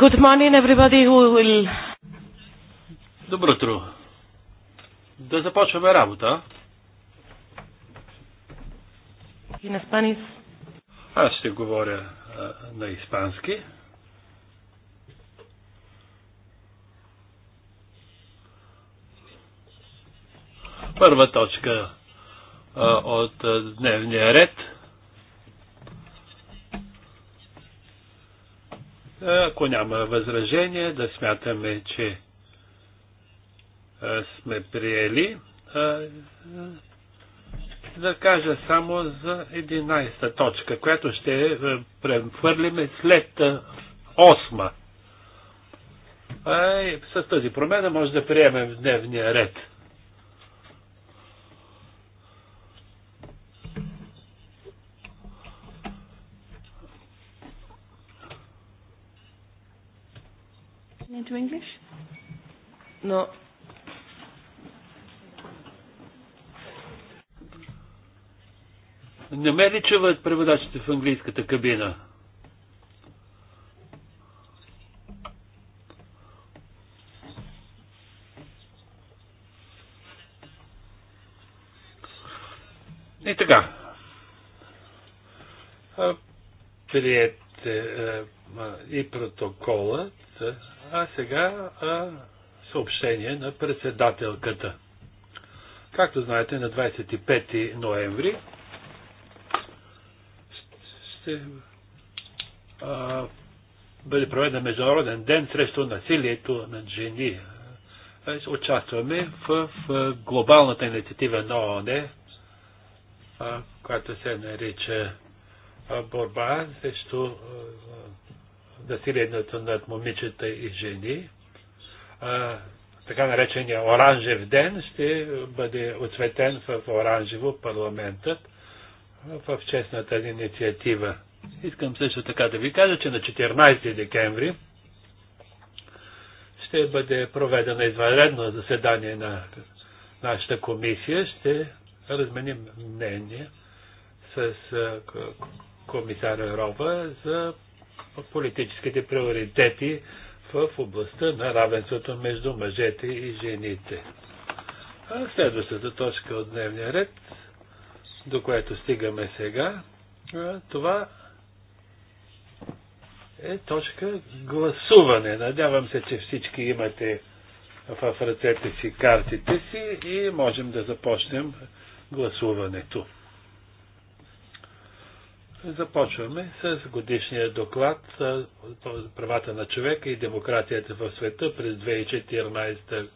Good morning, everybody who will... Добро утро. Да започваме работа. И на Spanish. Аз ще говоря а, на испански. Първа точка а, от а, дневния ред – Ако няма възражение, да смятаме, че сме приели. Да кажа само за 11-та точка, която ще прехвърлиме след 8-ма. С тази промена може да приемем дневния ред. но не ме ли чуват преводачите в английската кабина? И така. Прият и протоколът. А сега съобщение на председателката. Както знаете, на 25 ноември ще бъде проведен Международен ден срещу насилието на жени. Участваме в, в глобалната инициатива на ООН, която се нарича борба срещу насилието над момичета и жени така наречения оранжев ден ще бъде оцветен в оранжево парламентът в честната инициатива. Искам също така да ви кажа, че на 14 декември ще бъде проведено извънредно заседание на нашата комисия. Ще разменим мнение с комисаря Рова за политическите приоритети в областта на равенството между мъжете и жените. А следващата точка от дневния ред, до което стигаме сега, това е точка гласуване. Надявам се, че всички имате в ръцете си картите си и можем да започнем гласуването. Започваме с годишния доклад за правата на човека и демокрацията в света през 2014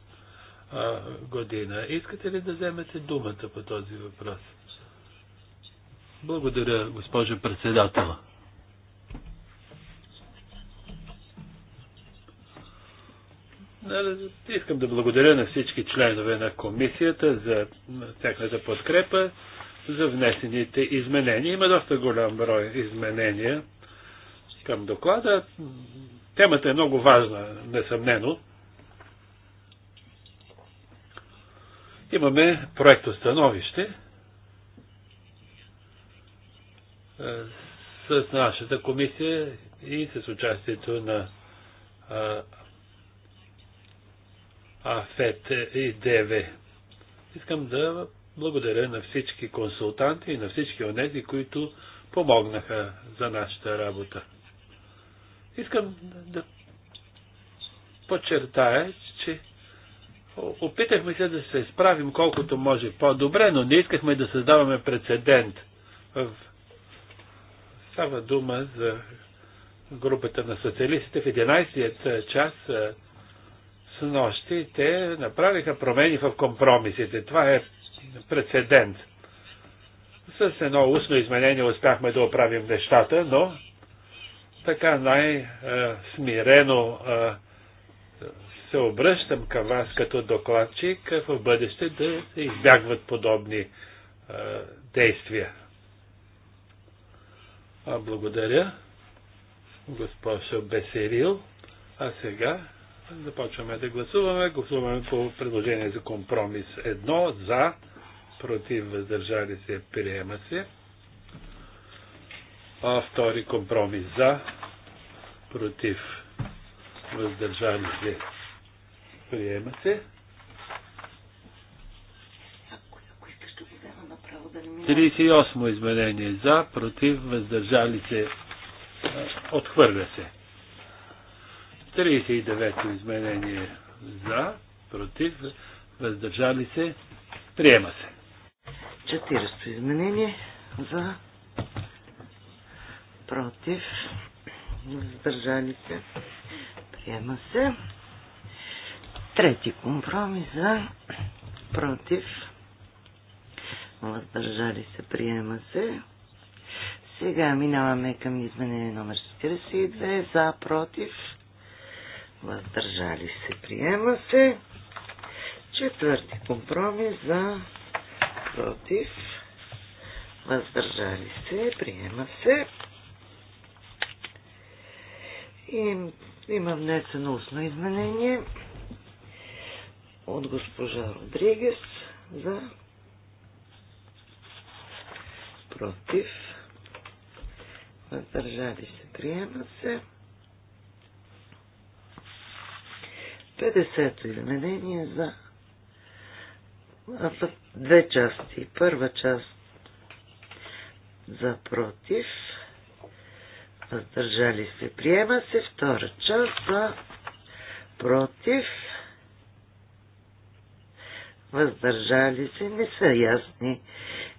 година. Искате ли да вземете думата по този въпрос? Благодаря, госпожо председател. Нали, искам да благодаря на всички членове на комисията за тяхната подкрепа за внесените изменения. Има доста голям брой изменения към доклада. Темата е много важна, несъмнено. Имаме проекто становище е, с нашата комисия и с участието на е, АФЕТ и ДВ. Искам да благодаря на всички консултанти и на всички онези, които помогнаха за нашата работа. Искам да подчертая, че опитахме се да се справим колкото може по-добре, но не искахме да създаваме прецедент. Става дума за групата на социалистите в 11 час с нощи. Те направиха промени в компромисите. Това е прецедент. С едно устно изменение успяхме да оправим нещата, но така най-смирено се обръщам към вас като докладчик в бъдеще да се избягват подобни действия. Благодаря, госпожо Бесерил. А сега започваме да гласуваме. Гласуваме по предложение за компромис. Едно за против, въздържали се, приема се. А втори компромис за, против, въздържали се, приема се. 38 изменение за, против, въздържали се, отхвърля се. 39 изменение за, против, въздържали се, приема се. 40 изменение за против въздържали се приема се трети компромис за против въздържали се приема се сега минаваме към изменение номер 42 за против въздържали се приема се четвърти компромис за против, въздържали се, приема се. И има внесено устно изменение от госпожа Родригес за против, въздържали се, приема се. 50-то изменение за а са две части. Първа част за против, въздържали се, приема се. Втора част за против, въздържали се, не са ясни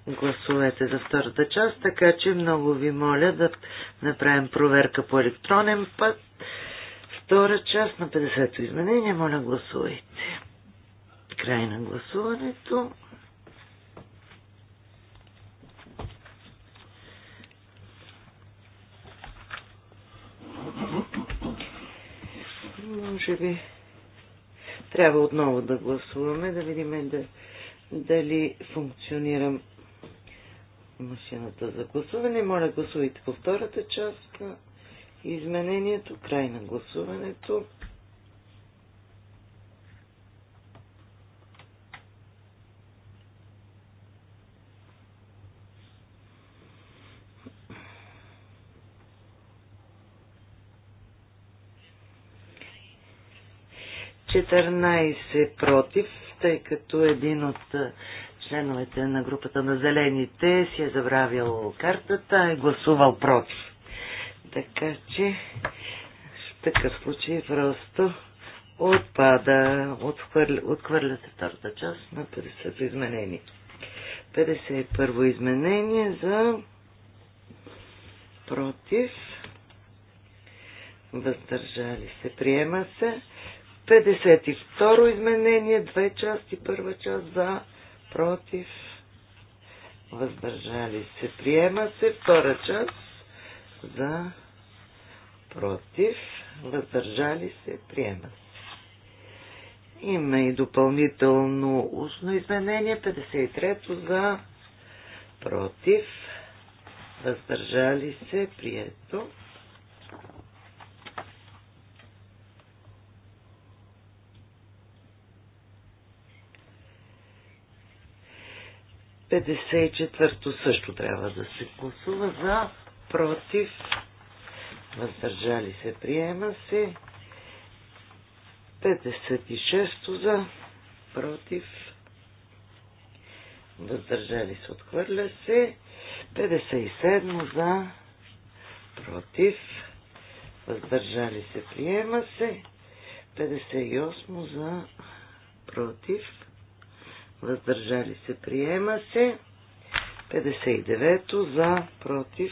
гласовете за втората част, така че много ви моля да направим проверка по електронен път. Втора част на 50-то изменение, моля гласувайте. Край на гласуването. Може би трябва отново да гласуваме, да видим да, дали функционира машината за гласуване. Моля, гласувайте по втората част на изменението, край на гласуването. 14 против, тъй като един от членовете на групата на зелените си е забравил картата и е гласувал против. Така че в такъв случай просто отпада, отхвърля, отхвърля се втората част на 50 изменение. 51 изменение за против въздържали се, приема се. 52 изменение, две части, първа част за, против, въздържали се. Приема се втора част за, против, въздържали се, приема се. Има и допълнително устно изменение, 53-то за, против, въздържали се, прието. 54-то също трябва да се гласува за, против, въздържали се, приема се. 56-то за, против, въздържали се, отхвърля се. 57 за, против, въздържали се, приема се. 58 за, против, въздържали се, приема се. 59-то за, против,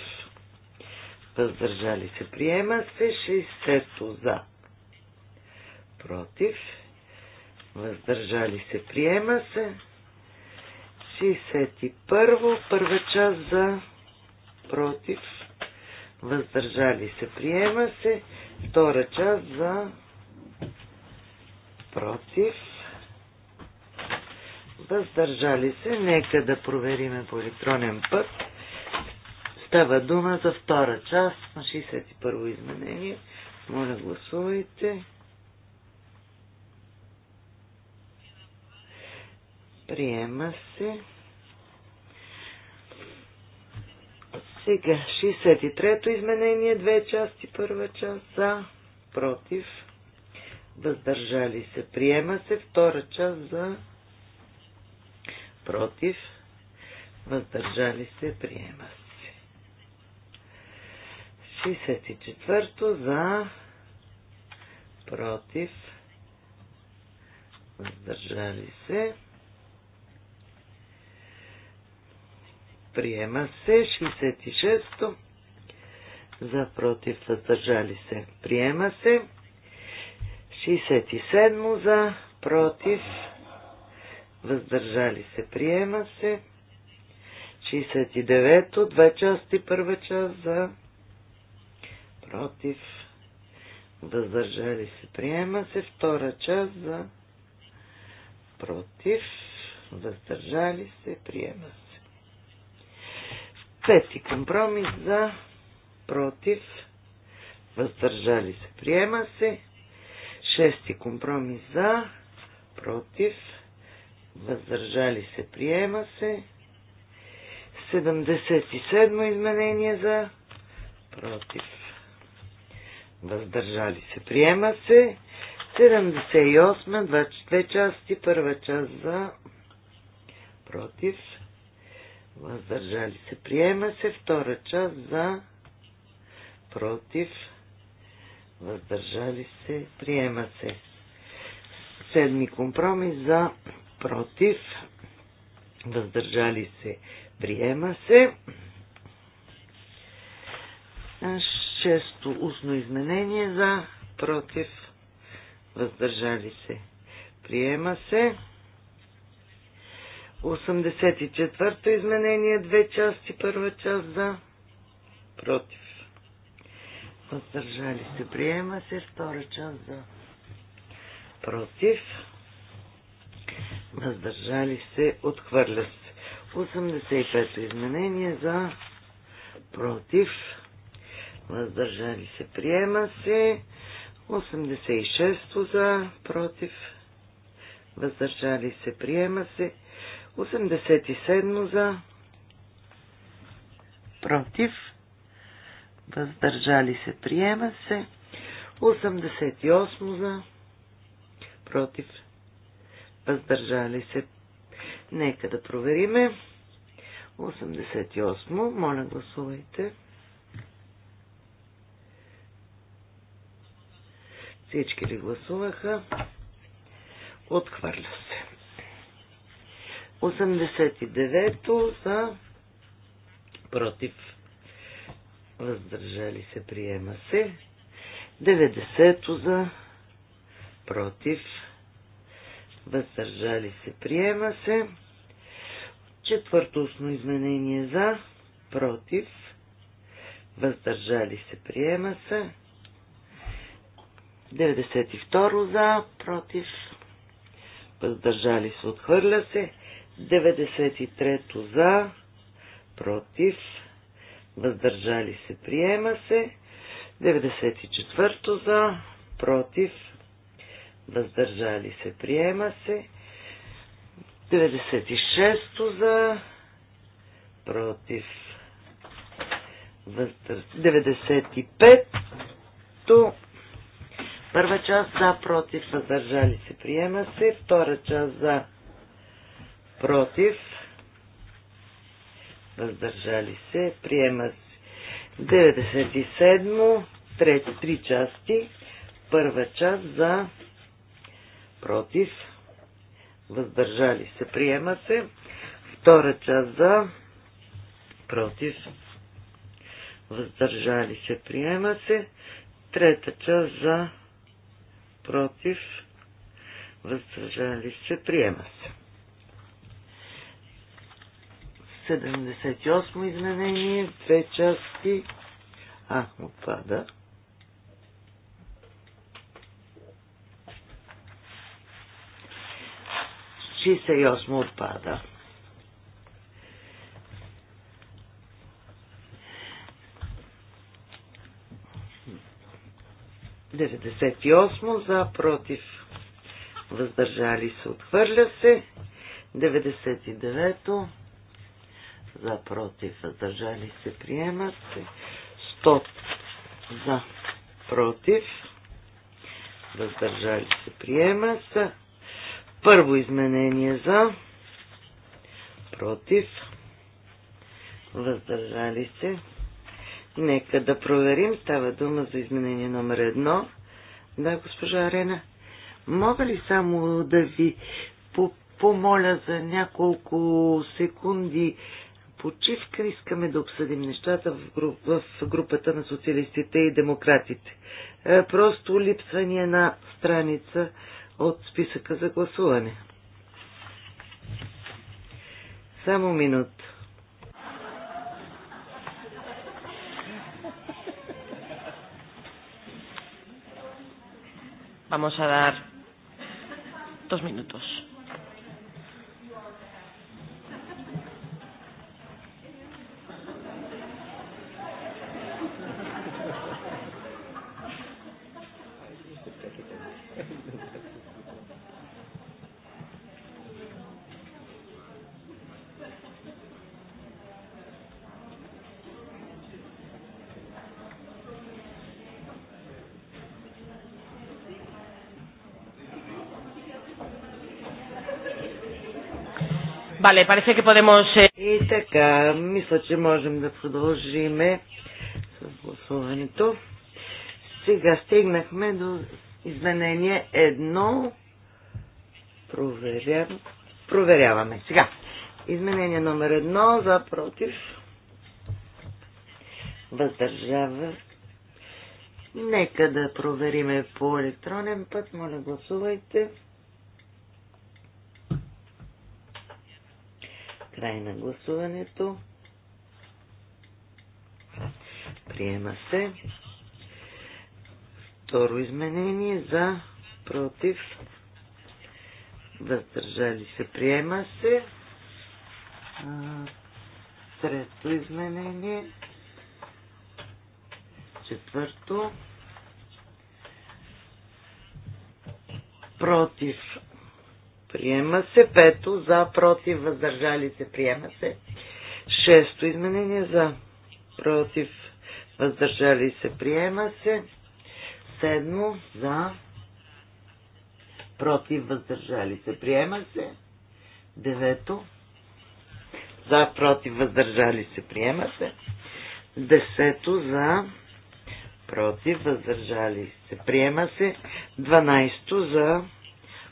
въздържали се, приема се. 60-то за, против, въздържали се, приема се. 61-во, първа част за, против, въздържали се, приема се. Втора част за, против, въздържали се. Нека да провериме по електронен път. Става дума за втора част на 61-во изменение. Моля, гласувайте. Приема се. Сега, 63-то изменение, две части, първа част за, против, въздържали се. Приема се втора част за, против, въздържали се, приема се. 64-то за, против, въздържали се, приема се. 66-то за, против, въздържали се, приема се. 67 за, против, въздържали се въздържали се, приема се. 69-то, две части, първа част за, против, въздържали се, приема се, втора част за, против, въздържали се, приема се. Пети компромис за, против, въздържали се, приема се. Шести компромис за, против, въздържали се, приема се. 77 изменение за, против, въздържали се, приема се. 78, два, две части, първа част за, против, въздържали се, приема се, втора част за, против, въздържали се, приема се. Седми компромис за против, въздържали се, приема се. Шесто устно изменение за, против, въздържали се, приема се. 84-то изменение, две части, първа част за, против. Въздържали се, приема се, втора част за, против въздържали се, отхвърля се. 85 изменение за против, въздържали се, приема се. 86 за против, въздържали се, приема се. 87 за против, въздържали се, приема се. 88 за против, въздържали се. Нека да провериме. 88. Моля, гласувайте. Всички ли гласуваха? Отхвърля се. 89-то за против. Въздържали се, приема се. 90-то за против въздържали се, приема се. Четвърто устно изменение за, против, въздържали се, приема се. 92 за, против, въздържали се, отхвърля се. 93 за, против, въздържали се, приема се. 94 за, против, въздържали се, приема се. 96-то за, против, 95-то, първа част за, против, въздържали се, приема се, втора част за, против, въздържали се, приема се. 97, трети, три части, първа част за против, въздържали се, приема се. Втора част за, против, въздържали се, приема се. Трета част за, против, въздържали се, приема се. 78 изменение, две части, а, отпада. 68 отпада. Деветдесет и осмо за против въздържали се отхвърля се. 99-то за против въздържали се приема се. 100 за против въздържали се приема се. Първо изменение за, против, въздържали се. Нека да проверим. Става дума за изменение номер едно. Да, госпожа Арена. Мога ли само да ви помоля за няколко секунди почивка? Искаме да обсъдим нещата в, груп, в групата на социалистите и демократите. Е, просто липсва ни една страница от списъка за гласуване. Само минут. Vamos a dar dos minutos. Vale, parece que podemos... Eh, И така, мисля, че можем да продължиме с гласуването. Сега стигнахме до изменение едно. Проверя... Проверяваме. Сега. Изменение номер едно за против. Въздържава. Нека да провериме по електронен път. Моля, гласувайте. Край на гласуването. Приема се. Второ изменение за против. Въздържали се. Приема се. Трето изменение. Четвърто. Против Приема се. Пето за, против, въздържали се. Приема се. Шесто изменение за, против, въздържали се. Приема се. Седмо за, против, въздържали се. Приема се. Девето за, против, въздържали се. Приема се. Десето за, против, въздържали се. Приема се. Дванайсто за,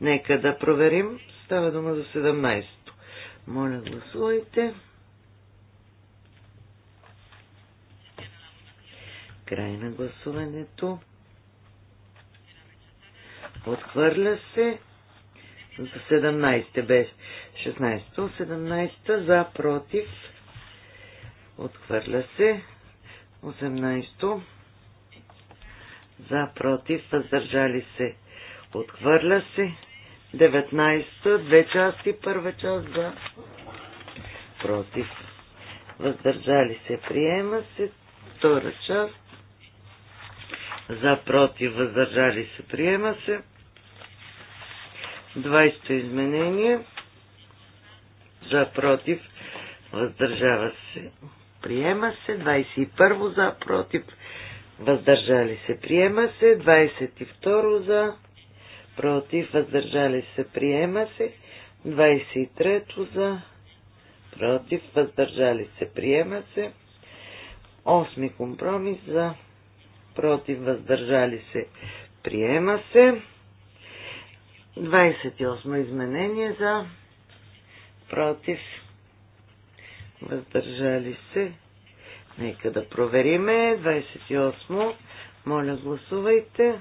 Нека да проверим. Става дума за 17-то. Моля, гласувайте. Край на гласуването. Отхвърля се за 17 без 16 17 за против. Отхвърля се. 18 за против. Въздържали се. Отхвърля се. 19, две части, първа част за против. Въздържали се, приема се, втора част за против, въздържали се, приема се. 20 изменение за против, въздържава се, приема се. 21 за против, въздържали се, приема се. 22 за против, въздържали се, приема се. 23-то за, против, въздържали се, приема се. 8 компромис за, против, въздържали се, приема се. 28 изменение за, против, въздържали се. Нека да провериме. 28. Моля, гласувайте.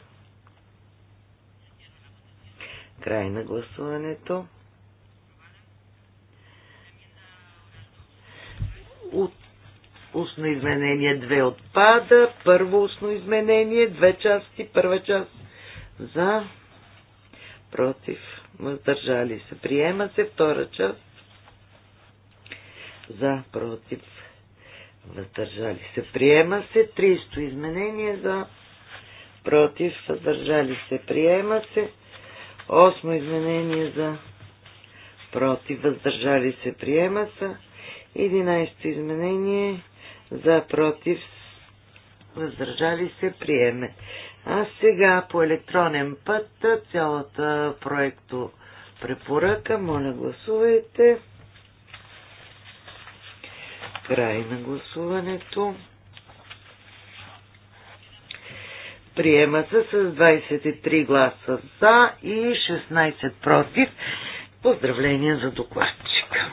Край на гласуването. От устно изменение 2 отпада. Първо устно изменение, две части, първа част за, против, въздържали се. Приема се втора част за, против, въздържали се. Приема се 300 изменение за, против, въздържали се. Приема се Осмо изменение за против, въздържали се, приема са. Единайсто изменение за против, въздържали се, приеме. А сега по електронен път цялата проекто препоръка. Моля, гласувайте. Край на гласуването. Приема се с 23 гласа за и 16 против. Поздравления за докладчика.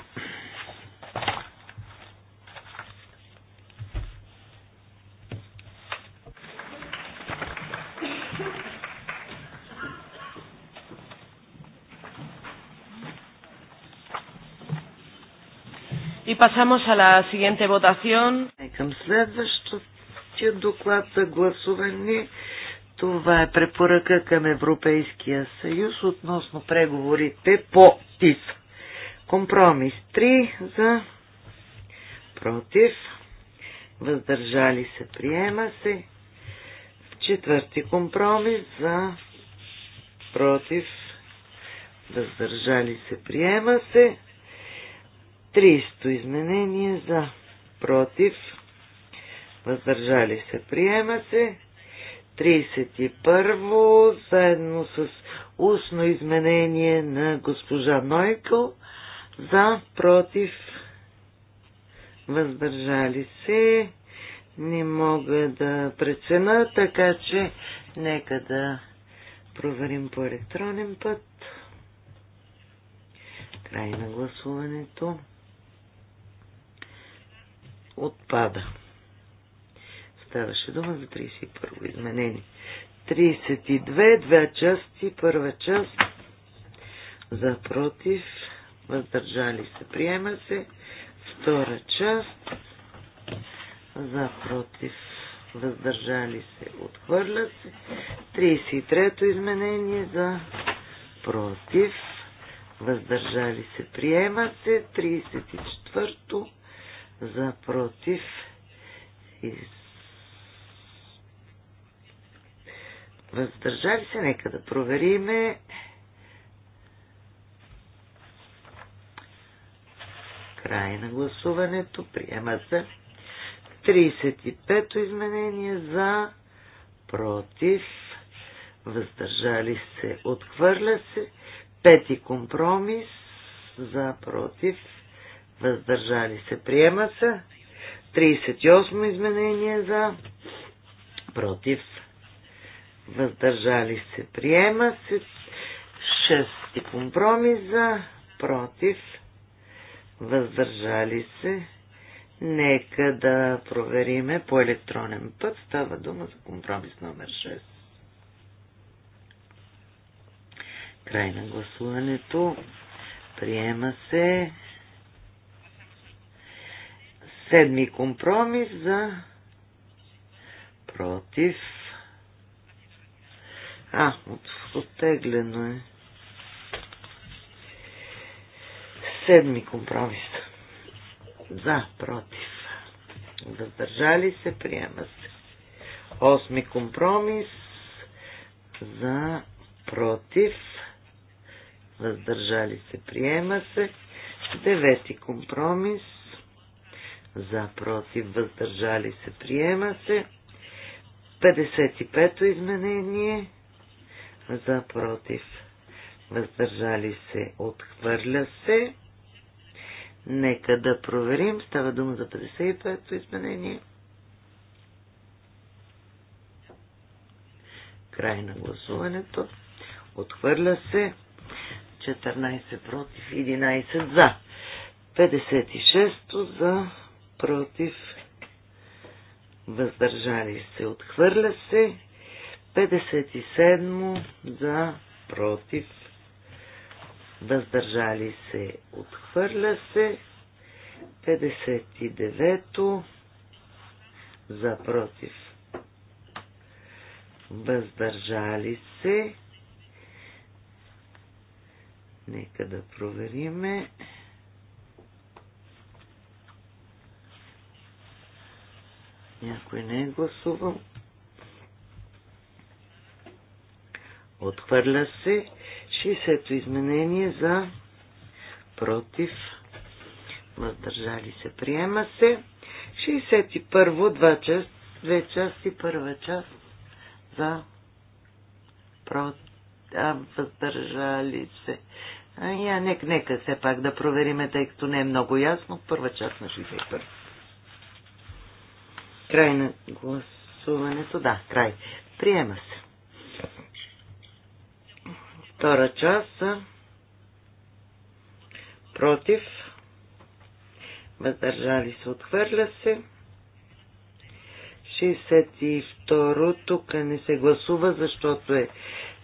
Y pasamos a la siguiente votación. Към следващия доклад за гласуване това е препоръка към Европейския съюз относно преговорите по ТИС. Компромис 3 за против. Въздържали се, приема се. Четвърти компромис за против. Въздържали се, приема се. Тристо изменение за против. Въздържали се, приема се. 31 заедно с устно изменение на госпожа Нойко за против въздържали се. Не мога да прецена, така че нека да проверим по електронен път. Край на гласуването. Отпада. Ставаше дума за 31 изменение. 32, две части, първа част за против, въздържали се, приема се. Втора част за против, въздържали се, отхвърля се. 33-то изменение за против, въздържали се, приема се. 34-то за против, из въздържали се, нека да провериме. Край на гласуването, приема се. 35-то изменение за, против, въздържали се, отхвърля се. Пети компромис за, против, въздържали се, приема се. 38 изменение за, против, въздържали се, приема се. Шести компромис за, против, въздържали се. Нека да провериме по електронен път. Става дума за компромис номер 6. Край на гласуването. Приема се седми компромис за против а, от, оттеглено е. Седми компромис. За, против. Въздържали се, приема се. Осми компромис. За, против. Въздържали се, приема се. Девети компромис. За, против, въздържали се, приема се. 55-то изменение за против. Въздържали се, отхвърля се. Нека да проверим. Става дума за 55-то изменение. Край на гласуването. Отхвърля се. 14 против, 11 за. 56 за против. Въздържали се. Отхвърля се. 57 за против. Въздържали се. Отхвърля се. 59 за против. Въздържали се. Нека да провериме. Някой не е гласувал. Отхвърля се. 60-то изменение за против. Въздържали се. Приема се. 61-во, два част, две части, първа част за против. А, въздържали се. А, я, нека, нека все пак да провериме, тъй като не е много ясно. Първа част на 61. Край на гласуването, да, край. Приема се. Втора част против. Въздържали се, отхвърля се. 62 тук не се гласува, защото е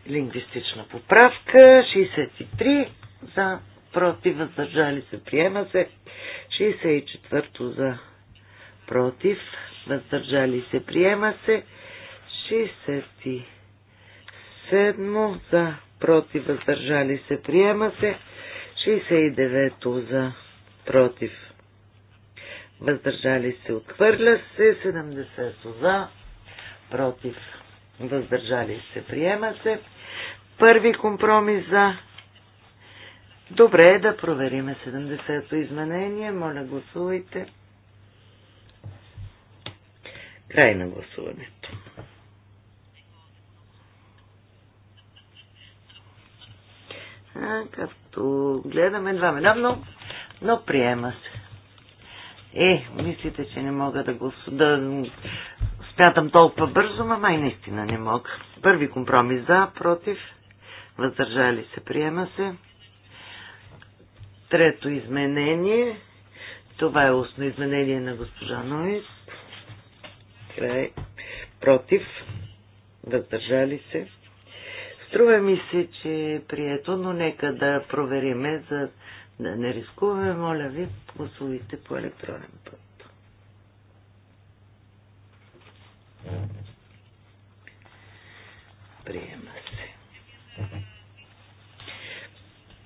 лингвистична поправка. 63 за против, въздържали се, приема се. 64 за против, въздържали се, приема се. 67 за против, въздържали се, приема се. 69-то за против, въздържали се, отхвърля се. 70-то за против, въздържали се, приема се. Първи компромис за. Добре е да провериме 70-то изменение. Моля, гласувайте. Край на гласуването. като гледаме два мена, но, но приема се. Е, мислите, че не мога да го да смятам толкова бързо, но май наистина не мога. Първи компромис за, против, въздържали се, приема се. Трето изменение. Това е устно изменение на госпожа Нойс. Край. Против. Въздържали се. Струва ми се, че е прието, но нека да провериме, за да не рискуваме. Моля ви, гласувайте по електронен път. Приема се.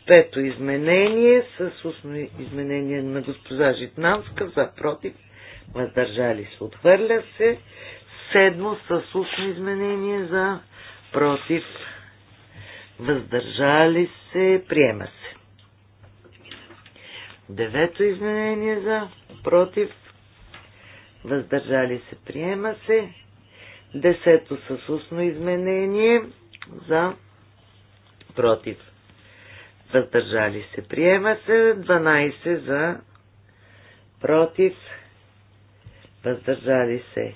Пето изменение с устно изменение на госпожа Житнанска за против. Въздържали се. Отхвърля се. Седмо с устно изменение за против въздържали се, приема се. Девето изменение за, против, въздържали се, приема се. Десето с устно изменение за, против, въздържали се, приема се. 12 за, против, въздържали се.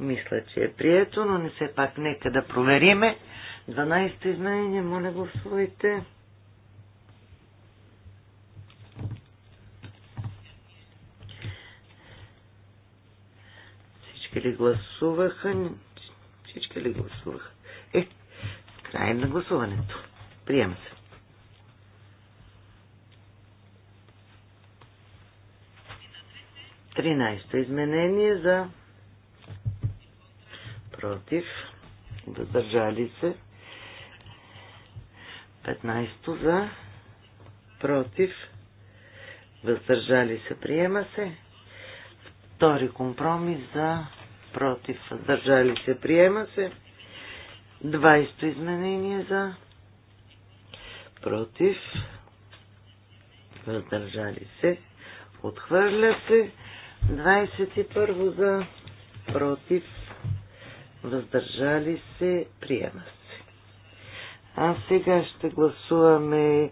Мисля, че е прието, но не все пак нека да провериме. 12 изменение, моля гласувайте. Всички ли гласуваха? Всички ли гласуваха? Е, край на гласуването. Приема се. Тринайсто изменение за против, Задържали се, 15 за, против, въздържали се, приема се. Втори компромис за, против, въздържали се, приема се. 20 изменение за, против, въздържали се, отхвърля се. 21 за, против, въздържали се, приема се. А сега ще гласуваме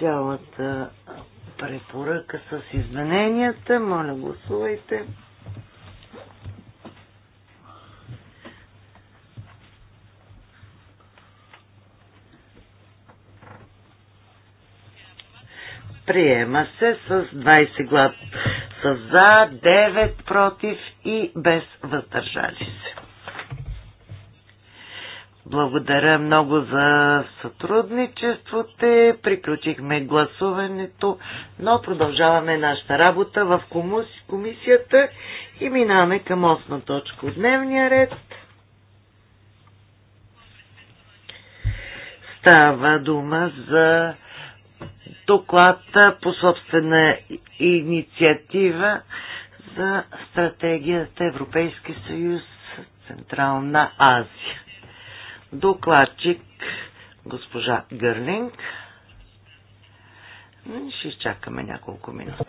цялата препоръка с измененията. Моля, гласувайте. Приема се с 20 глас с за, 9 против и без въздържали се. Благодаря много за сътрудничеството. Приключихме гласуването, но продължаваме нашата работа в комисията и минаваме към осна точка от дневния ред. Става дума за доклада по собствена инициатива за стратегията Европейски съюз Централна Азия докладчик госпожа Гърлинг. Ще изчакаме няколко минути.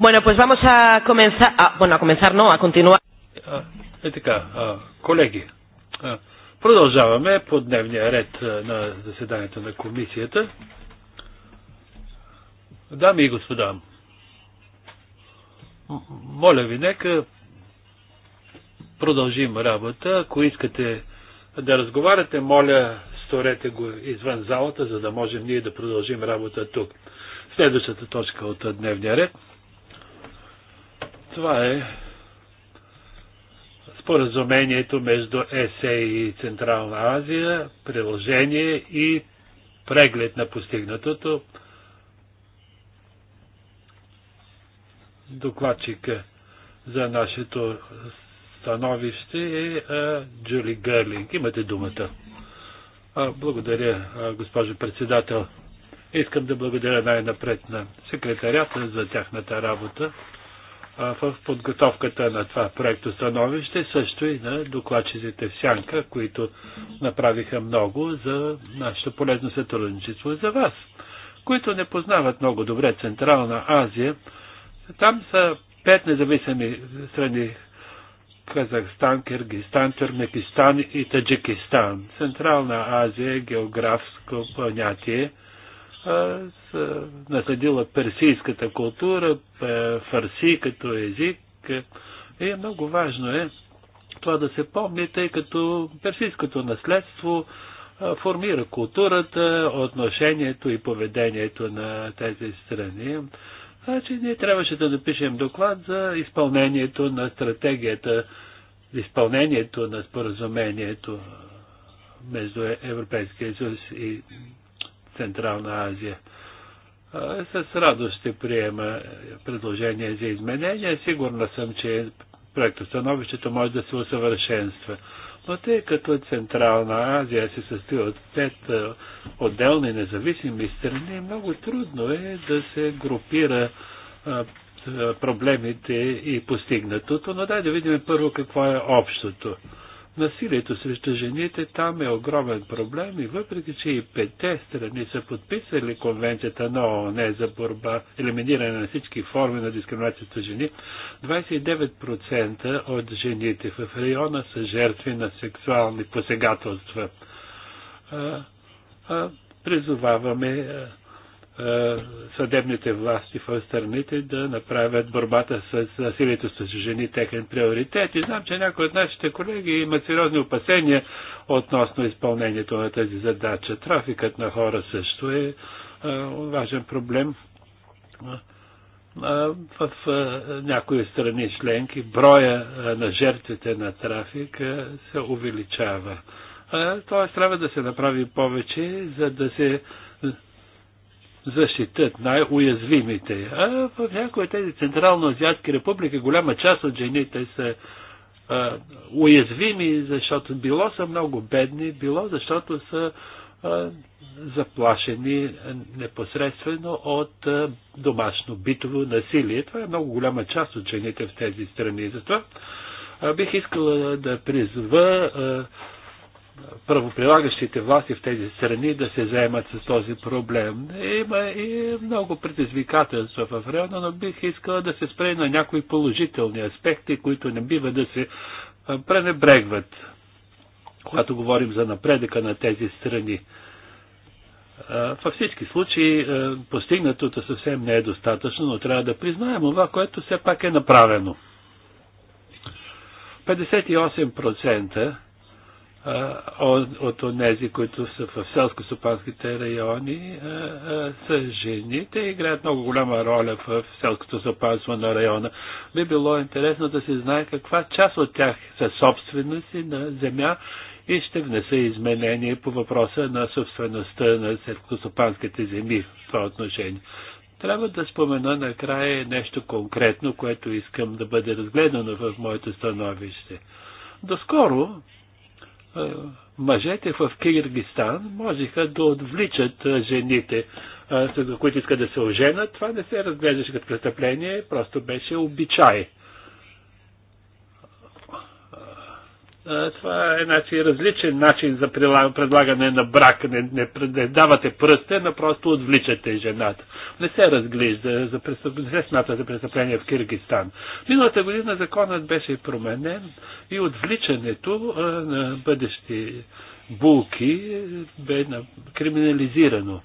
Bueno, pues vamos a comenzar, a, bueno, a comenzar, no, a continuar. Е така, колеги, продължаваме по дневния ред на заседанието на комисията. Дами и господа, моля ви, нека продължим работа. Ако искате да разговаряте, моля, сторете го извън залата, за да можем ние да продължим работа тук. Следващата точка от дневния ред – това е споразумението между ЕСЕ и Централна Азия, приложение и преглед на постигнатото. Докладчика за нашето становище е Джули Гърлинг. Имате думата. Благодаря, госпожо председател. Искам да благодаря най-напред на секретарята за тяхната работа в подготовката на това проекто становище, също и на докладчиците в Сянка, които направиха много за нашето полезно сътрудничество за вас, които не познават много добре Централна Азия. Там са пет независими страни Казахстан, Киргизстан, Търмекистан и Таджикистан. Централна Азия е географско понятие, насъдила персийската култура, фарси като език. И много важно е това да се помни, тъй като персийското наследство формира културата, отношението и поведението на тези страни. Значи ние трябваше да напишем доклад за изпълнението на стратегията, изпълнението на споразумението между Европейския съюз и Централна Азия. С радост ще приема предложение за изменение. Сигурна съм, че проектостановището може да се усъвършенства. Но тъй като Централна Азия се състои от пет отделни независими страни, много трудно е да се групира проблемите и постигнатото, но дай да видим първо какво е общото. Насилието срещу жените там е огромен проблем и въпреки, че и пете страни са подписали конвенцията на ООН за борба, елиминиране на всички форми на дискриминацията жени, 29% от жените в района са жертви на сексуални посегателства. Призоваваме е, съдебните власти в страните да направят борбата с насилието с жени техен приоритет. И знам, че някои от нашите колеги имат сериозни опасения относно изпълнението на тази задача. Трафикът на хора също е, е важен проблем е, в някои страни членки броя на жертвите на трафик се увеличава. Тоест трябва да се направи повече, за да се защитат най-уязвимите. А в някои от тези централно-азиатски републики голяма част от жените са а, уязвими, защото било са много бедни, било защото са а, заплашени непосредствено от а, домашно битово насилие. Това е много голяма част от жените в тези страни. Затова а, бих искала да призва а, правоприлагащите власти в тези страни да се заемат с този проблем. Има и много предизвикателства в района, но бих искала да се спре на някои положителни аспекти, които не бива да се пренебрегват, когато говорим за напредъка на тези страни. Във всички случаи постигнатото съвсем не е достатъчно, но трябва да признаем това, което все пак е направено. 58% от онези, които са в селско-стопанските райони, са жени. Те играят много голяма роля в селското стопанство на района. Би било интересно да се знае каква част от тях са собственици на земя и ще внеса изменения по въпроса на собствеността на селско селскостопанските земи в това отношение. Трябва да спомена накрая нещо конкретно, което искам да бъде разгледано в моето становище. Доскоро мъжете в Киргистан можеха да отвличат жените, които искат да се оженят. Това не се разглеждаше като престъпление, просто беше обичай. Това е значи, различен начин за предлагане на брак. Не, не, не давате пръстен, а просто отвличате жената. Не се разглежда, за престъп... смята за престъпление в Киргистан. Миналата година законът беше променен и отвличането а, на бъдещи булки бе на... криминализирано.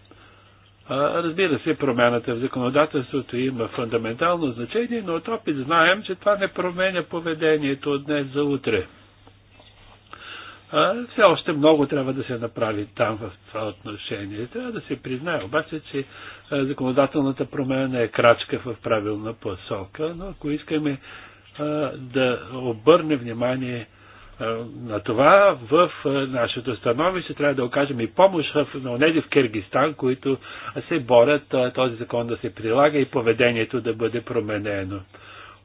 А, разбира се, промяната в законодателството има фундаментално значение, но от опит знаем, че това не променя поведението от днес за утре. Все още много трябва да се направи там в това отношение. Трябва да се признае обаче, че законодателната промяна е крачка в правилна посока, но ако искаме да обърне внимание на това в нашето становище трябва да окажем и помощ на онези в Киргистан, които се борят този закон да се прилага и поведението да бъде променено.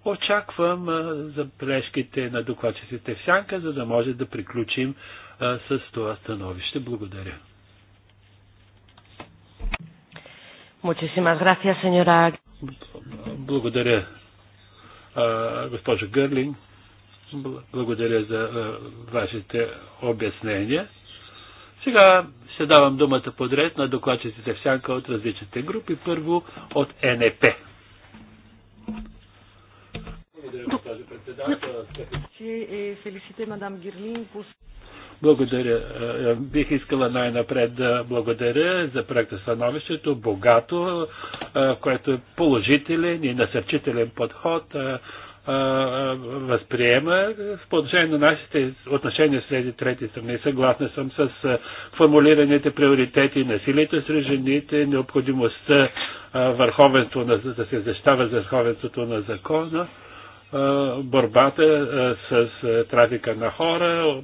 Очаквам забележките на докладчиците в сянка, за да може да приключим а, с това становище. Благодаря. Благодаря, госпожо Гърлин. Благодаря за а, вашите обяснения. Сега ще давам думата подред на докладчиците в сянка от различните групи. Първо от НП. Благодаря. Е, бих искала най-напред да благодаря за проекта становището, богато, е, което е положителен и насърчителен подход е, възприема в положение на нашите отношения с тези трети страни. Съгласна съм с формулираните приоритети насилието сред жените, необходимостта върховенство на, да се защитава за върховенството на закона борбата с трафика на хора,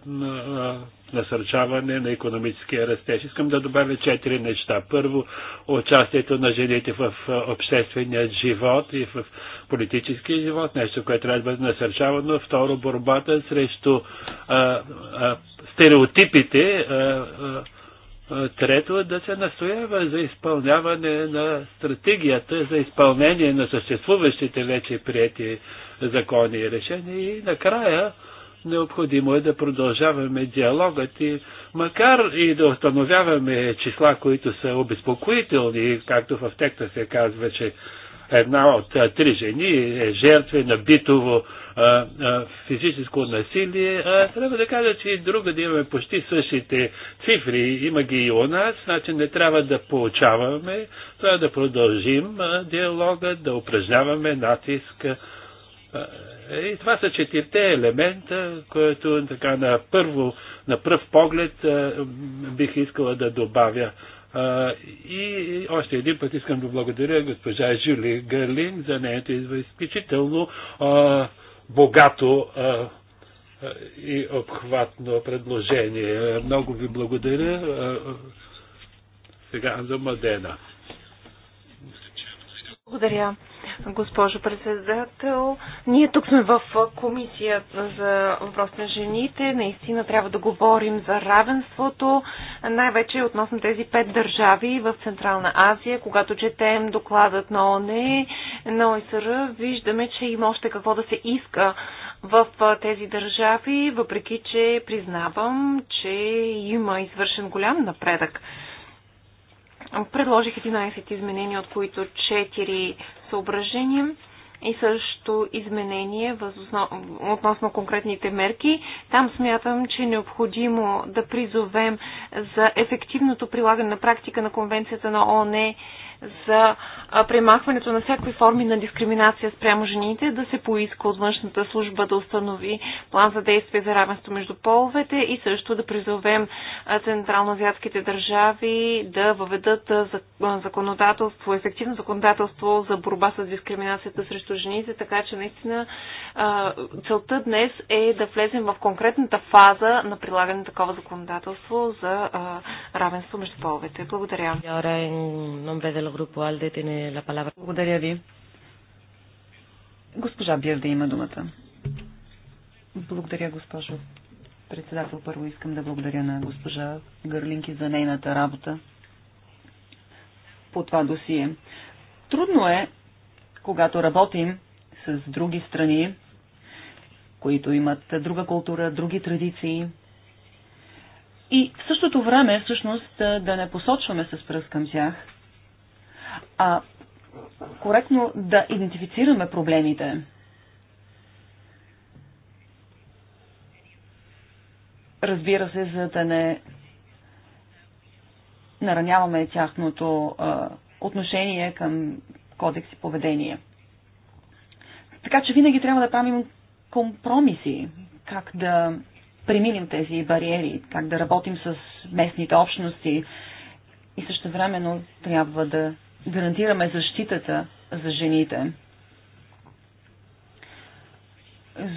насърчаване на економическия растеж. Искам да добавя четири неща. Първо, участието на жените в обществения живот и в политическия живот, нещо, което трябва да бъде насърчавано. Второ, борбата срещу а, а, стереотипите. А, а, Трето, да се настоява за изпълняване на стратегията за изпълнение на съществуващите вече прияти закони и решения. И накрая необходимо е да продължаваме диалогът и макар и да установяваме числа, които са обезпокоителни, както в текста се казва, че една от три жени е жертва на битово а, а, физическо насилие. А, трябва да кажа, че и друга да имаме почти същите цифри. Има ги и у нас, значи не трябва да получаваме, трябва да продължим диалога, да упражняваме натиск и това са четирите елемента, които така на, първо, на пръв поглед бих искала да добавя. И още един път искам да благодаря госпожа Жюли Гърлин за нейното изключително богато и обхватно предложение. Много ви благодаря. Сега за Мадена. Благодаря госпожо председател. Ние тук сме в комисията за въпрос на жените. Наистина трябва да говорим за равенството, най-вече относно тези пет държави в Централна Азия. Когато четем докладът на ОНЕ, на ОСР, виждаме, че има още какво да се иска в тези държави, въпреки че признавам, че има извършен голям напредък Предложих 11 изменения, от които 4 съображения и също изменение относно конкретните мерки. Там смятам, че е необходимо да призовем за ефективното прилагане на практика на Конвенцията на ОНЕ за премахването на всякакви форми на дискриминация спрямо жените, да се поиска от външната служба да установи план за действие за равенство между половете и също да призовем централноазиатските държави да въведат законодателство, ефективно законодателство за борба с дискриминацията срещу жените, така че наистина целта днес е да влезем в конкретната фаза на прилагане на такова законодателство за равенство между половете. Благодаря del Grupo ALDE tiene la palabra. Благодаря ви. Госпожа Бирда има думата. Благодаря, госпожо председател. Първо искам да благодаря на госпожа Гърлинки за нейната работа по това досие. Трудно е, когато работим с други страни, които имат друга култура, други традиции. И в същото време, всъщност, да не посочваме с пръст към тях, а коректно да идентифицираме проблемите. Разбира се, за да не нараняваме тяхното а, отношение към кодекс и поведение. Така че винаги трябва да правим компромиси, как да преминем тези бариери, как да работим с местните общности и също времено трябва да гарантираме защитата за жените.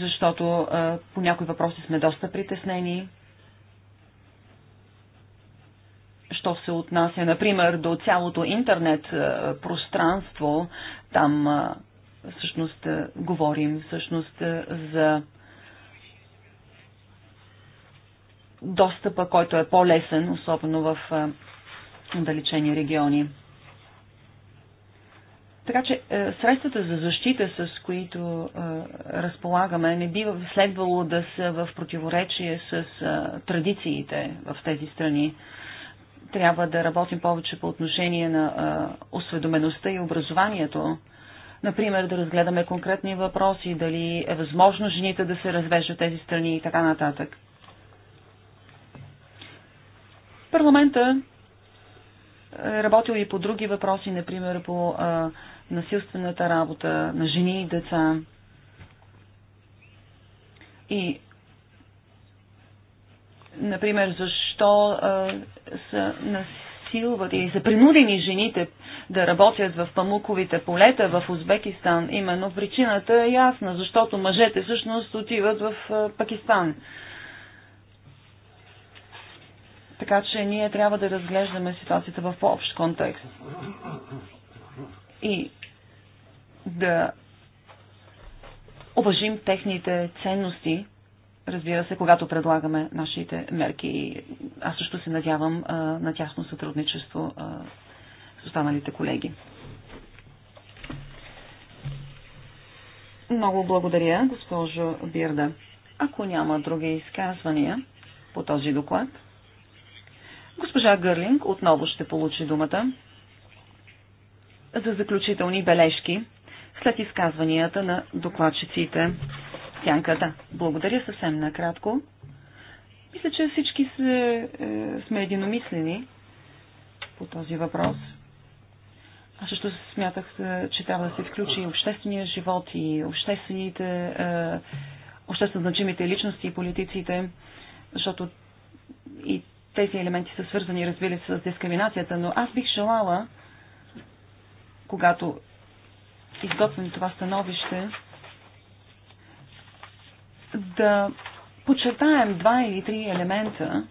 Защото а, по някои въпроси сме доста притеснени. Що се отнася, например, до цялото интернет а, пространство, там а, всъщност а, говорим всъщност а, за достъпа, който е по-лесен, особено в а, далечени региони. Така че е, средствата за защита, с които е, разполагаме, не би следвало да са в противоречие с е, традициите в тези страни. Трябва да работим повече по отношение на осведомеността и образованието. Например, да разгледаме конкретни въпроси, дали е възможно жените да се развеждат тези страни и така нататък. Парламента работил и по други въпроси, например по а, насилствената работа на жени и деца. И, например, защо а, са насилват или са принудени жените да работят в памуковите полета в Узбекистан. Именно причината е ясна, защото мъжете всъщност отиват в а, Пакистан. А, така че ние трябва да разглеждаме ситуацията в по-общ контекст. И да уважим техните ценности, разбира се, когато предлагаме нашите мерки. Аз също се надявам а, на тясно сътрудничество а, с останалите колеги. Много благодаря, госпожо Бирда. Ако няма други изказвания по този доклад, Госпожа Гърлинг отново ще получи думата за заключителни бележки след изказванията на докладчиците. Сянката, да. Благодаря съвсем накратко. Мисля, че всички се, е, сме единомислени по този въпрос. Аз също смятах, е, че трябва да се включи обществения живот и обществените, е, обществено значимите личности и политиците, защото и тези елементи са свързани, развили се, с дискриминацията, но аз бих желала, когато изготвим това становище, да подчертаем два или три елемента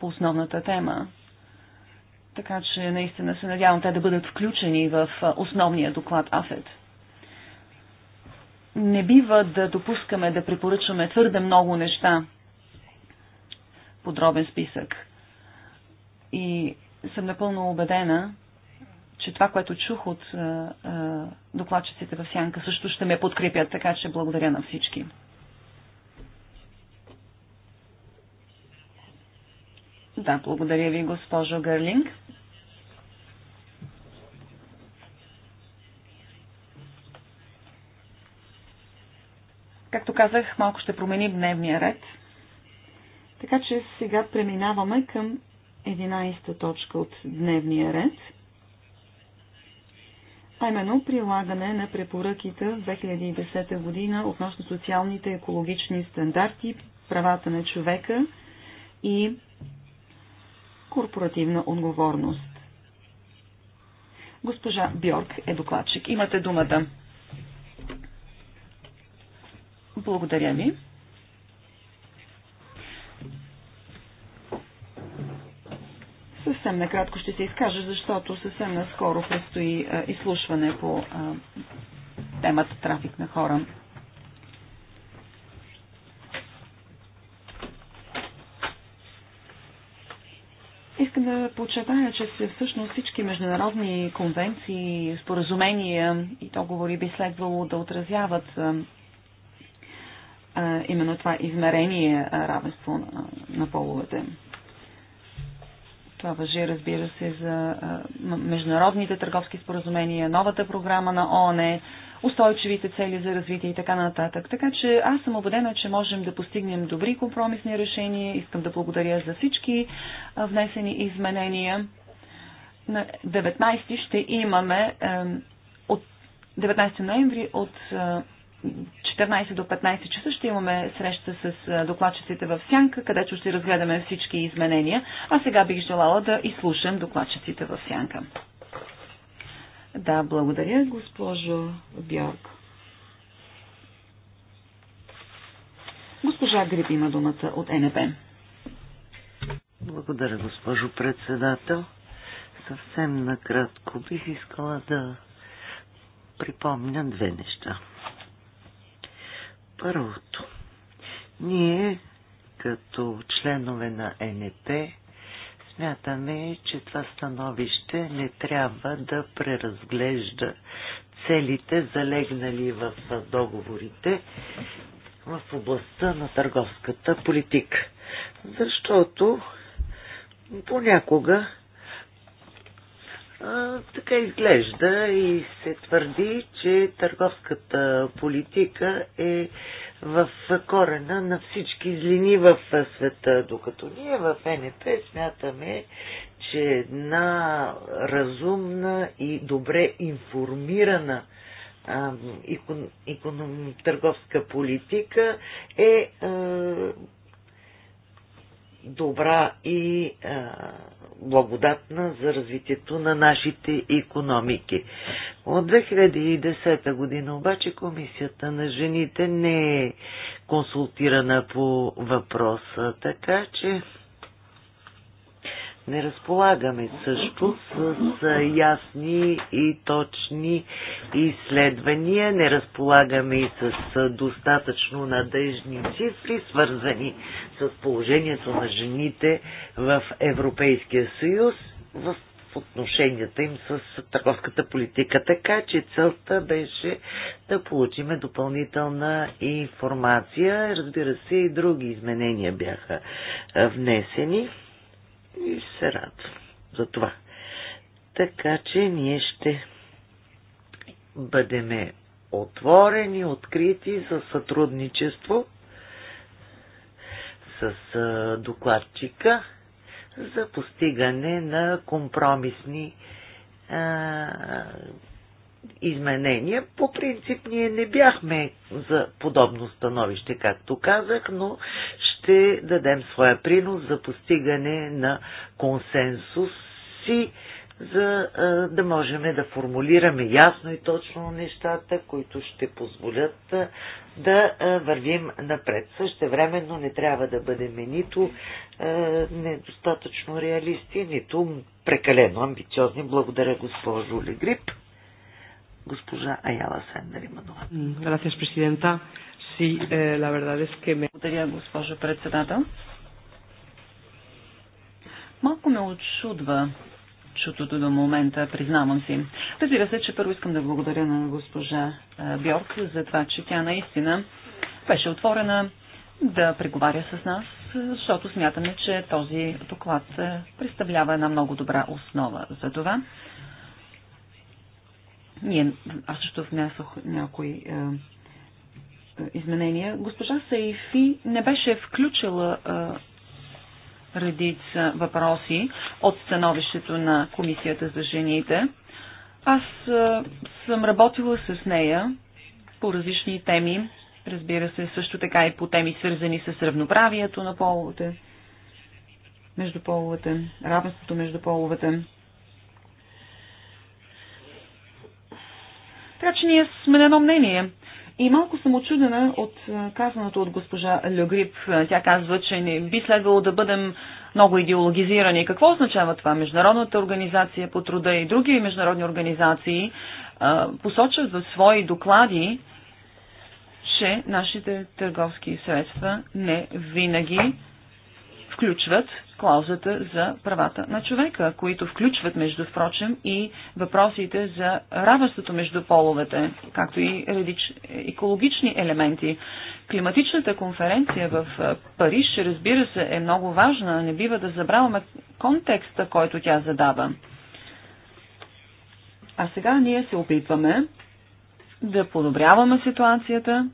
по основната тема. Така че наистина се надявам те да бъдат включени в основния доклад АФЕД. Не бива да допускаме да препоръчваме твърде много неща подробен списък. И съм напълно убедена, че това, което чух от докладчиците в Сянка, също ще ме подкрепят, така че благодаря на всички. Да, благодаря ви, госпожо Гърлинг. Както казах, малко ще променим дневния ред. Така че сега преминаваме към 11-та точка от дневния ред, а именно прилагане на препоръките в 2010 година относно социалните екологични стандарти, правата на човека и корпоративна отговорност. Госпожа Бьорк е докладчик. Имате думата. Благодаря ви. Съвсем накратко ще се изкажа, защото съвсем наскоро предстои изслушване по темата трафик на хора. Искам да подчертая, че всъщност всички международни конвенции, споразумения и договори би следвало да отразяват именно това измерение равенство на половете. Това въжи, разбира се, за международните търговски споразумения, новата програма на ООН, устойчивите цели за развитие и така нататък. Така че аз съм убедена, че можем да постигнем добри компромисни решения. Искам да благодаря за всички внесени изменения. На 19 ще имаме от 19 ноември от 14 до 15 часа ще имаме среща с докладчиците в Сянка, където ще разгледаме всички изменения, а сега бих желала да изслушам докладчиците в Сянка. Да, благодаря, госпожо Бьорг. Госпожа Гриб има думата от НП. Благодаря, госпожо председател. Съвсем накратко бих искала да припомня две неща. Първото. Ние, като членове на НП, смятаме, че това становище не трябва да преразглежда целите, залегнали в договорите в областта на търговската политика. Защото понякога така изглежда и се твърди, че търговската политика е в корена на всички злини в света, докато ние в НП смятаме, че една разумна и добре информирана икон, икон, търговска политика е, е добра и а, благодатна за развитието на нашите економики. От 2010 година обаче комисията на жените не е консултирана по въпроса, така че не разполагаме също с, с ясни и точни изследвания, не разполагаме и с достатъчно надежни цифри, свързани с положението на жените в Европейския съюз в отношенията им с търговската политика. Така че целта беше да получиме допълнителна информация. Разбира се, и други изменения бяха внесени и се радвам за това. Така че ние ще бъдеме отворени, открити за сътрудничество с докладчика за постигане на компромисни а, изменения. По принцип ние не бяхме за подобно становище, както казах, но ще дадем своя принос за постигане на консенсус си за да можем да формулираме ясно и точно нещата, които ще позволят да вървим напред. Същевременно не трябва да бъдем нито недостатъчно реалисти, нито прекалено амбициозни. Благодаря, госпожо Легрип. Госпожа Аяла Сендер Иманова. Благодаря, президента. Sí, la verdad es que me... Благодаря, госпожо председател. Малко ме очудва чутото до момента, признавам си. Разбира се, че първо искам да благодаря на госпожа Бьорк за това, че тя наистина беше отворена да преговаря с нас, защото смятаме, че този доклад представлява една много добра основа за това. Ние, аз също внесох някои е, изменения. Госпожа Сейфи не беше включила е, редица въпроси от становището на Комисията за жените. Аз съм работила с нея по различни теми, разбира се, също така и по теми свързани с равноправието на половете, между половете, равенството между половете. Така че ние сме на едно мнение и малко съм очудена от казаното от госпожа Люгрип. Тя казва, че не би следвало да бъдем много идеологизирани. Какво означава това? Международната организация по труда и други международни организации посочват в свои доклади, че нашите търговски средства не винаги включват клаузата за правата на човека, които включват, между впрочем, и въпросите за равенството между половете, както и редич... екологични елементи. Климатичната конференция в Париж, разбира се, е много важна. Не бива да забравяме контекста, който тя задава. А сега ние се опитваме да подобряваме ситуацията.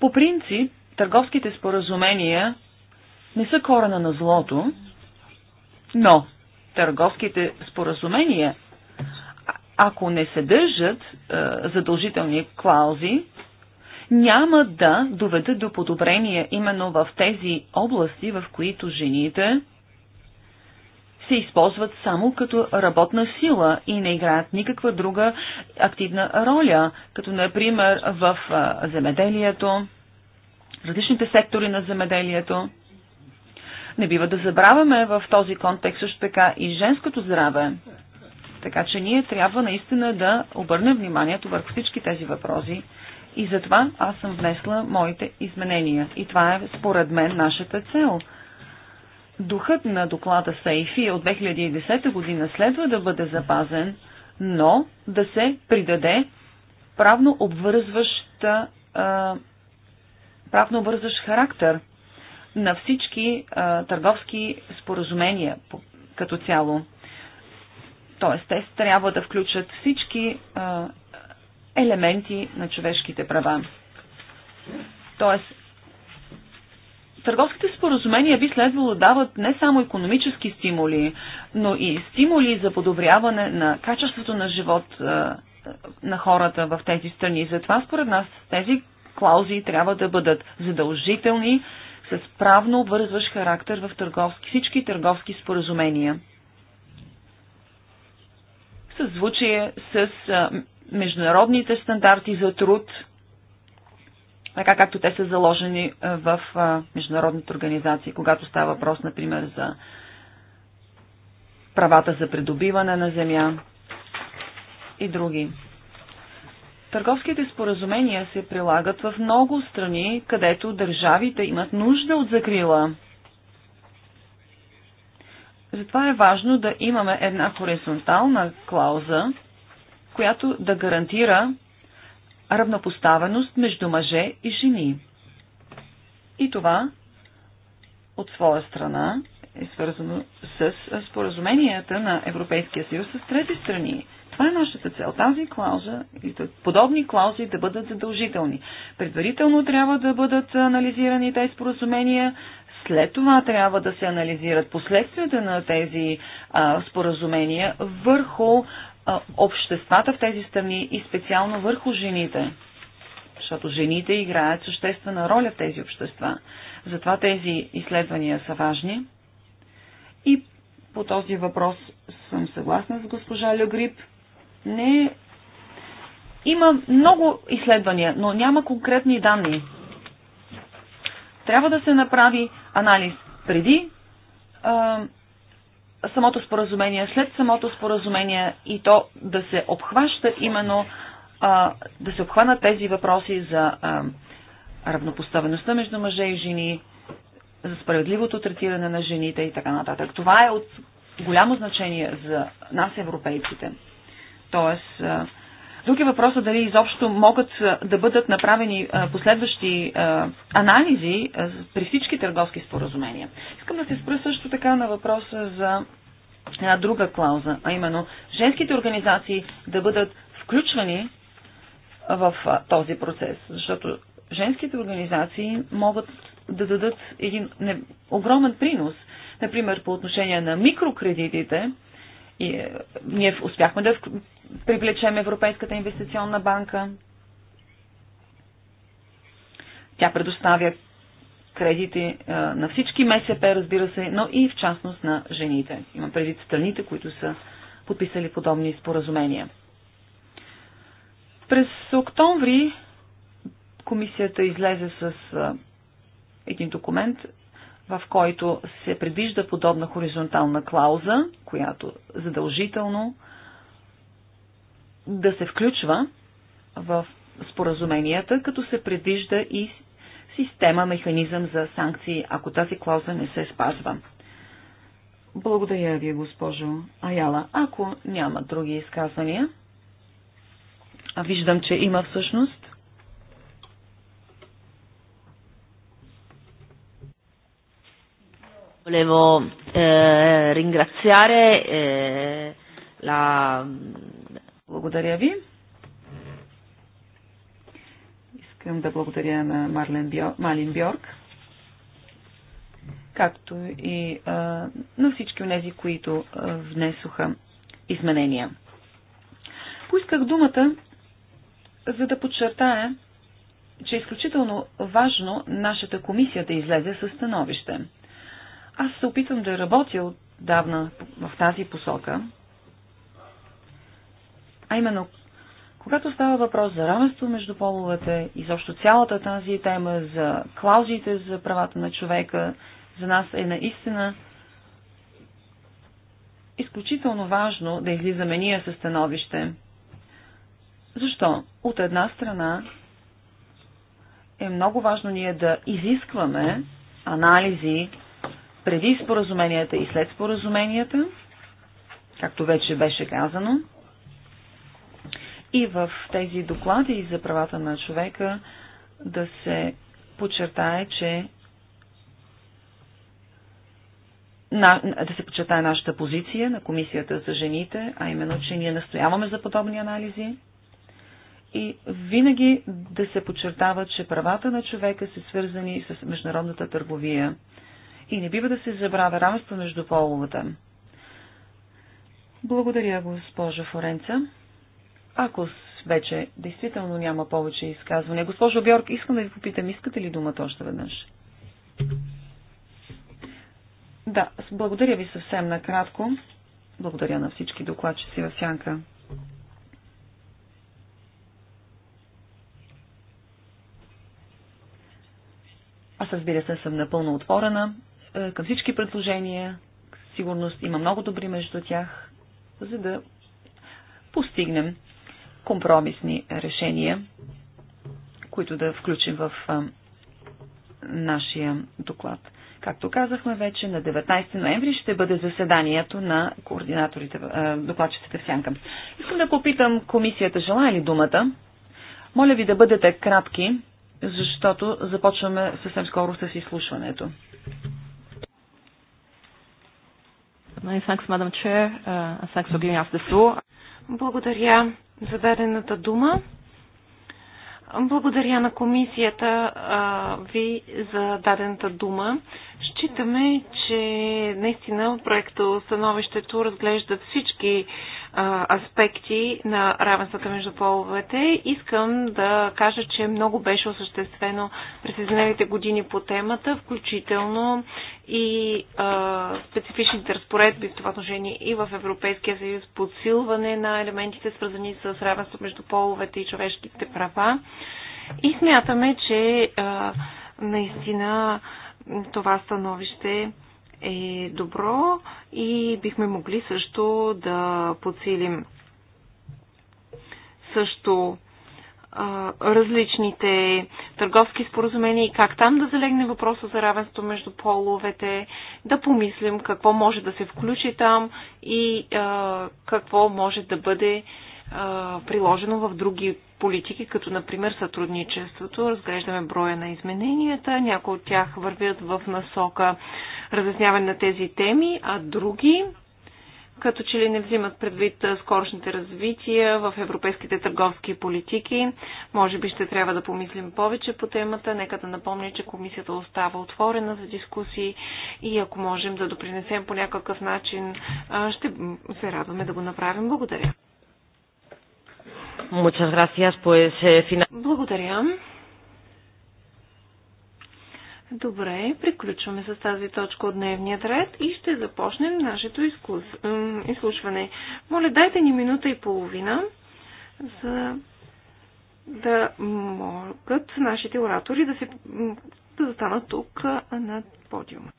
По принцип, търговските споразумения не са корена на злото, но търговските споразумения, ако не съдържат е, задължителни клаузи, няма да доведат до подобрения именно в тези области, в които жените се използват само като работна сила и не играят никаква друга активна роля, като например в е, земеделието, различните сектори на земеделието. Не бива да забравяме в този контекст също така и женското здраве. Така че ние трябва наистина да обърнем вниманието върху всички тези въпроси. И затова аз съм внесла моите изменения. И това е според мен нашата цел. Духът на доклада Сейфи от 2010 година следва да бъде запазен, но да се придаде правно обвързваща а, правно обвързващ характер на всички а, търговски споразумения по, като цяло. Тоест, те трябва да включат всички а, елементи на човешките права. Тоест, търговските споразумения би следвало да дават не само економически стимули, но и стимули за подобряване на качеството на живот а, на хората в тези страни. Затова, според нас, тези клаузи трябва да бъдат задължителни с правно обвързващ характер в търговски, всички търговски споразумения. Съзвучие с а, международните стандарти за труд, така както те са заложени в а, международните организации, когато става въпрос, например, за правата за придобиване на земя и други. Търговските споразумения се прилагат в много страни, където държавите имат нужда от закрила. Затова е важно да имаме една хоризонтална клауза, която да гарантира равнопоставеност между мъже и жени. И това от своя страна е свързано с споразуменията на Европейския съюз с трети страни. Това е нашата цел. Тази клауза и подобни клаузи да бъдат задължителни. Предварително трябва да бъдат анализирани тези споразумения, след това трябва да се анализират последствията на тези а, споразумения върху а, обществата в тези страни и специално върху жените. Защото жените играят съществена роля в тези общества. Затова тези изследвания са важни. И по този въпрос съм съгласна с госпожа Легрип не. Има много изследвания, но няма конкретни данни. Трябва да се направи анализ преди а, самото споразумение, след самото споразумение и то да се обхваща именно а, да се обхванат тези въпроси за а, равнопоставеността между мъже и жени, за справедливото третиране на жените и така нататък. Това е от голямо значение за нас, европейците. Тоест, друг е въпросът дали изобщо могат да бъдат направени последващи анализи при всички търговски споразумения. Искам да се спра също така на въпроса за една друга клауза, а именно женските организации да бъдат включвани в този процес, защото женските организации могат да дадат един огромен принос, например по отношение на микрокредитите, и, е, ние успяхме да привлечем Европейската инвестиционна банка. Тя предоставя кредити а, е, на всички МСП, разбира се, но и в частност на жените. Има предвид страните, които са подписали подобни споразумения. През октомври комисията излезе с а, е, един документ в който се предвижда подобна хоризонтална клауза, която задължително да се включва в споразуменията, като се предвижда и система, механизъм за санкции, ако тази клауза не се спазва. Благодаря ви, госпожо Аяла. Ако няма други изказвания, виждам, че има всъщност, Volevo eh, ringraziare eh, la... Благодаря ви. Искам да благодаря на Марлен Бьор... Малин Бьорк, както и а, на всички от тези, които а, внесоха изменения. Поисках думата, за да подчертая, че е изключително важно нашата комисия да излезе със становище. Аз се опитвам да работя отдавна в тази посока. А именно, когато става въпрос за равенство между половете, изобщо цялата тази тема за клаузите за правата на човека, за нас е наистина изключително важно да излизаме ние със становище. Защо? От една страна е много важно ние да изискваме анализи преди споразуменията и след споразуменията, както вече беше казано. И в тези доклади за правата на човека да се подчертае, че на, да се подчертае нашата позиция на Комисията за жените, а именно, че ние настояваме за подобни анализи и винаги да се подчертава, че правата на човека са свързани с международната търговия и не бива да се забравя равенство между половата. Благодаря, госпожа Форенца. Ако вече действително няма повече изказване. Госпожо Бьорк, искам да ви попитам, искате ли думата още веднъж? Да, благодаря ви съвсем накратко. Благодаря на всички докладчици в Сянка. Аз разбира се съм напълно отворена е, към всички предложения. Сигурност има много добри между тях, за да постигнем компромисни решения, които да включим в е, нашия доклад. Както казахме вече, на 19 ноември ще бъде заседанието на координаторите, е, докладчиците в Сянка. Искам да попитам комисията, желая ли думата? Моля ви да бъдете кратки, защото започваме съвсем скоро с изслушването. Нали, thanks, Madam Chair, uh, thanks for giving us the floor. Благодаря за дадената дума. Благодаря на комисията а, uh, ви за дадената дума. Считаме, че наистина проекто становището разглежда всички аспекти на равенствата между половете. Искам да кажа, че много беше осъществено през изминалите години по темата, включително и а, специфичните разпоредби в това отношение и в Европейския съюз, подсилване на елементите, свързани с равенство между половете и човешките права. И смятаме, че а, наистина това становище е добро и бихме могли също да подсилим също различните търговски споразумения и как там да залегне въпроса за равенство между половете, да помислим какво може да се включи там и а, какво може да бъде приложено в други политики, като например сътрудничеството. Разглеждаме броя на измененията. Някои от тях вървят в насока разясняване на тези теми, а други като че ли не взимат предвид скорошните развития в европейските търговски политики. Може би ще трябва да помислим повече по темата. Нека да напомня, че комисията остава отворена за дискусии и ако можем да допринесем по някакъв начин, ще се радваме да го направим. Благодаря. Muchas gracias. Pues, eh, final... Благодаря. Добре, приключваме с тази точка от дневния ред и ще започнем нашето изкус... изслушване. Моля, дайте ни минута и половина, за да могат нашите оратори да, се... да застанат тук на подиума.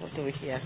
What do we hear?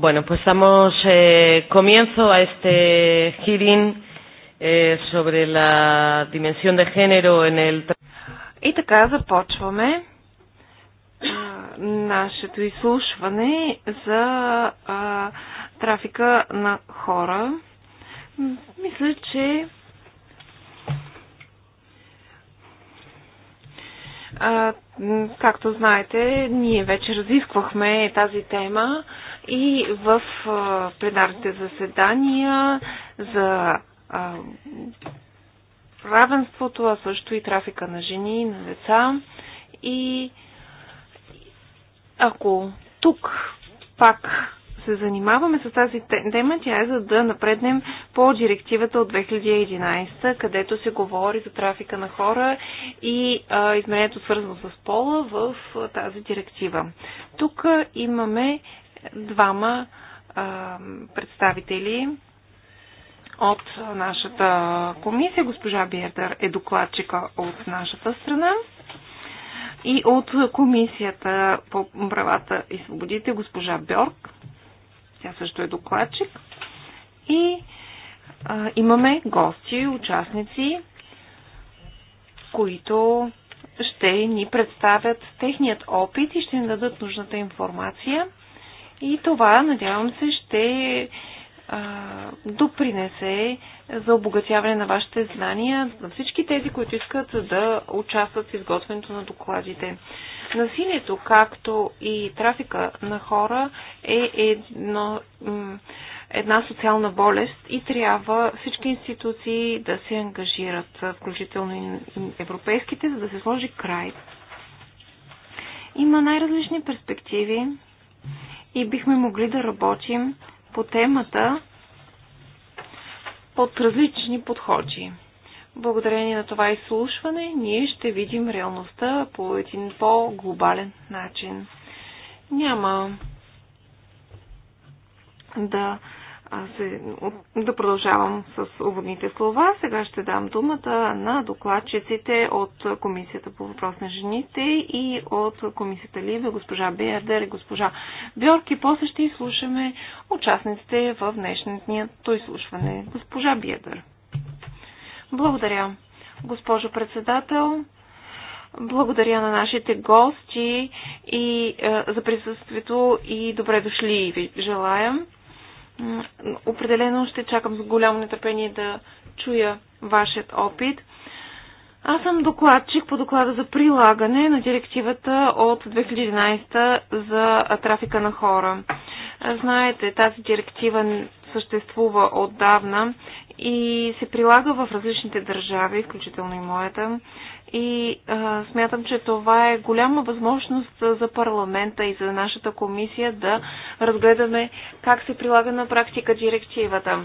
Bueno, pues damos eh, comienzo a este hearing eh, sobre la dimensión de género en el. И така започваме нашето изслушване за а, трафика на хора. Мисля, че а, както знаете, ние вече разисквахме тази тема и в пленарните заседания за равенството, а също и трафика на жени и на деца. И ако тук пак се занимаваме с тази тема, тя е за да напреднем по директивата от 2011, където се говори за трафика на хора и а, изменението свързано с пола в а, тази директива. Тук имаме двама а, представители от нашата комисия. Госпожа Биердър е докладчика от нашата страна и от комисията по правата и свободите госпожа Бьорк. Тя също е докладчик. И а, имаме гости, участници, които ще ни представят техният опит и ще ни дадат нужната информация и това, надявам се, ще а, допринесе за обогатяване на вашите знания на всички тези, които искат да участват в изготвянето на докладите. Насилието, както и трафика на хора, е едно, една социална болест и трябва всички институции да се ангажират, включително и европейските, за да се сложи край. Има най-различни перспективи и бихме могли да работим по темата под различни подходи. Благодарение на това изслушване ние ще видим реалността по един по-глобален начин. Няма да а се, от, да продължавам с уводните слова. Сега ще дам думата на докладчиците от Комисията по въпрос на жените и от Комисията Ливе, госпожа Бердер и госпожа Бьорки. После ще изслушаме участниците в днешното изслушване. Госпожа Бердер. Благодаря, госпожо председател. Благодаря на нашите гости и е, за присъствието и добре дошли ви желаем. Определено ще чакам с голямо нетърпение да чуя вашият опит. Аз съм докладчик по доклада за прилагане на директивата от 2011 за трафика на хора. Знаете, тази директива съществува отдавна и се прилага в различните държави, включително и моята. И а, смятам, че това е голяма възможност за парламента и за нашата комисия да разгледаме как се прилага на практика директивата.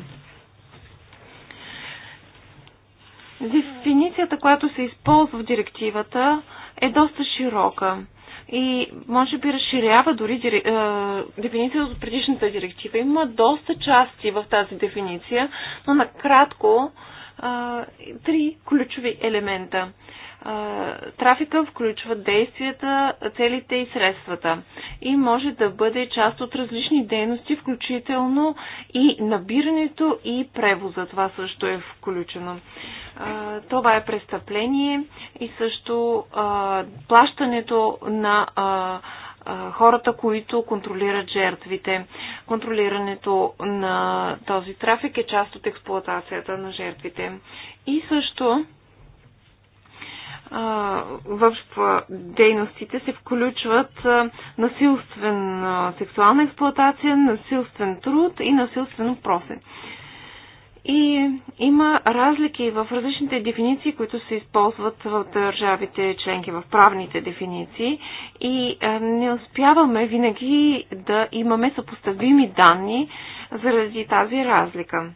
Дефиницията, която се използва в директивата, е доста широка и може би разширява дори е, дефиницията от предишната директива. Има доста части в тази дефиниция, но накратко е, три ключови елемента. Трафика включва действията, целите и средствата и може да бъде част от различни дейности, включително и набирането и превоза. Това също е включено. Това е престъпление и също плащането на хората, които контролират жертвите. Контролирането на този трафик е част от експлоатацията на жертвите. И също в дейностите се включват насилствен сексуална експлоатация, насилствен труд и насилствен просен. И има разлики в различните дефиниции, които се използват в държавите членки, в правните дефиниции. И не успяваме винаги да имаме съпоставими данни заради тази разлика.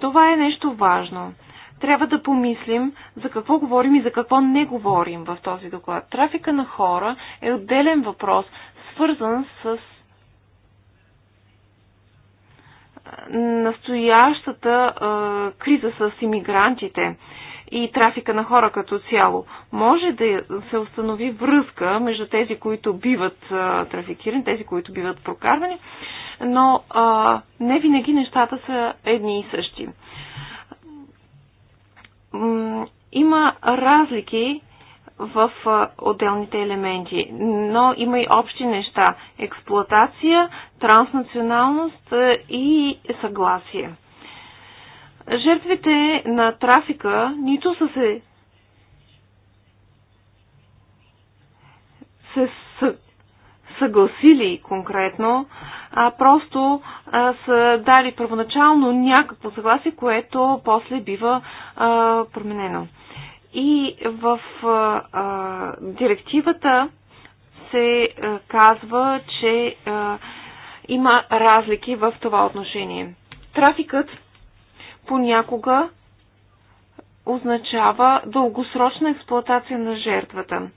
Това е нещо важно трябва да помислим за какво говорим и за какво не говорим в този доклад. Трафика на хора е отделен въпрос, свързан с настоящата а, криза с иммигрантите и трафика на хора като цяло. Може да се установи връзка между тези, които биват а, трафикирани, тези, които биват прокарвани, но а, не винаги нещата са едни и същи има разлики в отделните елементи, но има и общи неща експлоатация, транснационалност и съгласие. Жертвите на трафика нито са се, се съгласили конкретно, а просто а, са дали първоначално някакво съгласие, което после бива а, променено. И в а, а, директивата се а, казва, че а, има разлики в това отношение. Трафикът понякога означава дългосрочна експлоатация на жертвата.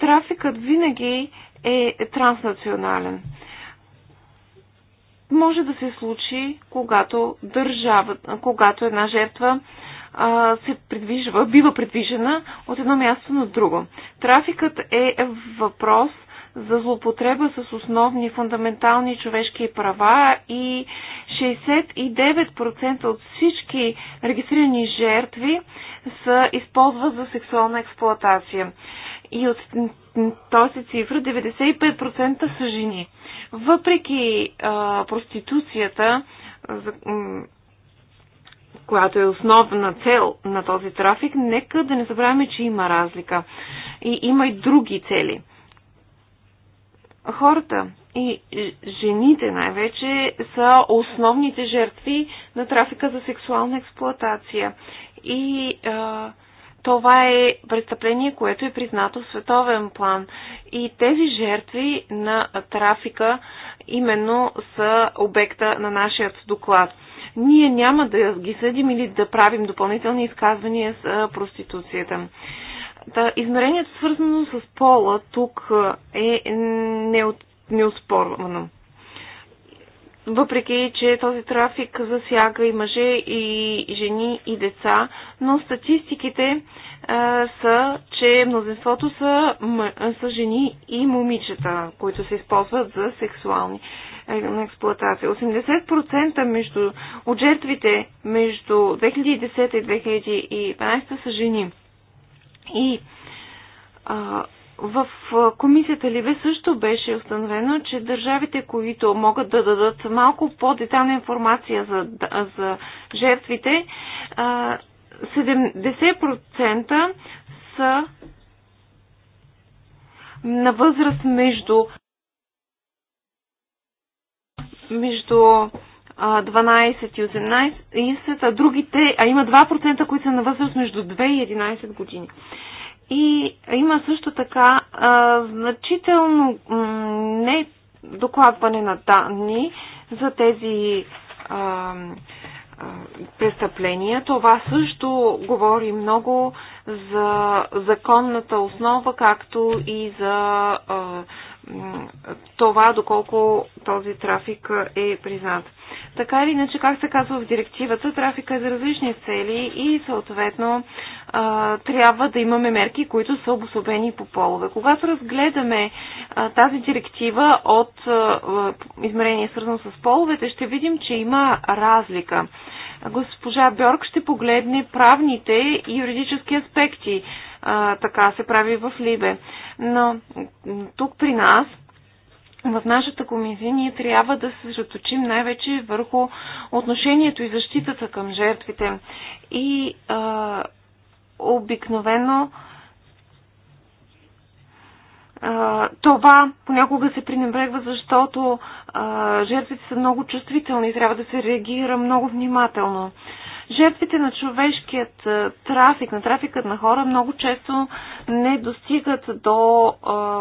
Трафикът винаги е транснационален. Може да се случи, когато държава, когато една жертва а, се придвижва, бива придвижена от едно място на друго. Трафикът е въпрос за злоупотреба с основни фундаментални човешки права и 69% от всички регистрирани жертви са използват за сексуална експлоатация. И от този цифра 95% са жени. Въпреки а, проституцията, за, която е основна цел на този трафик, нека да не забравяме, че има разлика. И има и други цели. Хората и жените най-вече са основните жертви на трафика за сексуална експлоатация. И а, това е престъпление, което е признато в световен план. И тези жертви на трафика именно са обекта на нашия доклад. Ние няма да ги съдим или да правим допълнителни изказвания с проституцията. Да, измерението, свързано с пола, тук е неоспорвано въпреки че този трафик засяга и мъже, и жени, и деца, но статистиките а, са, че мнозинството са, м- са жени и момичета, които се използват за сексуални на експлуатация. 80% между, от жертвите между 2010 и 2012 са жени. И а, в комисията Ливе също беше установено, че държавите, които могат да дадат малко по-детална информация за, за жертвите, 70% са на възраст между между 12 и 18, а другите, а има 2%, които са на възраст между 2 и 11 години. И има също така а, значително не докладване на данни за тези а, престъпления. Това също говори много за законната основа, както и за а, това доколко този трафик е признат. Така или иначе, как се казва в директивата, трафика е за различни цели и съответно трябва да имаме мерки, които са обособени по полове. Когато разгледаме тази директива от измерение свързано с половете, ще видим, че има разлика. Госпожа Бьорк ще погледне правните и юридически аспекти а, така се прави в Либе. Но тук при нас, в нашата комисия, ние трябва да се съсредоточим най-вече върху отношението и защитата към жертвите. И а, обикновено това понякога се пренебрегва, защото а, жертвите са много чувствителни и трябва да се реагира много внимателно. Жертвите на човешкият трафик, на трафикът на хора много често не достигат до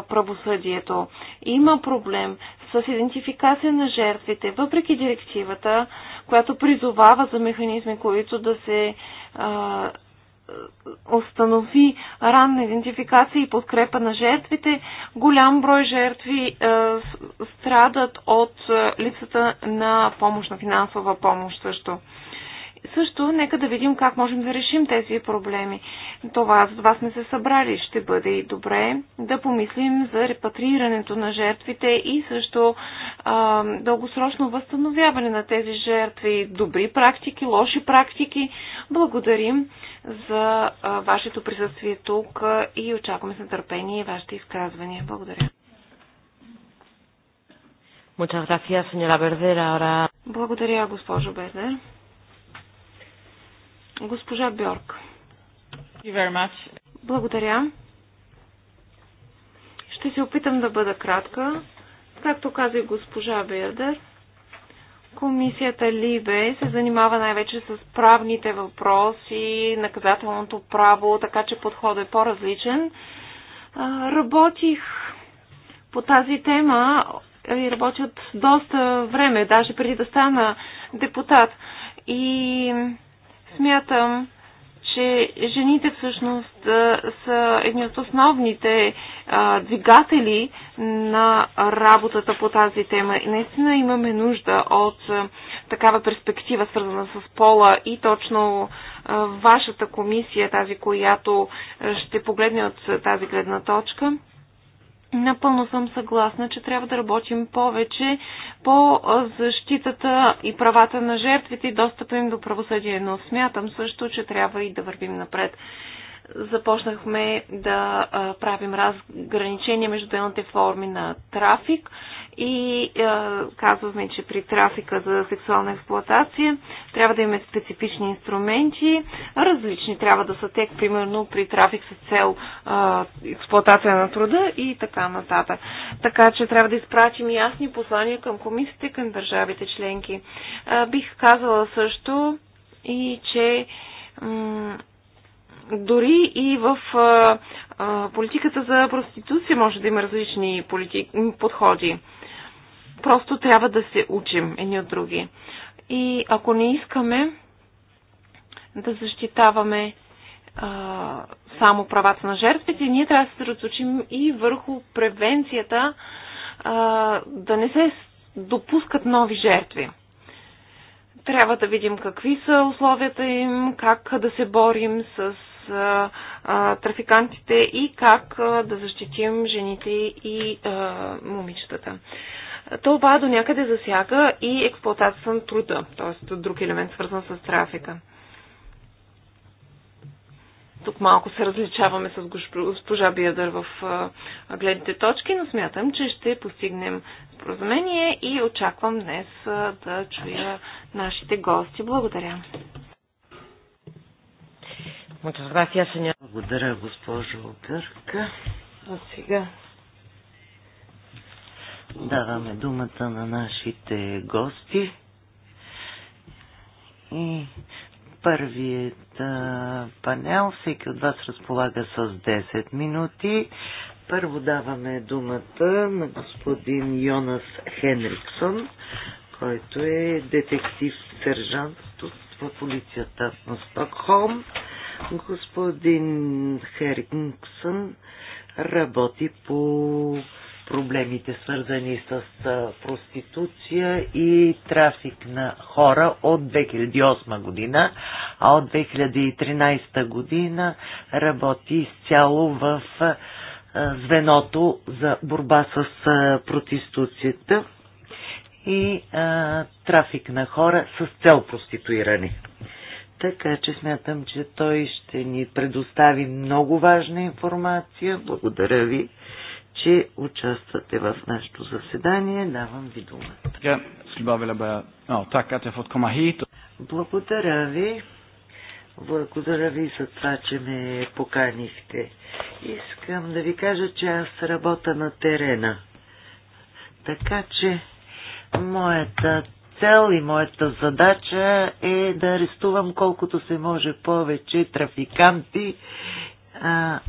правосъдието. Има проблем с идентификация на жертвите, въпреки директивата, която призовава за механизми, които да се а, установи ранна идентификация и подкрепа на жертвите. Голям брой жертви е, страдат от липсата на помощ, на финансова помощ също. Също, нека да видим как можем да решим тези проблеми. Това, за това сме се събрали. Ще бъде и добре да помислим за репатриирането на жертвите и също а, дългосрочно възстановяване на тези жертви. Добри практики, лоши практики. Благодарим за а, вашето присъствие тук и очакваме с нетърпение вашите изказвания. Благодаря. Благодаря, госпожо Бердер. Госпожа Бьорк. Благодаря. Ще се опитам да бъда кратка. Както каза и госпожа Бердер, комисията Либе се занимава най-вече с правните въпроси, наказателното право, така че подходът е по-различен. Работих по тази тема и работя доста време, даже преди да стана депутат. И Смятам, че жените всъщност са едни от основните двигатели на работата по тази тема. И наистина имаме нужда от такава перспектива, свързана с пола и точно вашата комисия, тази, която ще погледне от тази гледна точка. Напълно съм съгласна, че трябва да работим повече по защитата и правата на жертвите и достъпа им до правосъдие, но смятам също, че трябва и да вървим напред започнахме да правим разграничения между отделните форми на трафик и казваме, че при трафика за сексуална експлуатация трябва да имаме специфични инструменти, различни трябва да са те, примерно при трафик с цел експлуатация на труда и така нататък. Така че трябва да изпратим ясни послания към комисиите, към държавите членки. Бих казала също и че дори и в а, а, политиката за проституция може да има различни политик, подходи. Просто трябва да се учим едни от други. И ако не искаме да защитаваме а, само правата на жертвите, ние трябва да се съсредоточим и върху превенцията а, да не се допускат нови жертви трябва да видим какви са условията им, как да се борим с трафикантите и как да защитим жените и а, момичетата. Това до някъде засяга и експлуатацията на труда, т.е. друг елемент свързан с трафика. Тук малко се различаваме с госпожа Биядър в гледните точки, но смятам, че ще постигнем споразумение и очаквам днес да чуя нашите гости. Благодаря. Благодаря, госпожо Гърка. А сега даваме думата на нашите гости. И първият панел, всеки от вас разполага с 10 минути. Първо даваме думата на господин Йонас Хенриксон, който е детектив-сержант в полицията на Стокхолм. Господин Херингсън работи по проблемите, свързани с проституция и трафик на хора от 2008 година, а от 2013 година работи изцяло в звеното за борба с протестуцията и а, трафик на хора с цел проституиране. Така че смятам, че той ще ни предостави много важна информация. Благодаря ви, че участвате в нашето заседание. Давам ви думата. Oh, Благодаря ви. Благодаря ви за това, че ме поканихте. Искам да ви кажа, че аз работя на терена. Така че моята цел и моята задача е да арестувам колкото се може повече трафиканти а,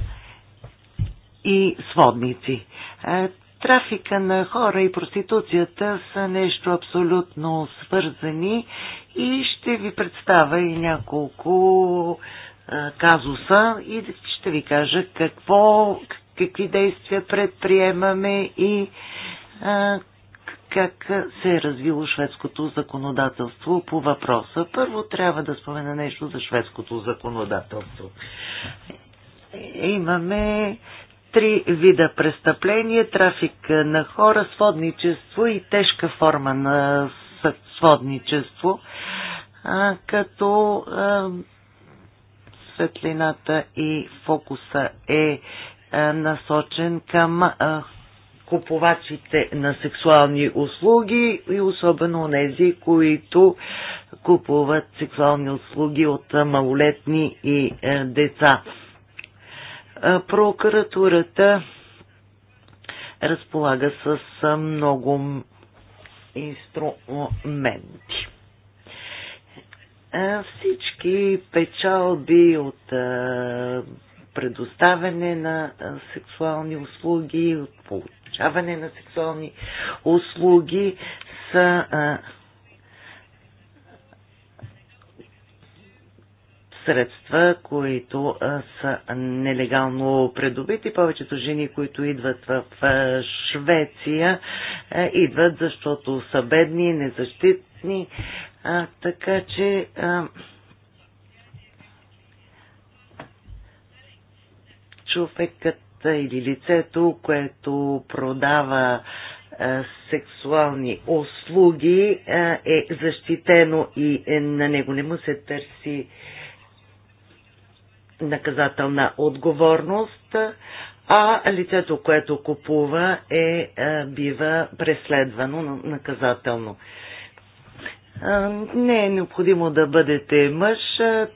и сводници. А, трафика на хора и проституцията са нещо абсолютно свързани и ще ви представя и няколко а, казуса и ще ви кажа какво, какви действия предприемаме и а, как се е развило шведското законодателство по въпроса. Първо трябва да спомена нещо за шведското законодателство. Имаме три вида престъпления трафик на хора, сводничество и тежка форма на сводничество, а, като а, светлината и фокуса е а, насочен към а, купувачите на сексуални услуги и особено тези, които купуват сексуални услуги от малолетни и е, деца. Прокуратурата разполага с много инструменти. Всички печалби от предоставяне на сексуални услуги, от получаване на сексуални услуги са а, средства, които а, са нелегално предобити. Повечето жени, които идват в а, Швеция, а, идват защото са бедни, незащитни. А, така че. А, човекът или лицето, което продава е, сексуални услуги е, е защитено и е, на него не му се търси наказателна отговорност, а лицето, което купува, е, бива преследвано наказателно не е необходимо да бъдете мъж,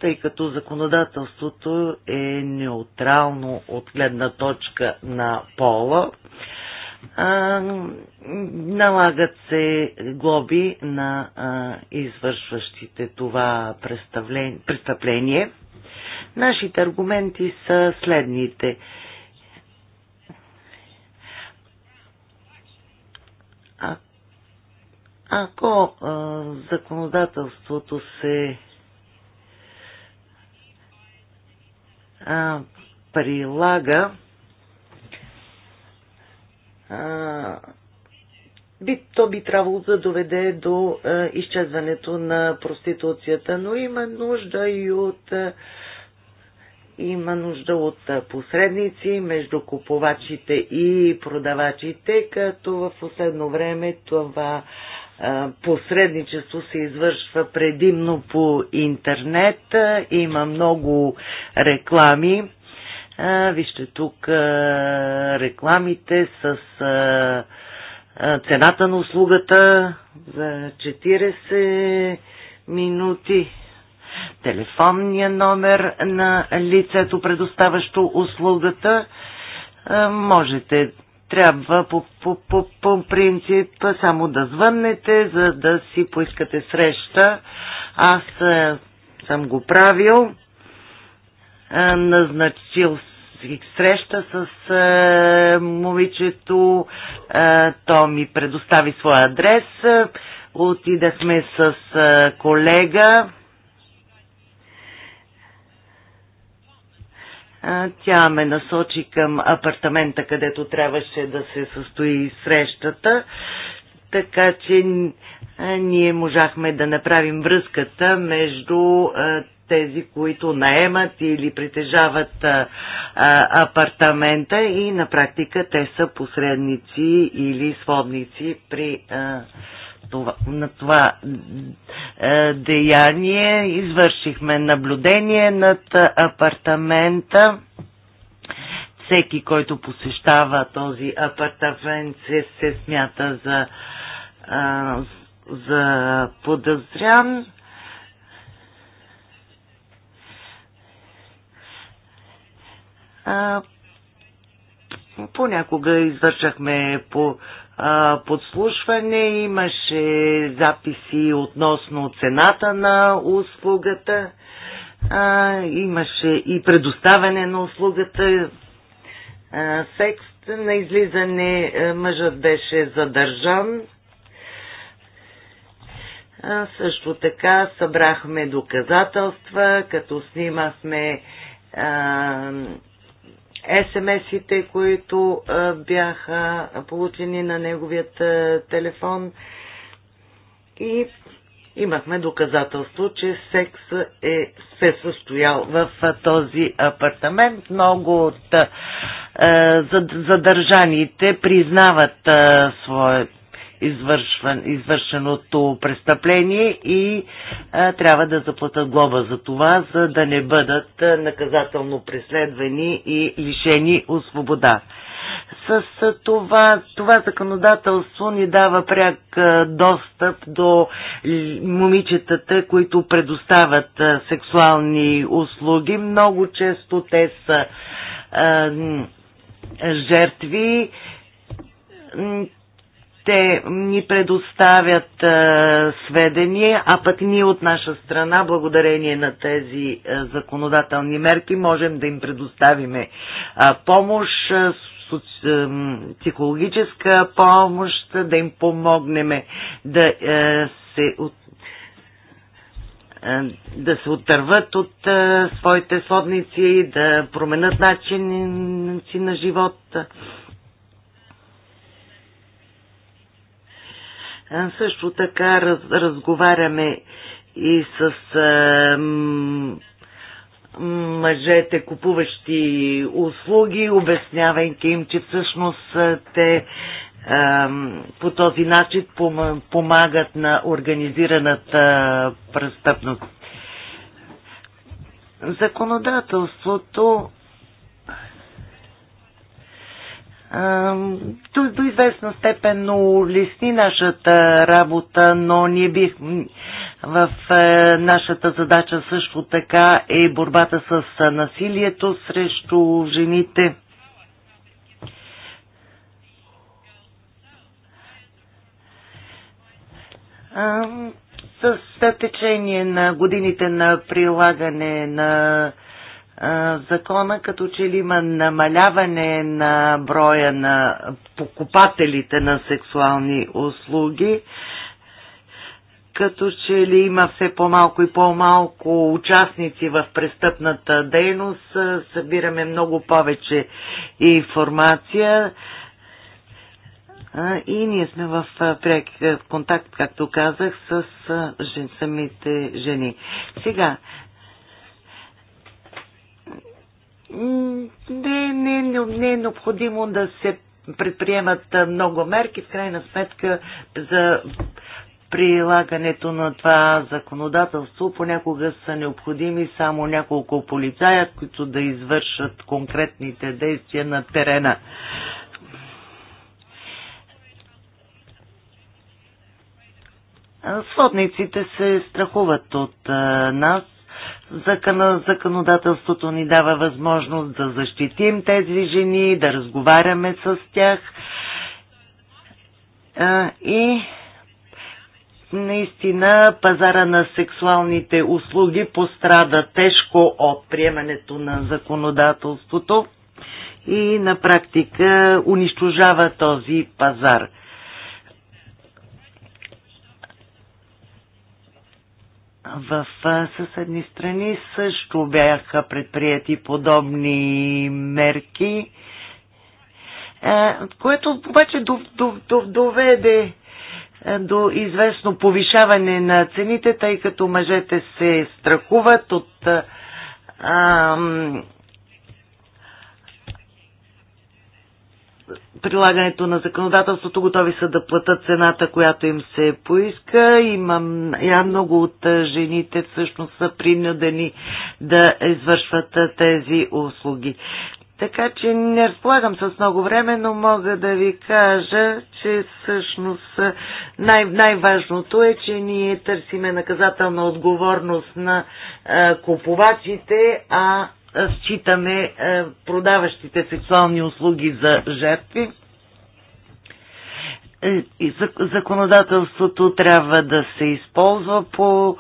тъй като законодателството е неутрално от гледна точка на пола. Налагат се глоби на извършващите това престъпление. Нашите аргументи са следните. Ако а, законодателството се а, прилага, а, би, то би трябвало да доведе до а, изчезването на проституцията, но има нужда и от а, има нужда от посредници между купувачите и продавачите, като в последно време това посредничество се извършва предимно по интернет. Има много реклами. Вижте тук рекламите с цената на услугата за 40 минути, телефонния номер на лицето, предоставащо услугата. Можете трябва по, по, по, по принцип само да звъннете, за да си поискате среща. Аз е, съм го правил. Е, назначил среща с е, момичето. е, то ми предостави своя адрес. Е, отидахме с е, колега Тя ме насочи към апартамента, където трябваше да се състои срещата, така че ние можахме да направим връзката между тези, които наемат или притежават а, апартамента и на практика те са посредници или сводници при а, това, на това е, деяние. Извършихме наблюдение над апартамента. Всеки, който посещава този апартамент, се, се смята за, е, за подозрян. А, е, понякога извършахме по подслушване, имаше записи относно цената на услугата, имаше и предоставяне на услугата, секс на излизане мъжът беше задържан. Също така събрахме доказателства, като снимахме СМС-ите, които бяха получени на неговият телефон и имахме доказателство, че секс е се е състоял в този апартамент. Много от а, задържаните признават а, своят извършван, извършеното престъпление и а, трябва да заплатят глоба за това, за да не бъдат наказателно преследвани и лишени от свобода. С това, това законодателство ни дава пряк достъп до момичетата, които предоставят сексуални услуги. Много често те са а, жертви те ни предоставят а, е, сведения, а пък ние от наша страна, благодарение на тези а, е, законодателни мерки, можем да им предоставиме а, е, помощ, а, соци, а, психологическа помощ, да им помогнем да а, се от да се отърват от а, своите сводници, да променят начин си на живота. Също така раз, разговаряме и с а, мъжете, купуващи услуги, обяснявайки им, че всъщност те а, по този начин помагат на организираната престъпност. Законодателството до, до известна степен улесни нашата работа, но ние бих в е, нашата задача също така е борбата с е, насилието срещу жените. С течение на годините на прилагане на закона, като че ли има намаляване на броя на покупателите на сексуални услуги, като че ли има все по-малко и по-малко участници в престъпната дейност, събираме много повече информация и ние сме в пряк контакт, както казах, с самите жени. Сега, не, не, не е необходимо да се предприемат много мерки, в крайна сметка за прилагането на това законодателство понякога са необходими само няколко полицая, които да извършат конкретните действия на терена. Сводниците се страхуват от нас закона, законодателството ни дава възможност да защитим тези жени, да разговаряме с тях а, и наистина пазара на сексуалните услуги пострада тежко от приемането на законодателството и на практика унищожава този пазар. в съседни страни също бяха предприяти подобни мерки, което обаче доведе до известно повишаване на цените, тъй като мъжете се страхуват от прилагането на законодателството готови са да платят цената, която им се поиска. Имам, я много от жените всъщност са принудени да извършват тези услуги. Така че не разполагам с много време, но мога да ви кажа, че всъщност най- най-важното е, че ние търсиме наказателна отговорност на а, купувачите, а е, считаме е, продаващите сексуални услуги за жертви. Е, и законодателството трябва да се използва по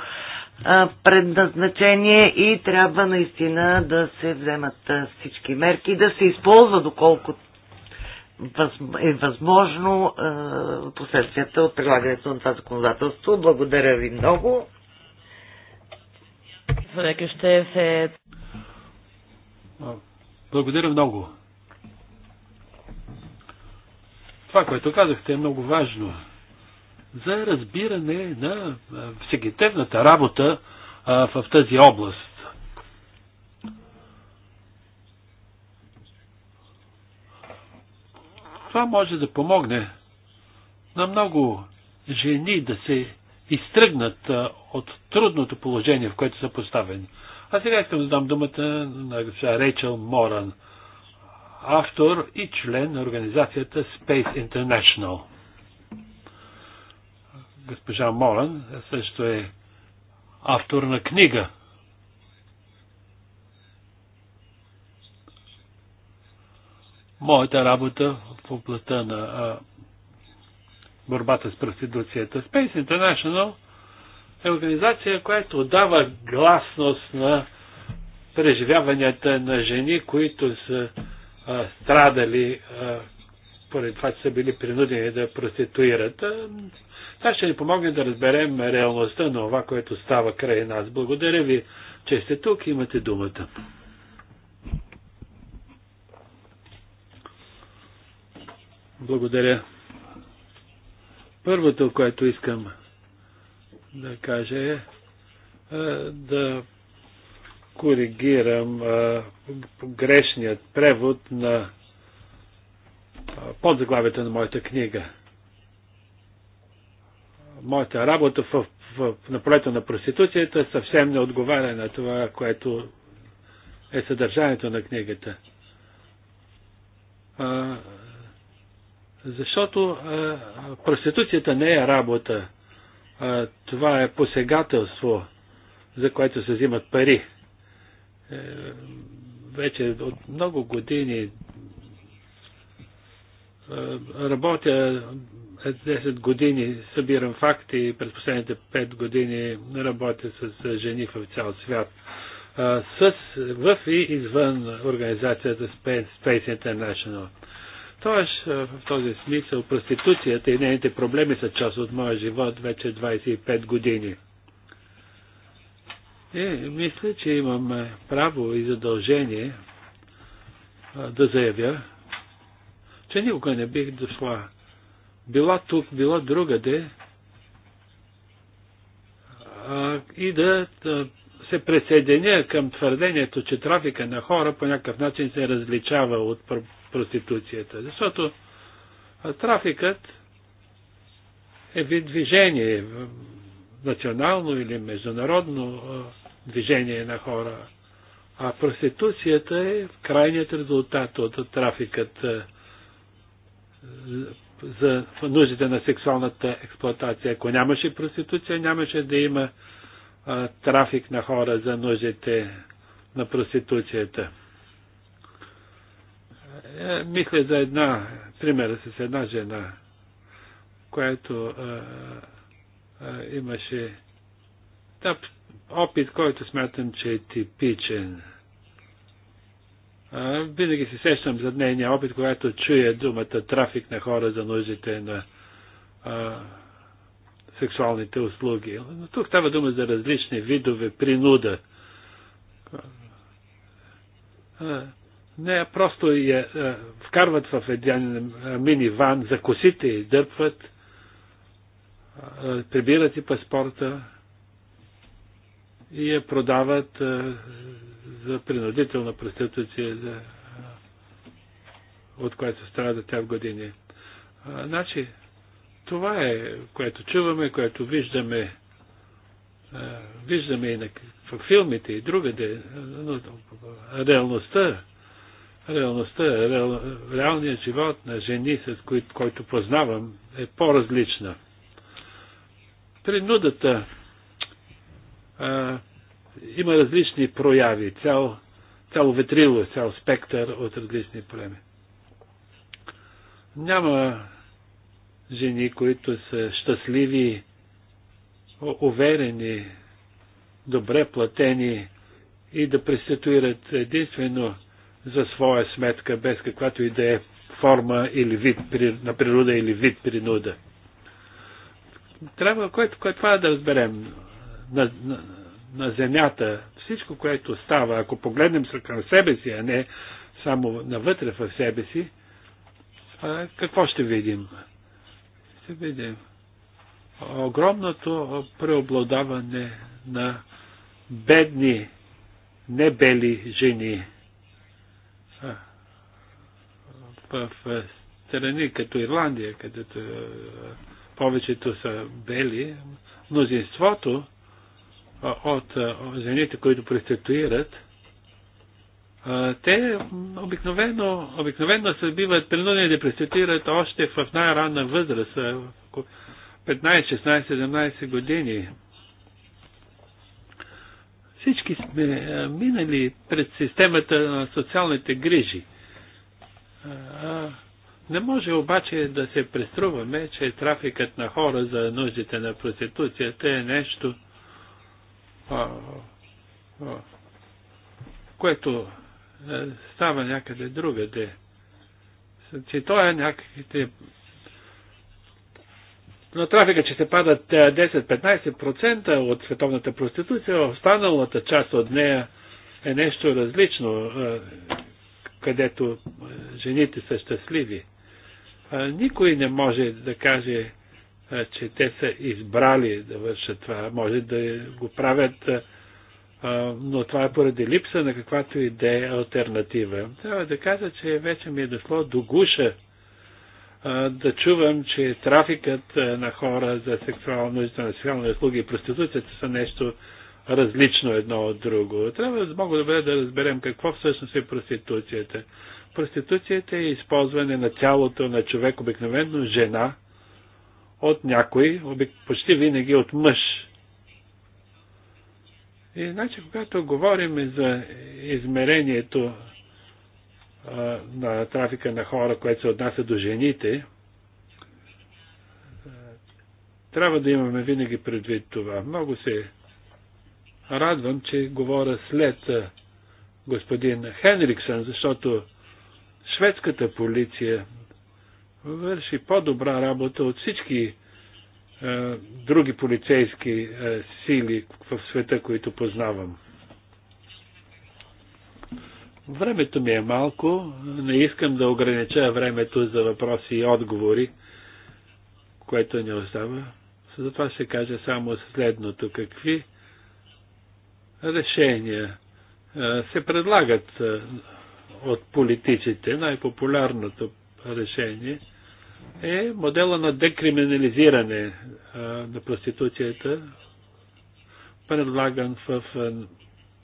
предназначение и трябва наистина да се вземат всички мерки, да се използва доколкото е възможно последствията от прилагането на това законодателство. Благодаря ви много. Благодаря много. Това, което казахте, е много важно за разбиране на всегитевната работа в тази област. Това може да помогне на много жени да се изтръгнат от трудното положение, в което са поставени. А сега искам да дам думата на госпожа Рейчел Моран, автор и член на организацията Space International. Госпожа Моран също е автор на книга моята работа в областта на а, борбата с проституцията. Space International е организация, която дава гласност на преживяванията на жени, които са а, страдали а, поради това, че са били принудени да проституират. Това ще ни помогне да разберем реалността на това, което става край нас. Благодаря ви, че сте тук и имате думата. Благодаря. Първото, което искам да каже е, да коригирам е, грешният превод на е, подзаглавите на моята книга. Моята работа в, в, на полето на проституцията съвсем не отговаря на това, което е съдържанието на книгата. А, защото а, проституцията не е работа това е посегателство, за което се взимат пари. Е, вече от много години е, работя 10 е, години, събирам факти, през последните 5 години работя с жени в цял свят. С, в и извън организацията Space International. Тоест, е, в този смисъл, проституцията и нейните проблеми са част от моя живот вече 25 години. И мисля, че имам е, право и задължение е, да заявя, че никога не бих дошла. Била тук, била другаде и да се присъединя към твърдението, че трафика на хора по някакъв начин се различава от проституцията. Защото трафикът е вид движение, национално или международно движение на хора. А проституцията е крайният резултат от трафикът за нуждите на сексуалната експлоатация. Ако нямаше проституция, нямаше да има а, трафик на хора за нуждите на проституцията е, мисля за една, примера с една жена, която е, е, имаше да, опит, който смятам, че е типичен. Е, винаги се сещам за нейния опит, когато чуя думата трафик на хора за нуждите на е, сексуалните услуги. Но тук става дума за различни видове принуда. Е, не просто я е, вкарват в един е, ван, за косите и дърпват, е, прибират и паспорта и я продават за принудителна проституция, от която страда тя в години. Значи, това е, което чуваме, което виждаме виждаме и на, в филмите и другаде, но реалността реалността, е, реал, реалният живот на жени, с който познавам, е по-различна. Принудата а, има различни прояви, цял, цяло ветрило, цял спектър от различни проблеми. Няма жени, които са щастливи, уверени, добре платени и да преституират единствено за своя сметка, без каквато и да е форма или вид на природа или вид принуда. Трябва, което, което това е да разберем на, на, на земята, всичко, което става, ако погледнем към себе си, а не само навътре в себе си, а, какво ще видим? Ще видим огромното преобладаване на бедни, небели жени – в страни като Ирландия, където е, повечето са бели, мнозинството от жените, които преституират, те обикновено, обикновено се биват принудени да преституират още в най-ранна възраст, 15, 16, 17 години. Всички сме минали пред системата на социалните грижи. Не може обаче да се преструваме, че трафикът на хора за нуждите на проституцията е нещо, което става някъде другаде. Че значи, то е някакви на трафика, че се падат 10-15% е, от световната проституция, останалата част от нея е нещо различно, е, където е, жените са щастливи. Никой не може да каже, че те са избрали да вършат това. Може да го правят, но това е поради липса на каквато и да е альтернатива. Трябва да кажа, че вече ми е дошло до гуша да чувам, че трафикът на хора за сексуално и за сексуални услуги и проституцията са нещо различно едно от друго. Трябва много добре да разберем какво всъщност е проституцията. Проституцията е използване на тялото на човек, обикновено жена, от някой, почти винаги от мъж. И значи, когато говорим за измерението на трафика на хора, което се отнася до жените, трябва да имаме винаги предвид това. Много се радвам, че говоря след господин Хенриксън, защото шведската полиция върши по-добра работа от всички е, други полицейски е, сили в света, които познавам. Времето ми е малко, не искам да огранича времето за въпроси и отговори, което ни остава. Затова ще кажа само следното. Какви решения се предлагат от политиците? Най-популярното решение е модела на декриминализиране на проституцията, предлаган в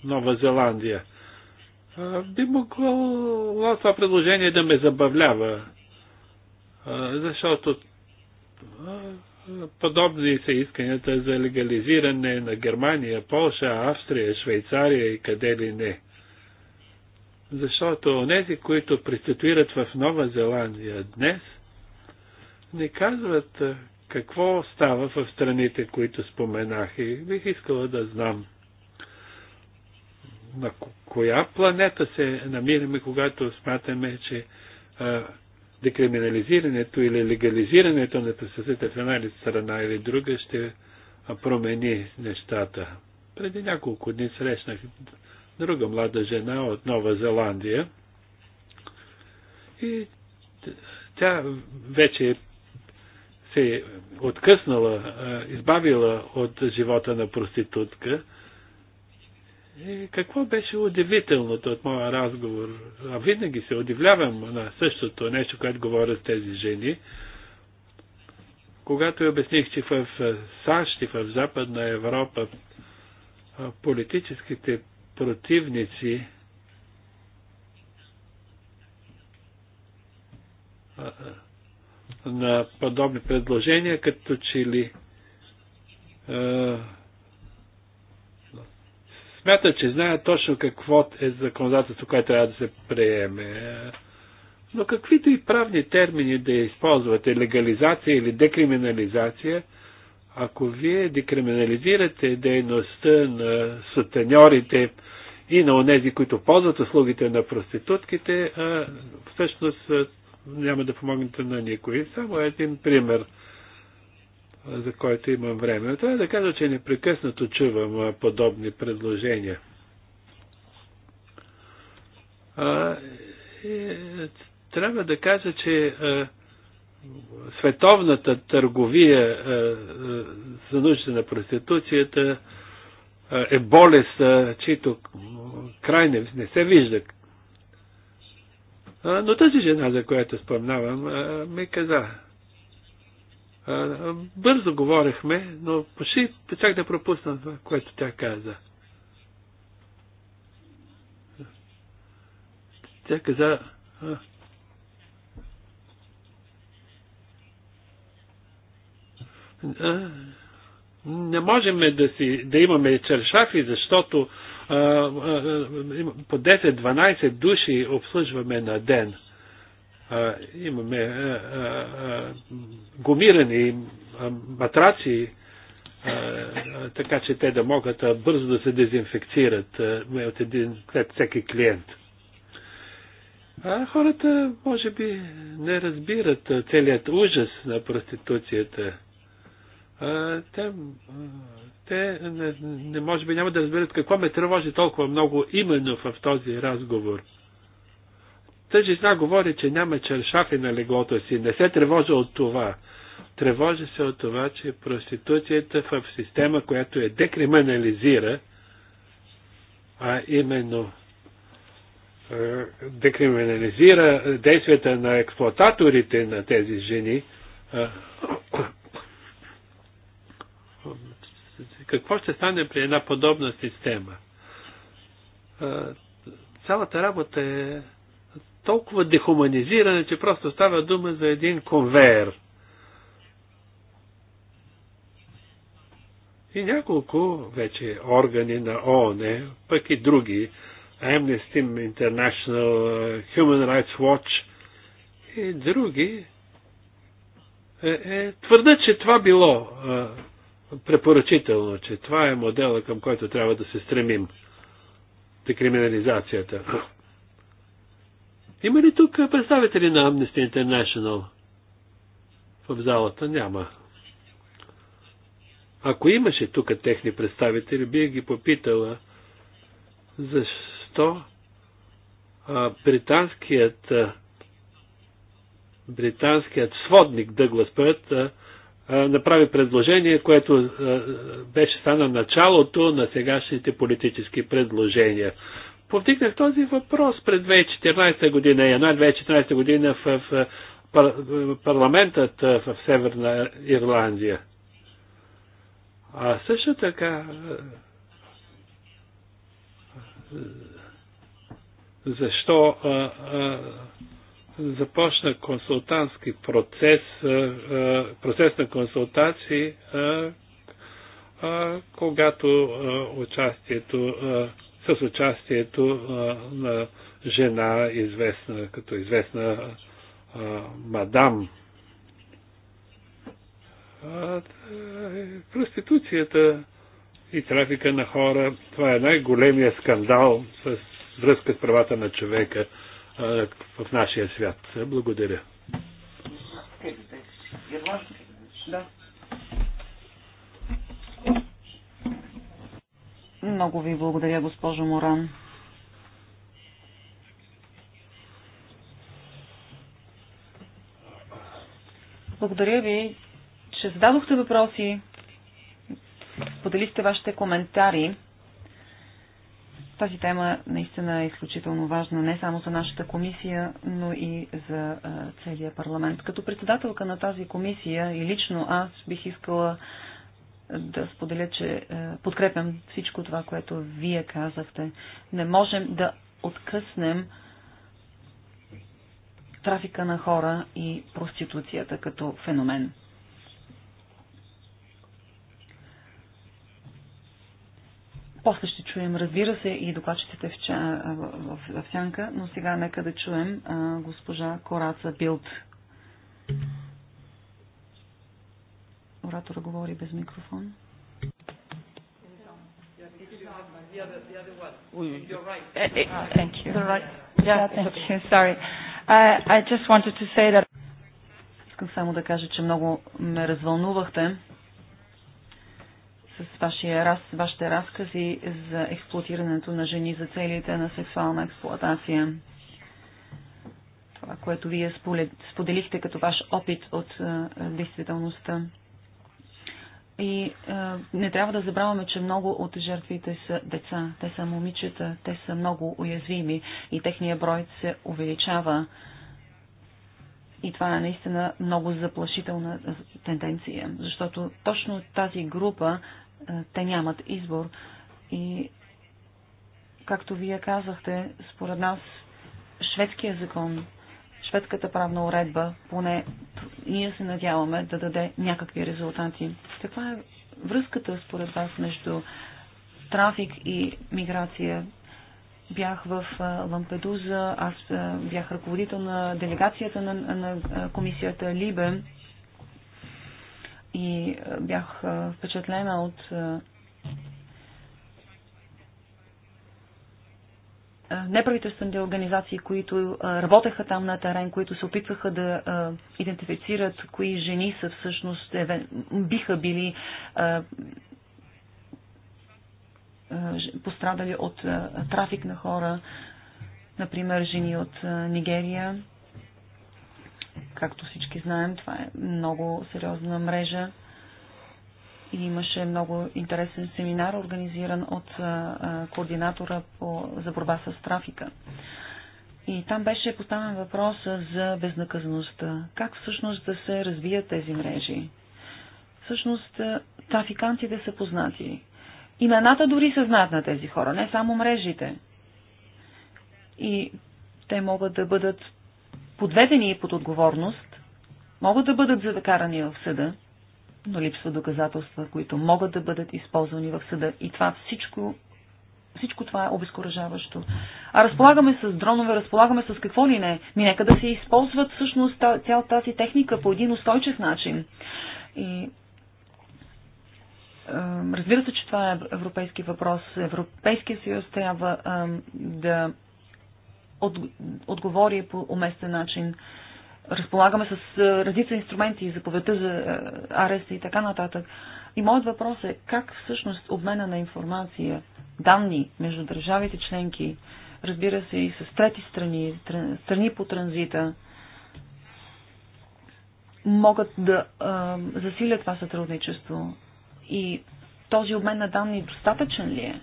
Нова Зеландия – би могло това предложение да ме забавлява, защото подобни са исканията за легализиране на Германия, Полша, Австрия, Швейцария и къде ли не. Защото онези, които преституират в Нова Зеландия днес, не казват какво става в страните, които споменах и бих искала да знам на коя планета се намираме, когато смятаме, че а, декриминализирането или легализирането на присъствието в една страна или друга ще промени нещата. Преди няколко дни срещнах друга млада жена от Нова Зеландия и тя вече се е откъснала, избавила от живота на проститутка и е, какво беше удивителното от моя разговор? А винаги се удивлявам на същото нещо, което говоря с тези жени. Когато я обясних, че в САЩ и в Западна Европа политическите противници на подобни предложения, като че ли смятат, че знаят точно какво е законодателство, което трябва да се приеме. Но каквито и правни термини да използвате, легализация или декриминализация, ако вие декриминализирате дейността на сутеньорите и на онези, които ползват услугите на проститутките, всъщност няма да помогнете на никой. Само един пример – за който имам време. Това е да кажа, че непрекъснато чувам подобни предложения. А, и, е, трябва да кажа, че а, световната търговия а, а, за нужда на проституцията а, е болест, чието край не, не се вижда. А, но тази жена, за която спомнавам, ми каза, Бързо говорихме, но почти чак да пропусна това, което тя каза. Тя каза, не можем да, си, да имаме чершафи, защото а, а, по 10-12 души обслужваме на ден имаме гумирани матраци, така че те да могат бързо да се дезинфекцират от един, след всеки клиент. А хората, може би, не разбират целият ужас на проституцията. те, те не, не, може би няма да разберат какво ме тревожи толкова много именно в този разговор. Тъжи жена говори, че няма чершафи на леглото си. Не се тревожа от това. Тревожа се от това, че проституцията в система, която е декриминализира, а именно е, декриминализира действията на експлуататорите на тези жени, какво ще стане при една подобна система? Цялата работа е толкова дехуманизиране, че просто става дума за един конвейер. И няколко вече органи на ООН, пък и други, Amnesty International, Human Rights Watch и други, е, е, твърдят, че това било е, препоръчително, че това е модела, към който трябва да се стремим. Декриминализацията. Има ли тук представители на Amnesty International? В залата няма. Ако имаше тук техни представители, бих ги попитала защо а, британският а, британският сводник Дъглас Пърт а, а, направи предложение, което а, беше стана началото на сегашните политически предложения повдигнах този въпрос пред 2014 година, януар 2014 година в, в парламентът в Северна Ирландия. А също така защо а, а, започна консултантски процес, а, процес на консултации, а, а, когато а, участието а, с участието на жена, известна като известна мадам. Проституцията и трафика на хора, това е най-големия скандал с връзка с правата на човека в нашия свят. Благодаря. Е, значи. Да. Много ви благодаря, госпожо Моран. Благодаря ви, че зададохте въпроси, поделихте вашите коментари. Тази тема наистина е изключително важна не само за нашата комисия, но и за целия парламент. Като председателка на тази комисия и лично аз бих искала да споделя, че е, подкрепям всичко това, което вие казахте. Не можем да откъснем трафика на хора и проституцията като феномен. После ще чуем, разбира се, и докладчиците в, в, в, в сянка, но сега нека да чуем а, госпожа Кораца Билт. Оратора говори без микрофон. Искам само да кажа, че много ме развълнувахте с вашия раз, вашите разкази за експлуатирането на жени за целите на сексуална експлуатация. Това, което вие споделихте като ваш опит от действителността. И а, е, не трябва да забравяме, че много от жертвите са деца. Те са момичета, те са много уязвими и техния брой се увеличава. И това е наистина много заплашителна тенденция, защото точно тази група а, е, те нямат избор. И, както вие казахте, според нас шведския закон шведската правна уредба, поне ние се надяваме да даде някакви резултати. Каква е връзката според вас между трафик и миграция? Бях в Лампедуза, аз бях ръководител на делегацията на, на комисията Либе и бях впечатлена от неправителствени организации, които работеха там на терен, които се опитваха да идентифицират кои жени са всъщност биха били пострадали от трафик на хора, например жени от Нигерия. Както всички знаем, това е много сериозна мрежа и имаше много интересен семинар, организиран от координатора по, за борба с трафика. И там беше поставен въпроса за безнаказаността. Как всъщност да се развият тези мрежи? Всъщност трафикантите са познати. Имената дори са знат на тези хора, не само мрежите. И те могат да бъдат подведени под отговорност, могат да бъдат закарани в съда, но липсва доказателства, които могат да бъдат използвани в съда. И това всичко, всичко това е обезкуражаващо. А разполагаме с дронове, разполагаме с какво ли не. Ми нека да се използват всъщност цял тази техника по един устойчив начин. И Разбира се, че това е европейски въпрос. Европейския съюз трябва да отговори по уместен начин разполагаме с е, редица инструменти, заповедта за е, ареста и така нататък. И моят въпрос е как всъщност обмена на информация, данни между държавите членки, разбира се и с трети страни, страни по транзита, могат да а, е, засилят това сътрудничество и този обмен на данни достатъчен ли е?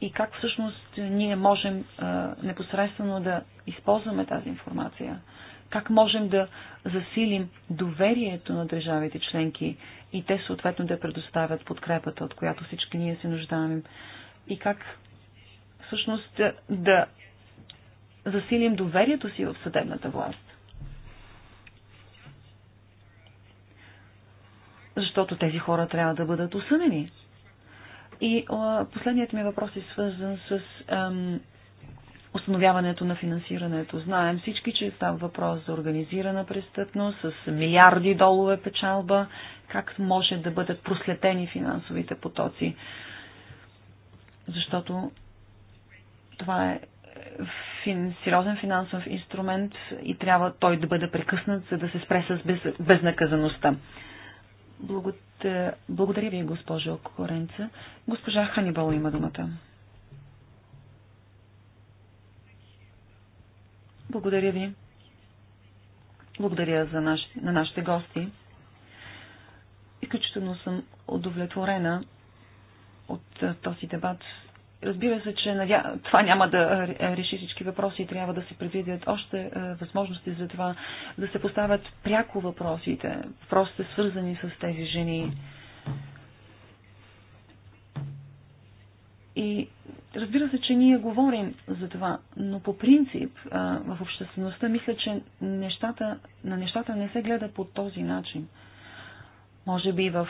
И как всъщност ние можем а, непосредствено да използваме тази информация? как можем да засилим доверието на държавите членки и те съответно да предоставят подкрепата, от която всички ние се нуждаем. И как всъщност да засилим доверието си в съдебната власт. Защото тези хора трябва да бъдат осъдени. И а, последният ми въпрос е свързан с ам, установяването на финансирането. Знаем всички, че става въпрос за организирана престъпност с милиарди долове печалба, как може да бъдат проследени финансовите потоци. Защото това е фин, сериозен финансов инструмент и трябва той да бъде прекъснат, за да се спре с без, безнаказаността. Благодаря ви, госпожо Коренца. Госпожа Ханибал има думата. Благодаря ви. Благодаря за наш, на нашите гости. Изключително съм удовлетворена от този дебат. Разбира се, че надя... това няма да реши всички въпроси и трябва да се предвидят още възможности за това, да се поставят пряко въпросите, въпросите свързани с тези жени. И Разбира се, че ние говорим за това, но по принцип в обществеността мисля, че нещата, на нещата не се гледа по този начин. Може би в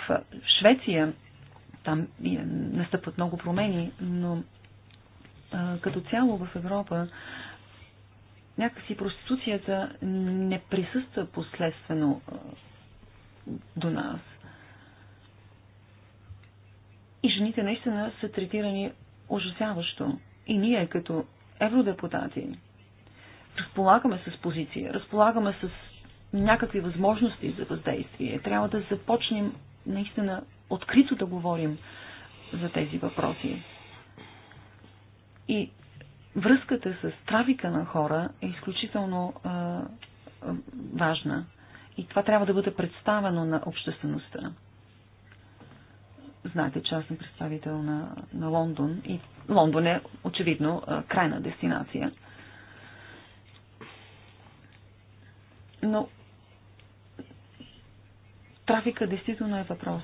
Швеция там настъпват много промени, но като цяло в Европа някакси проституцията не присъства последствено до нас. И жените наистина са третирани ужасяващо. И ние като евродепутати разполагаме с позиция, разполагаме с някакви възможности за въздействие. Трябва да започнем наистина открито да говорим за тези въпроси. И връзката с трафика на хора е изключително а, а, важна. И това трябва да бъде представено на обществеността. Знаете, че аз съм представител на, на Лондон и Лондон е очевидно е, крайна дестинация. Но трафика действително е въпрос.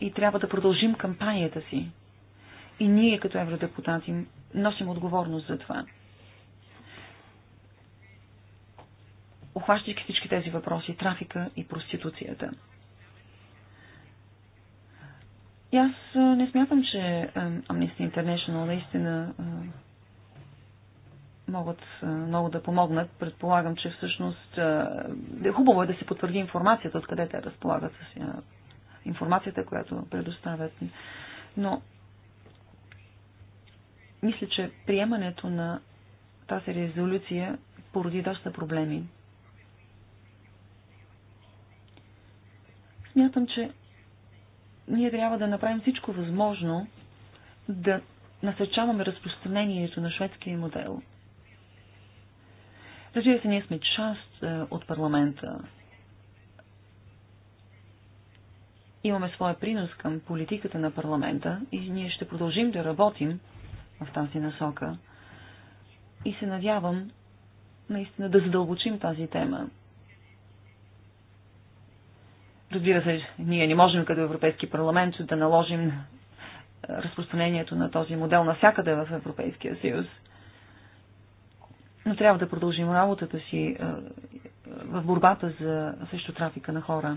И трябва да продължим кампанията си. И ние като евродепутати носим отговорност за това. Охващайки всички тези въпроси, трафика и проституцията – и аз не смятам, че Amnesty International наистина могат много да помогнат. Предполагам, че всъщност е хубаво е да се потвърди информацията, откъде те разполагат с информацията, която предоставят. Но мисля, че приемането на тази резолюция породи доста проблеми. Смятам, че ние трябва да направим всичко възможно да насърчаваме разпространението на шведския модел. Разбира се, ние сме част е, от парламента. Имаме своя принос към политиката на парламента и ние ще продължим да работим в тази насока. И се надявам наистина да задълбочим тази тема. Разбира се, ние не можем като Европейски парламент да наложим е, разпространението на този модел навсякъде в Европейския съюз. Но трябва да продължим работата си е, в борбата за също трафика на хора.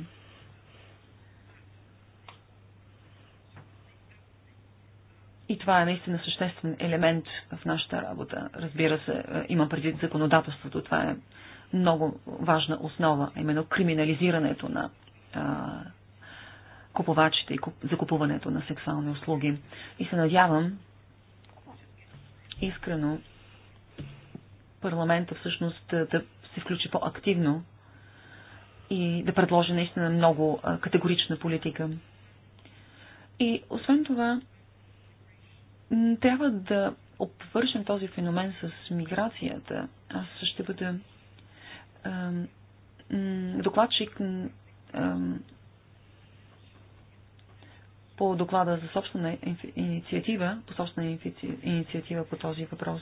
И това е наистина съществен елемент в нашата работа. Разбира се, е, има предвид законодателството. Това е много важна основа, именно криминализирането на а, купувачите и куп, за купуването на сексуални услуги. И се надявам, искрено, парламента всъщност да се включи по-активно и да предложи наистина много категорична политика. И освен това, трябва да обвършим този феномен с миграцията. Аз ще бъда докладчик по доклада за собствена инициатива, по собствена инициатива по този въпрос,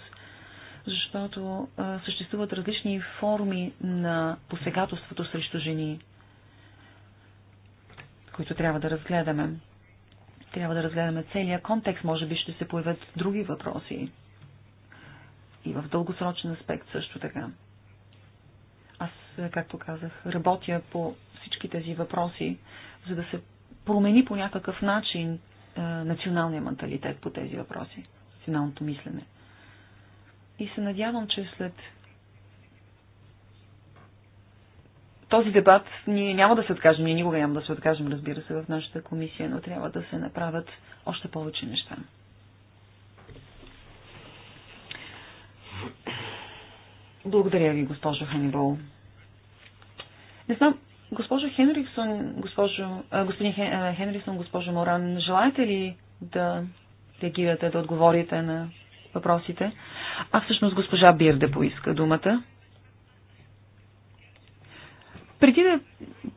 защото съществуват различни форми на посегателството срещу жени, които трябва да разгледаме. Трябва да разгледаме целият контекст, може би ще се появят други въпроси. И в дългосрочен аспект също така. Аз, както казах, работя по всички тези въпроси, за да се промени по някакъв начин е, националния менталитет по тези въпроси, националното мислене. И се надявам, че след този дебат ние няма да се откажем, ние никога няма да се откажем, разбира се, в нашата комисия, но трябва да се направят още повече неща. Благодаря ви, госпожо Ханибол. Не знам Госпожо Хенриксон, госпожо, господин Хенриксон, госпожо Моран, желаете ли да реагирате, да отговорите на въпросите? А всъщност госпожа Бирде поиска думата. Преди да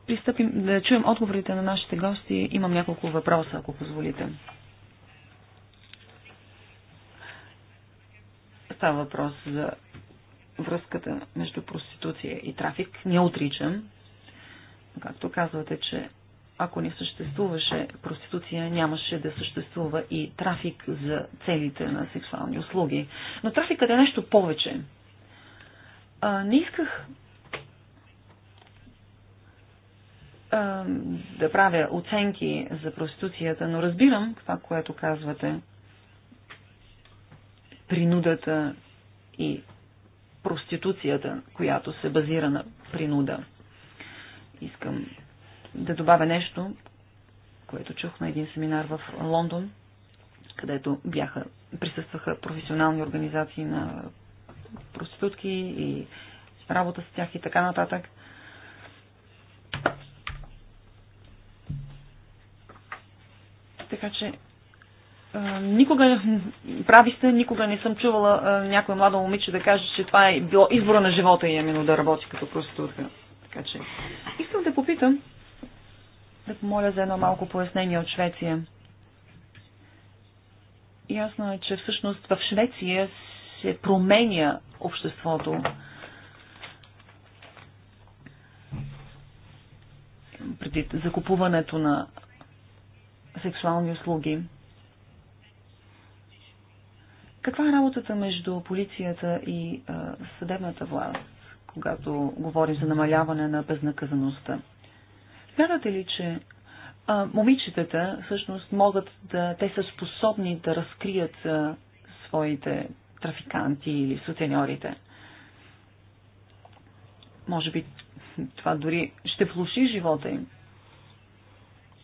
пристъпим, да чуем отговорите на нашите гости, имам няколко въпроса, ако позволите. Става въпрос за връзката между проституция и трафик. Не отричам, Както казвате, че ако не съществуваше проституция, нямаше да съществува и трафик за целите на сексуални услуги. Но трафикът е нещо повече. А, не исках а, да правя оценки за проституцията, но разбирам това, което казвате. Принудата и проституцията, която се базира на принуда. Искам да добавя нещо, което чух на един семинар в Лондон, където бяха, присъстваха професионални организации на проститутки и работа с тях и така нататък. Така че никога, прави сте, никога не съм чувала някоя млада момиче да каже, че това е било избора на живота и е именно да работи като проститутка. Така че искам да попитам, да помоля за едно малко пояснение от Швеция. Ясно е, че всъщност в Швеция се променя обществото. преди закупуването на сексуални услуги. Каква е работата между полицията и а, съдебната власт? когато говорим за намаляване на безнаказаността. Смятате ли, че а, момичетата всъщност могат да, те са способни да разкрият а, своите трафиканти или сутеньорите? Може би това дори ще влуши живота им.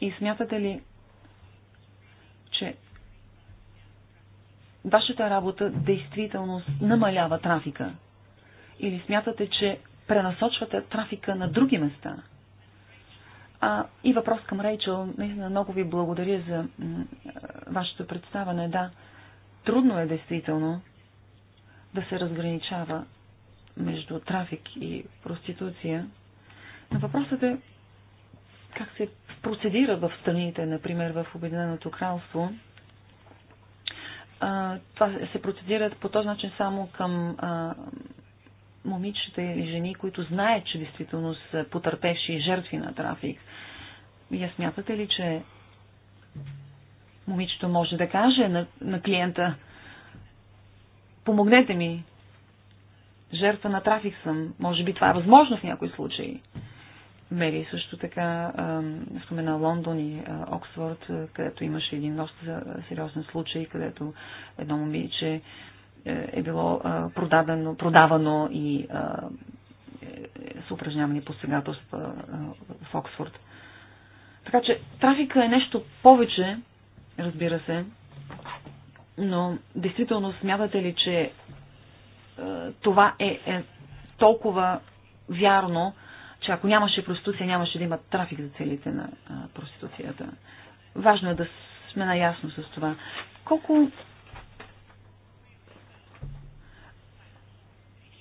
И смятате ли, че вашата работа действително намалява трафика? Или смятате, че пренасочвате трафика на други места? А, и въпрос към Рейчел. Наистина много ви благодаря за вашето представане. Да, трудно е действително да се разграничава между трафик и проституция. Но въпросът е как се процедира в страните, например в Обединеното кралство. А, това се процедира по този начин само към а, момичета или жени, които знаят, че действително са потърпевши и жертви на трафик. Вие смятате ли, че момичето може да каже на, на клиента, помогнете ми, жертва на трафик съм. Може би това е възможно в някои случаи. Мери също така спомена Лондон и Оксфорд, където имаше един доста сериозен случай, където едно момиче е, е било продадено, продавано и е, са упражнявани посегателства в Оксфорд. Така че трафика е нещо повече, разбира се, но действително смятате ли, че е, това е, е толкова вярно, че ако нямаше проституция, нямаше да има трафик за целите на проституцията? Важно е да сме наясно с това. Колко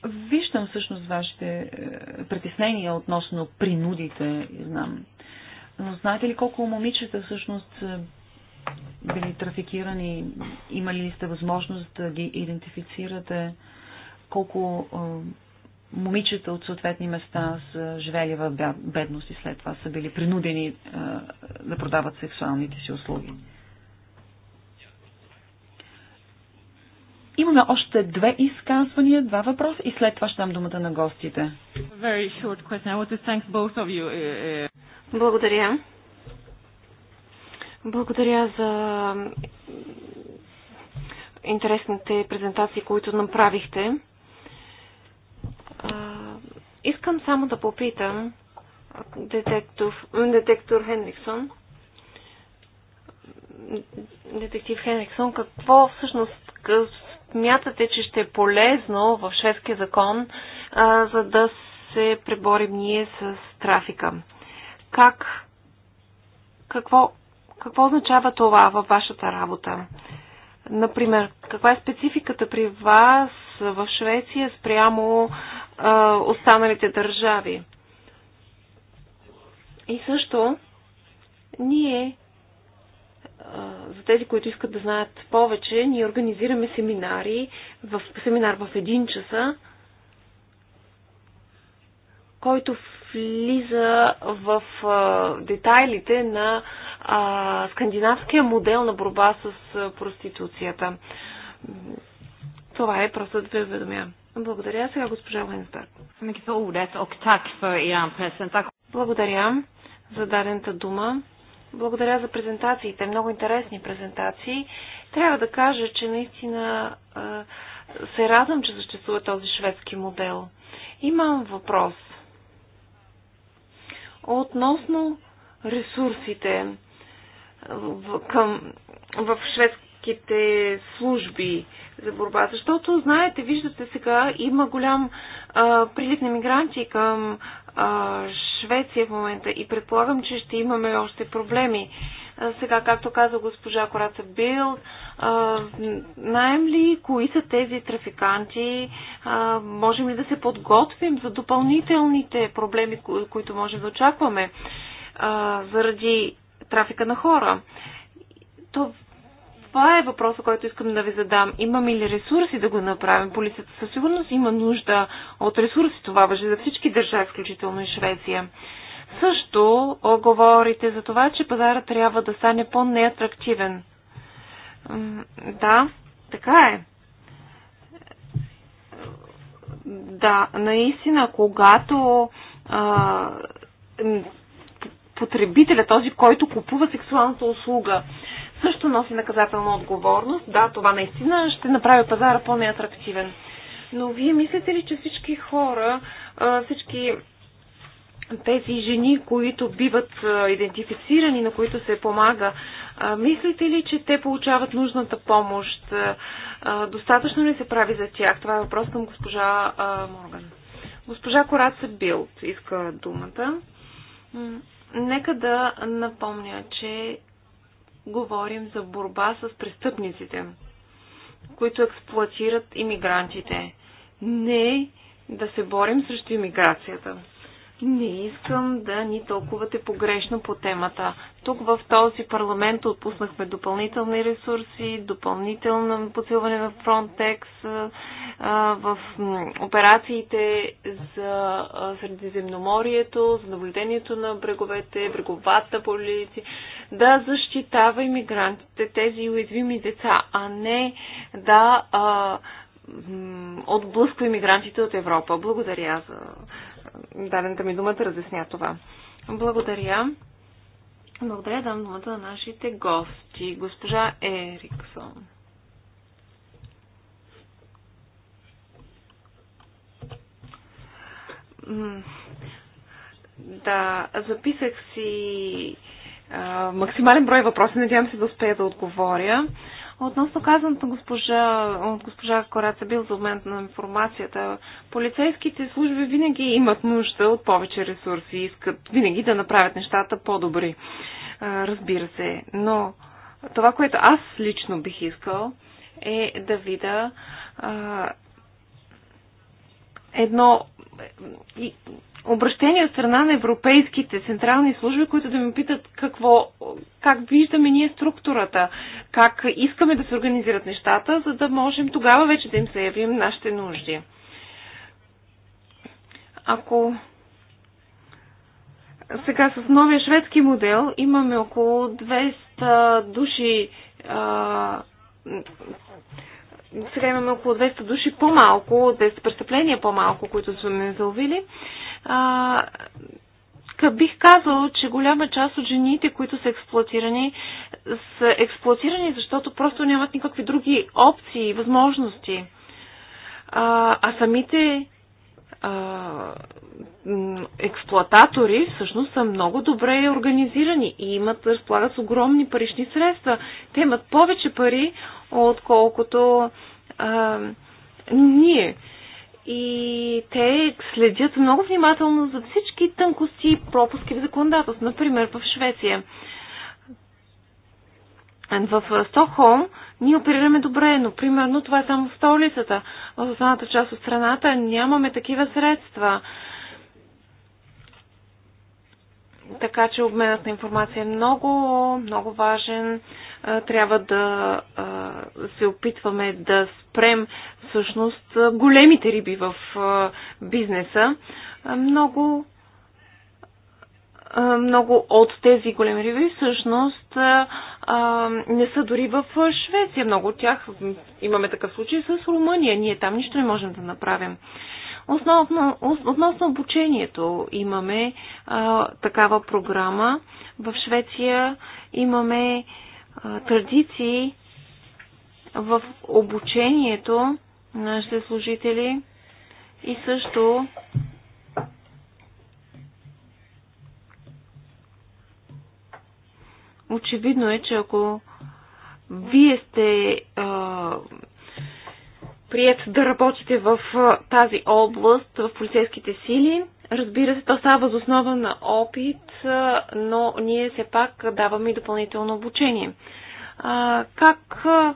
Виждам всъщност вашите е, притеснения относно принудите, знам. Но знаете ли колко момичета всъщност е, били трафикирани? Имали ли сте възможност да ги идентифицирате? Колко е, момичета от съответни места са живели в бедност и след това са били принудени да продават сексуалните си услуги? Имаме още две изказвания, два въпроса и след това ще дам думата на гостите. Благодаря. Благодаря за интересните презентации, които направихте. Искам само да попитам детектор, детектор Хенриксон детектив Хенриксон, какво всъщност смятате, че ще е полезно в шведския закон, а, за да се преборим ние с трафика? Как, какво, какво означава това във вашата работа? Например, каква е спецификата при вас в Швеция спрямо а, останалите държави? И също, ние за тези, които искат да знаят повече, ние организираме семинари, в, семинар в един часа, който влиза в а, детайлите на а, скандинавския модел на борба с а, проституцията. Това е просто да ви уведомя. Благодаря сега госпожа Уенсберг. Благодаря за дадената дума. Благодаря за презентациите, много интересни презентации. Трябва да кажа, че наистина се радвам, че съществува този шведски модел. Имам въпрос относно ресурсите в, към, в шведските служби за борба. Защото, знаете, виждате сега, има голям а, прилив на мигранти към а, Швеция в момента и предполагам, че ще имаме още проблеми. А, сега, както каза госпожа Кораца Бил, знаем ли кои са тези трафиканти? А, можем ли да се подготвим за допълнителните проблеми, които можем да очакваме а, заради трафика на хора? То това е въпросът, който искам да ви задам. Имаме ли ресурси да го направим? Полицията със сигурност има нужда от ресурси. Това въжи за всички държави, включително и Швеция. Също говорите за това, че пазара трябва да стане по-неатрактивен. Да, така е. Да, наистина, когато а, потребителя, този, който купува сексуалната услуга, също носи наказателна отговорност. Да, това наистина ще направи пазара по-неатрактивен. Но вие мислите ли, че всички хора, всички тези жени, които биват идентифицирани, на които се помага, мислите ли, че те получават нужната помощ? Достатъчно ли се прави за тях? Това е въпрос към госпожа Морган. Госпожа Кораца Билт иска думата. Нека да напомня, че говорим за борба с престъпниците, които експлуатират иммигрантите. Не да се борим срещу иммиграцията. Не искам да ни толковате погрешно по темата. Тук в този парламент отпуснахме допълнителни ресурси, допълнително подсилване на Frontex в операциите за Средиземноморието, за наблюдението на бреговете, бреговата полиция, да защитава иммигрантите, тези уязвими деца, а не да а, отблъсква иммигрантите от Европа. Благодаря за дадената ми дума да разясня това. Благодаря. Благодаря, дам думата на нашите гости. Госпожа Ериксон. Да, записах си максимален брой въпроси. Надявам се да успея да отговоря. Относно казаното госпожа, от госпожа Кораца Бил за обмен на информацията, полицейските служби винаги имат нужда от повече ресурси, искат винаги да направят нещата по-добри. Разбира се, но това, което аз лично бих искал, е да видя а, едно и обращение от страна на европейските централни служби, които да ми питат какво, как виждаме ние структурата, как искаме да се организират нещата, за да можем тогава вече да им заявим нашите нужди. Ако сега с новия шведски модел имаме около 200 души а, сега имаме около 200 души по-малко, 200 престъпления по-малко, които сме заловили. А, бих казал, че голяма част от жените, които са експлуатирани, са експлуатирани, защото просто нямат никакви други опции и възможности. А, а самите експлоататори всъщност са много добре организирани и имат, разполагат с огромни парични средства. Те имат повече пари, отколкото а, ние. И те следят много внимателно за всички тънкости и пропуски в законодателство. Например, в Швеция. А, в Стокхолм ние оперираме добре, но примерно това е само в столицата. В останата част от страната нямаме такива средства. Така че обменът на информация е много, много важен. Трябва да се опитваме да спрем всъщност големите риби в бизнеса. Много много от тези големи риби всъщност не са дори в Швеция. Много от тях имаме такъв случай с Румъния. Ние там нищо не можем да направим. Основно, относно обучението имаме а, такава програма. В Швеция имаме а, традиции в обучението на нашите служители и също Очевидно е, че ако вие сте а, прият да работите в а, тази област, в полицейските сили, разбира се, то става възоснова на опит, а, но ние все пак даваме и допълнително обучение. А, как а,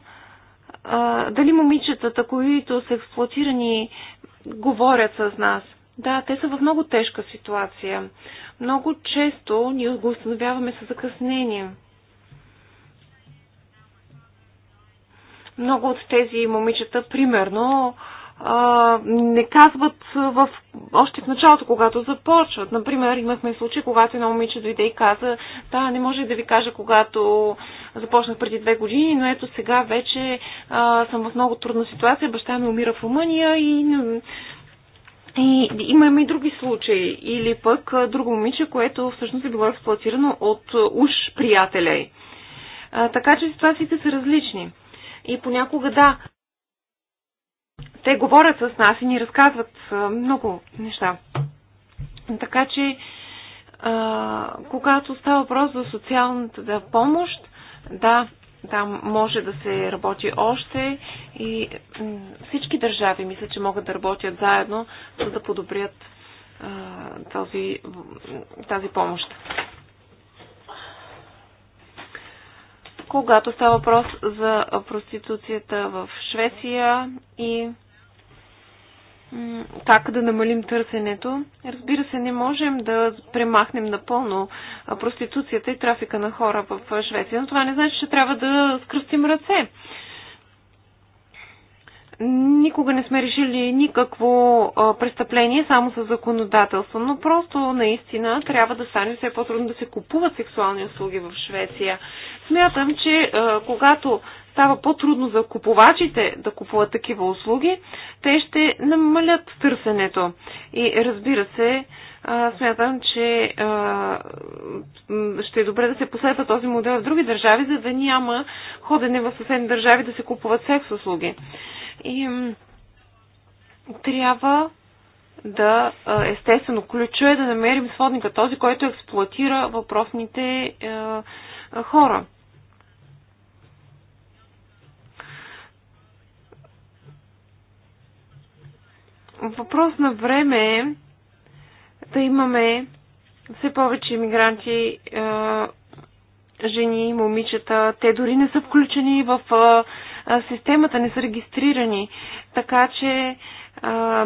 а, дали момичетата, които са експлуатирани, говорят с нас? Да, те са в много тежка ситуация. Много често ние го установяваме с закъснение. Много от тези момичета, примерно, не казват в, още в началото, когато започват. Например, имахме случай, когато едно момиче дойде и каза, да, не може да ви кажа, когато започнах преди две години, но ето сега вече а, съм в много трудна ситуация, баща ми умира в Румъния и, и имаме и други случаи. Или пък друго момиче, което всъщност е било експлуатирано от уж приятеля. А, така че ситуациите са различни. И понякога да, те говорят с нас и ни разказват много неща. Така че, а, когато става въпрос за социалната да, помощ, да, там може да се работи още и всички държави мисля, че могат да работят заедно, за да подобрят а, този, тази помощ. когато става въпрос за проституцията в Швеция и как да намалим търсенето. Разбира се, не можем да премахнем напълно проституцията и трафика на хора в Швеция, но това не значи, че трябва да скръстим ръце никога не сме решили никакво престъпление само с законодателство, но просто наистина трябва да стане все по-трудно да се купуват сексуални услуги в Швеция. Смятам, че когато става по-трудно за купувачите да купуват такива услуги, те ще намалят търсенето. И разбира се, смятам, че ще е добре да се последва този модел в други държави, за да няма ходене в съседни държави да се купуват секс услуги. И трябва да, естествено, ключо е да намерим сводника, този, който експлуатира въпросните е, хора. Въпрос на време е да имаме все повече иммигранти, е, жени, момичета. Те дори не са включени в е, системата, не са регистрирани. Така че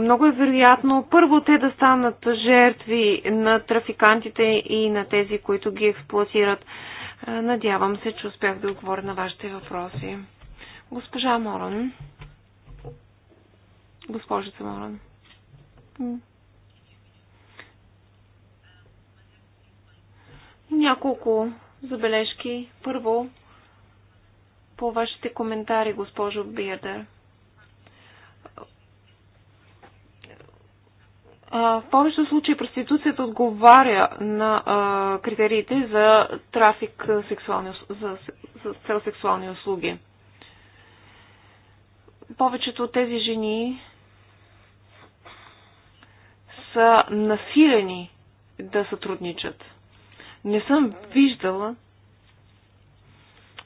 много е вероятно първо те да станат жертви на трафикантите и на тези, които ги експлуатират. Надявам се, че успях да отговоря на вашите въпроси. Госпожа Моран. Госпожица Моран. Няколко забележки. Първо, по вашите коментари, госпожо Бирдер. В повечето случаи проституцията отговаря на а, критериите за трафик сексуални, за, за цел сексуални услуги. Повечето от тези жени са насилени да сътрудничат. Не съм виждала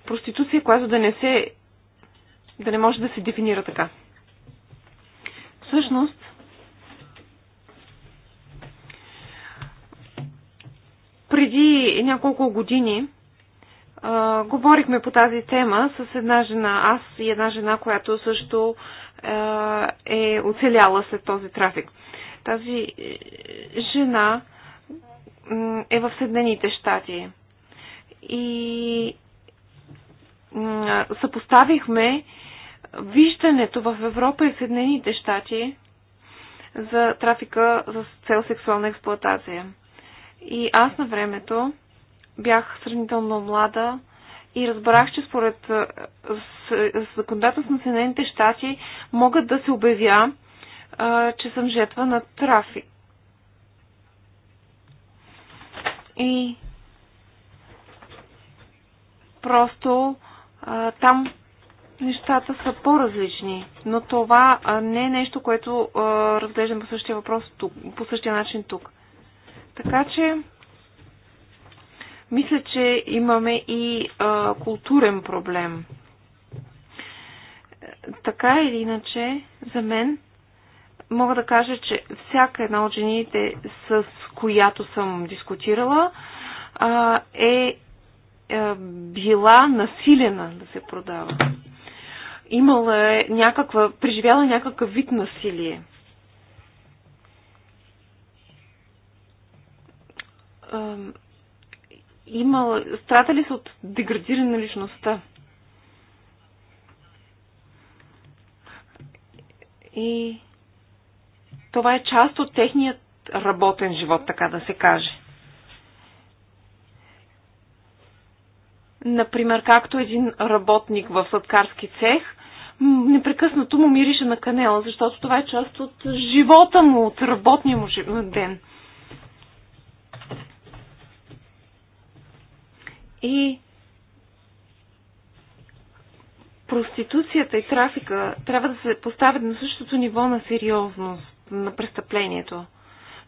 проституция, която да не се да не може да се дефинира така. Всъщност, преди няколко години а, говорихме по тази тема с една жена, аз и една жена, която също а, е оцеляла след този трафик. Тази е, жена е в Съединените щати и съпоставихме виждането в Европа и Съединените щати за трафика за цел сексуална експлоатация. И аз на времето бях сравнително млада и разбрах, че според законодателство на Съединените щати могат да се обявя, че съм жертва на трафик. И просто а, там нещата са по-различни. Но това а, не е нещо, което а, разглеждам по същия въпрос тук, по същия начин тук. Така че, мисля, че имаме и а, културен проблем. Така или иначе, за мен, мога да кажа, че всяка една от жените, с която съм дискутирала, а, е е, била насилена да се продава. Имала е някаква, преживяла някакъв вид насилие. Имала, страдали са от деградиране на личността. И това е част от техният работен живот, така да се каже. Например, както един работник в сладкарски цех, непрекъснато му мирише на канела, защото това е част от живота му, от работния му ден. И проституцията и трафика трябва да се поставят на същото ниво на сериозност на престъплението.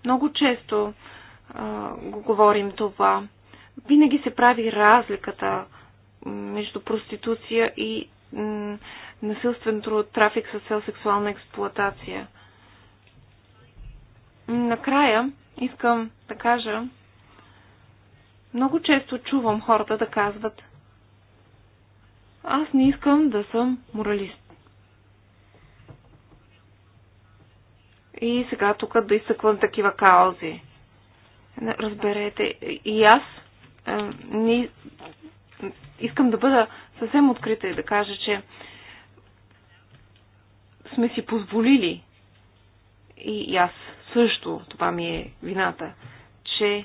Много често а, го говорим това винаги се прави разликата между проституция и насилствен труд, трафик с цел сексуална експлуатация. Накрая искам да кажа, много често чувам хората да казват, аз не искам да съм моралист. И сега тук да изтъквам такива каузи. Разберете, и аз е, не, искам да бъда съвсем открита и да кажа, че сме си позволили и, и аз също, това ми е вината, че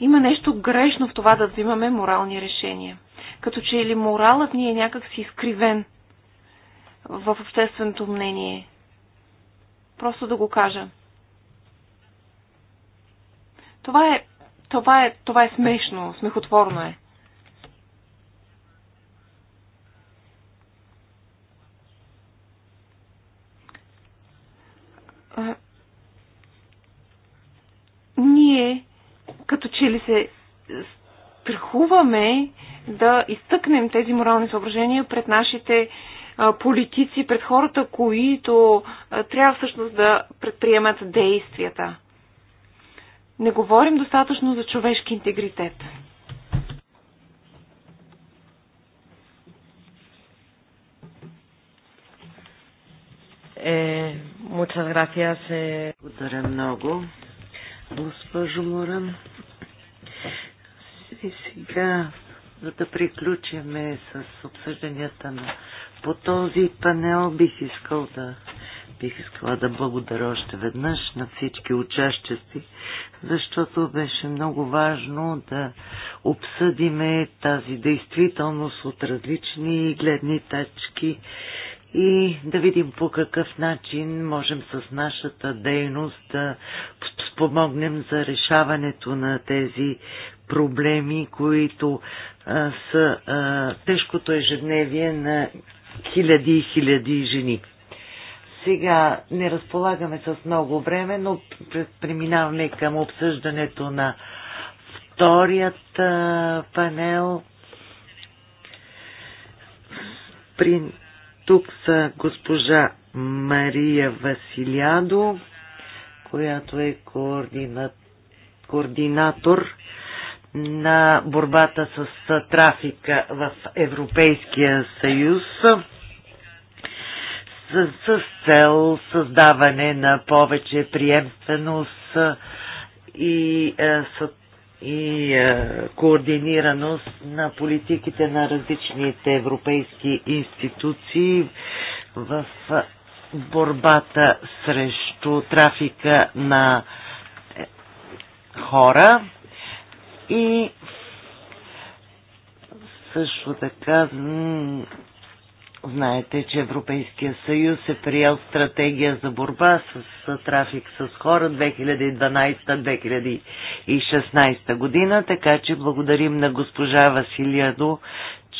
има нещо грешно в това да взимаме морални решения. Като че или моралът ни е някак си изкривен в общественото мнение. Просто да го кажа. Това е, това е, това е смешно, смехотворно е. А, ние като че ли се страхуваме да изтъкнем тези морални съображения пред нашите политици, пред хората, които трябва всъщност да предприемат действията не говорим достатъчно за човешки интегритет. Е, muchas gracias. Е... Благодаря много, госпожо Моран. И сега, за да приключиме с обсъжданията на по този панел, бих искал да бих искала да благодаря още веднъж на всички участници, защото беше много важно да обсъдиме тази действителност от различни гледни точки и да видим по какъв начин можем с нашата дейност да спомогнем за решаването на тези проблеми, които а, са а, тежкото ежедневие на хиляди и хиляди жени. Сега не разполагаме с много време, но преминаваме към обсъждането на вторият панел. При... Тук са госпожа Мария Василядо, която е координа... координатор на борбата с трафика в Европейския съюз с, с цел създаване на повече приемственост и, и координираност на политиките на различните европейски институции в борбата срещу трафика на е, хора и също така Знаете, че Европейския съюз е приел стратегия за борба с, с трафик с хора 2012-2016 година, така че благодарим на госпожа Василиадо,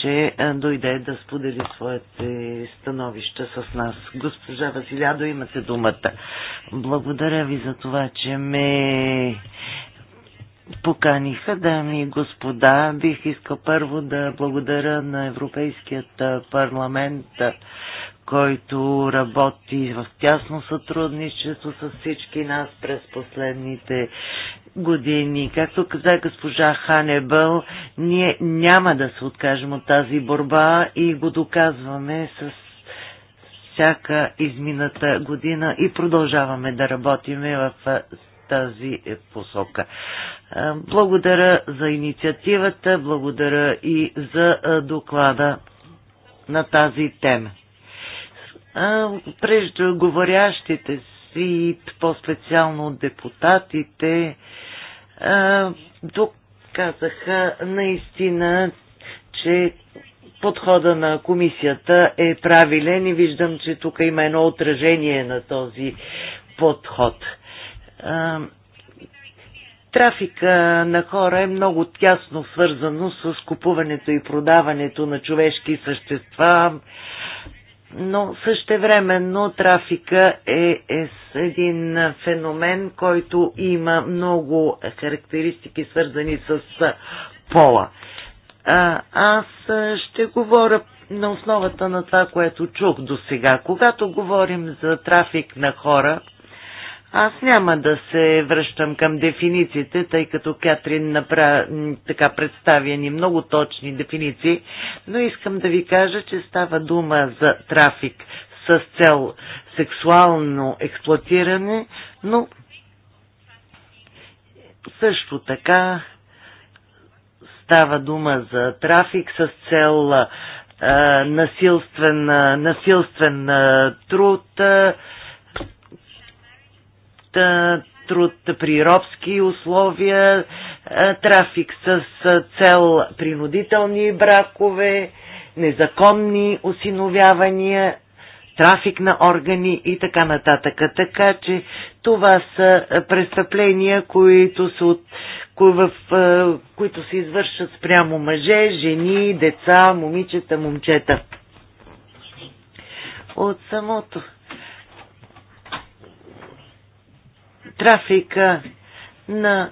че дойде да сподели своите становища с нас. Госпожа Василядо, имате думата. Благодаря ви за това, че ме поканиха. Дами и господа, бих искал първо да благодаря на Европейският парламент, който работи в тясно сътрудничество с всички нас през последните години. Както каза госпожа Ханебъл, ние няма да се откажем от тази борба и го доказваме с всяка измината година и продължаваме да работиме в тази е посока. Е, благодаря за инициативата, благодаря и за е, доклада на тази тема. Прежде говорящите си, по-специално депутатите, доказаха наистина, че подхода на комисията е правилен и виждам, че тук има едно отражение на този подход. Трафика на хора е много тясно свързано с купуването и продаването на човешки същества, но същевременно трафика е, е един феномен, който има много характеристики свързани с пола. А, аз ще говоря на основата на това, което чух до сега. Когато говорим за трафик на хора, аз няма да се връщам към дефинициите, тъй като Катрин напра... така представя ни много точни дефиниции, но искам да ви кажа, че става дума за трафик с цел сексуално експлуатиране, но също така става дума за трафик с цел а, насилствен, насилствен а, труд, а, труд при робски условия, трафик с цел принудителни бракове, незаконни осиновявания, трафик на органи и така нататък. Така че това са престъпления, които се, от, в, в, които се извършат спрямо мъже, жени, деца, момичета, момчета. От самото Трафика на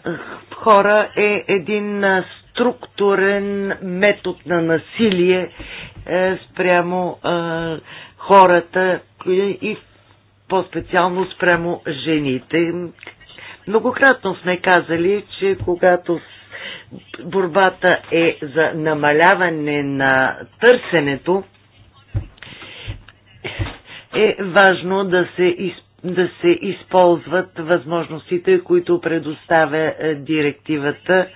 хора е един структурен метод на насилие е, спрямо е, хората и по-специално спрямо жените. Многократно сме казали, че когато борбата е за намаляване на търсенето, е важно да се използва да се използват възможностите, които предоставя е, директивата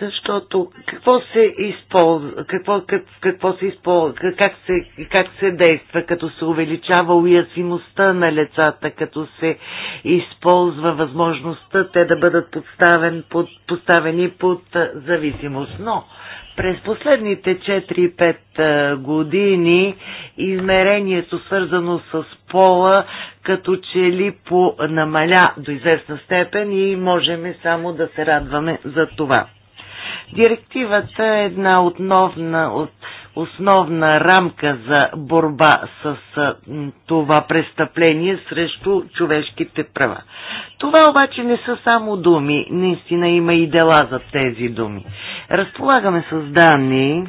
Защото какво се използва, какво, как, какво се използва, как се, как се действа, като се увеличава уязвимостта на лицата, като се използва възможността те да бъдат подставен, под, поставени под зависимост. Но през последните 4-5 години измерението свързано с пола като че ли по намаля до известна степен и можем само да се радваме за това. Директивата е една отновна, от, основна рамка за борба с това престъпление срещу човешките права. Това обаче не са само думи, наистина има и дела за тези думи. Разполагаме с данни,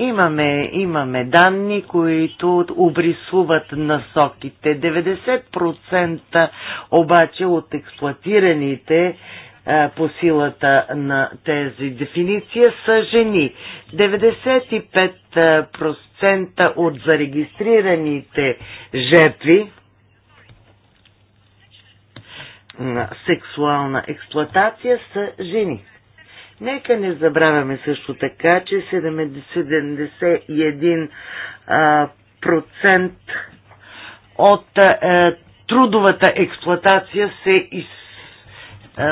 Имаме, имаме данни, които обрисуват насоките. 90% обаче от експлуатираните е, по силата на тези дефиниция са жени. 95% от зарегистрираните жертви на сексуална експлоатация са жени. Нека не забравяме също така, че 71% от трудовата експлоатация се из,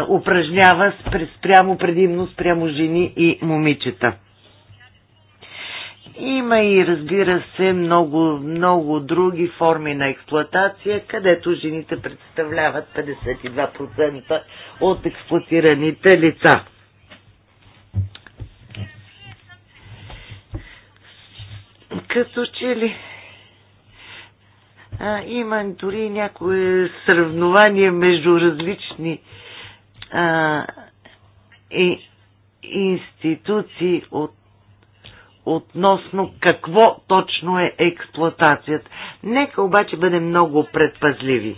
упражнява спрямо предимно спрямо жени и момичета. Има и, разбира се, много, много други форми на експлоатация, където жените представляват 52% от експлоатираните лица. като че ли а, има дори някое сравнование между различни а, и, институции от, относно какво точно е експлоатацията. Нека обаче бъдем много предпазливи.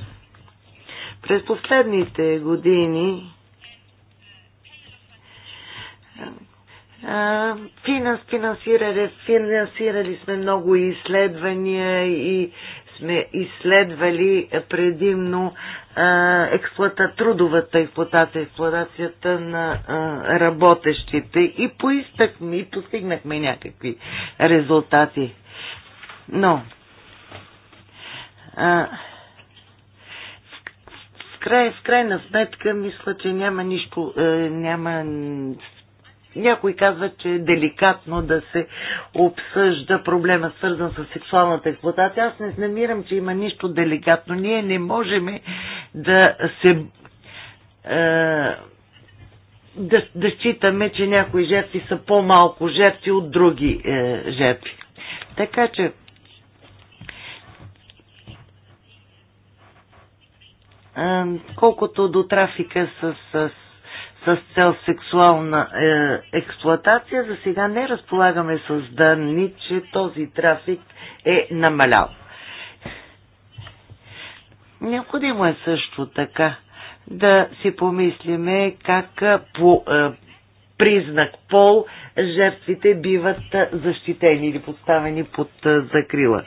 През последните години Финанс финансирали, финансирали сме много изследвания и сме изследвали предимно експлуата, трудовата експлуатация, експлуатацията на а, работещите и поистъкме и постигнахме някакви резултати. Но а, в, край, в крайна сметка мисля, че няма нищо, е, няма някои казват, че е деликатно да се обсъжда проблема свързан с сексуалната експлуатация. Аз не намирам, че има нищо деликатно. Ние не можем да се е, да, да считаме, че някои жертви са по-малко жертви от други е, жертви. Така че е, колкото до трафика с, с с цел сексуална е, експлоатация, за сега не разполагаме с данни, че този трафик е намалял. Необходимо е също така да си помислиме как е, по е, признак пол жертвите биват защитени или поставени под е, закрила.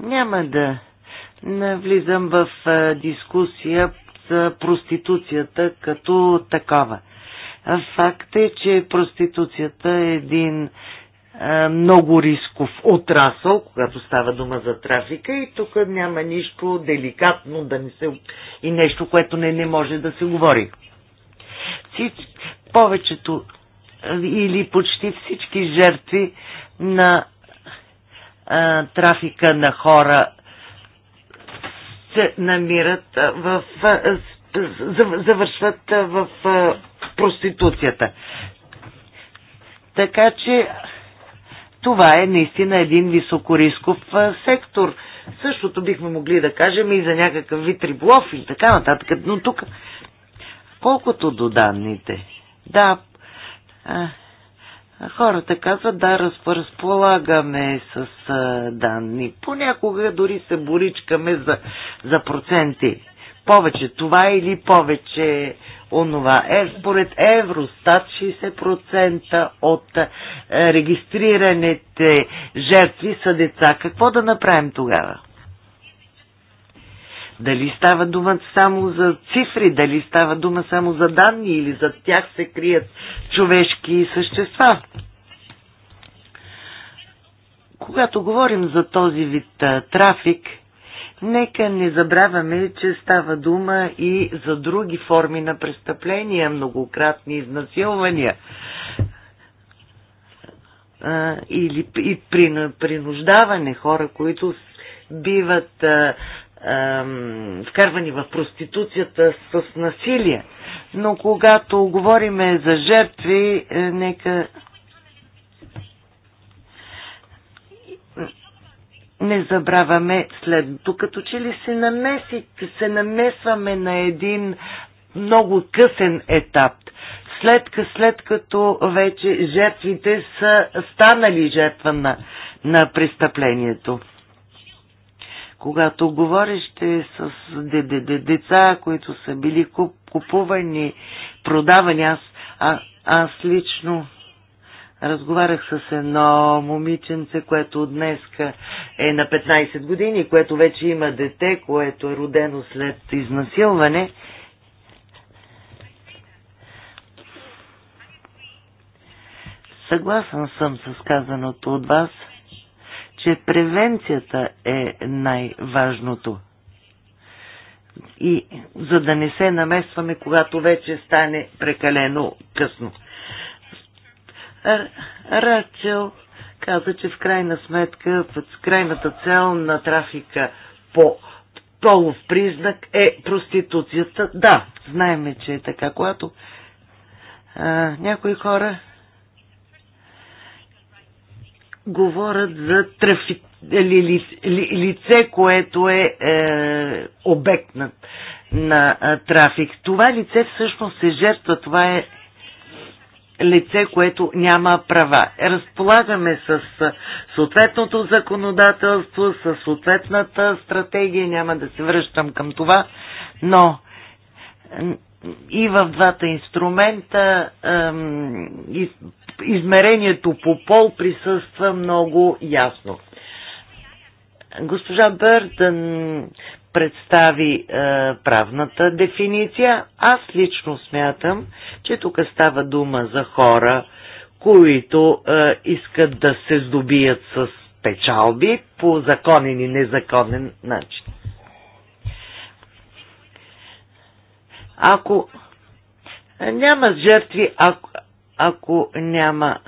Няма да не влизам в дискусия за проституцията като такава. Факт е, че проституцията е един много рисков отрасъл, когато става дума за трафика и тук няма нищо деликатно да не се, и нещо, което не, не може да се говори. Всич, повечето или почти всички жертви на а, трафика на хора се намират в завършват в проституцията. Така че това е наистина един високорисков сектор. Същото бихме могли да кажем и за някакъв вид риболов и така нататък. Но тук, колкото до данните, да, Хората казват, да, разполагаме с а, данни. Понякога дори се боричкаме за, за проценти. Повече това или повече онова. Е, според Евростат 60% от регистрираните жертви са деца. Какво да направим тогава? Дали става дума само за цифри, дали става дума само за данни или за тях се крият човешки същества. Когато говорим за този вид а, трафик, нека не забравяме, че става дума и за други форми на престъпления, многократни изнасилвания а, или и принуждаване хора, които биват а, вкарвани в проституцията с насилие. Но когато говориме за жертви, е, нека не забравяме следното. Като че ли се, намеси, се намесваме на един много късен етап. След, след като вече жертвите са станали жертва на, на престъплението. Когато говорещите с деца, които са били купувани, продавани, аз, а, аз лично разговарях с едно момиченце, което днес е на 15 години, което вече има дете, което е родено след изнасилване. Съгласен съм с казаното от вас – че превенцията е най-важното. И за да не се намесваме, когато вече стане прекалено късно. Рачел каза, че в крайна сметка, в крайната цел на трафика по полов признак е проституцията. Да, знаеме, че е така. Когато а, някои хора говорят за трафи... ли, ли, ли, лице, което е, е обект на, на е, трафик. Това лице всъщност е жертва, това е лице, което няма права. Разполагаме с е, съответното законодателство, с съответната стратегия, няма да се връщам към това, но и в двата инструмента из, измерението по пол присъства много ясно. Госпожа Бърдън представи е, правната дефиниция. Аз лично смятам, че тук става дума за хора, които е, искат да се здобият с печалби по законен и незаконен начин. Ако няма жертви, ако, ако няма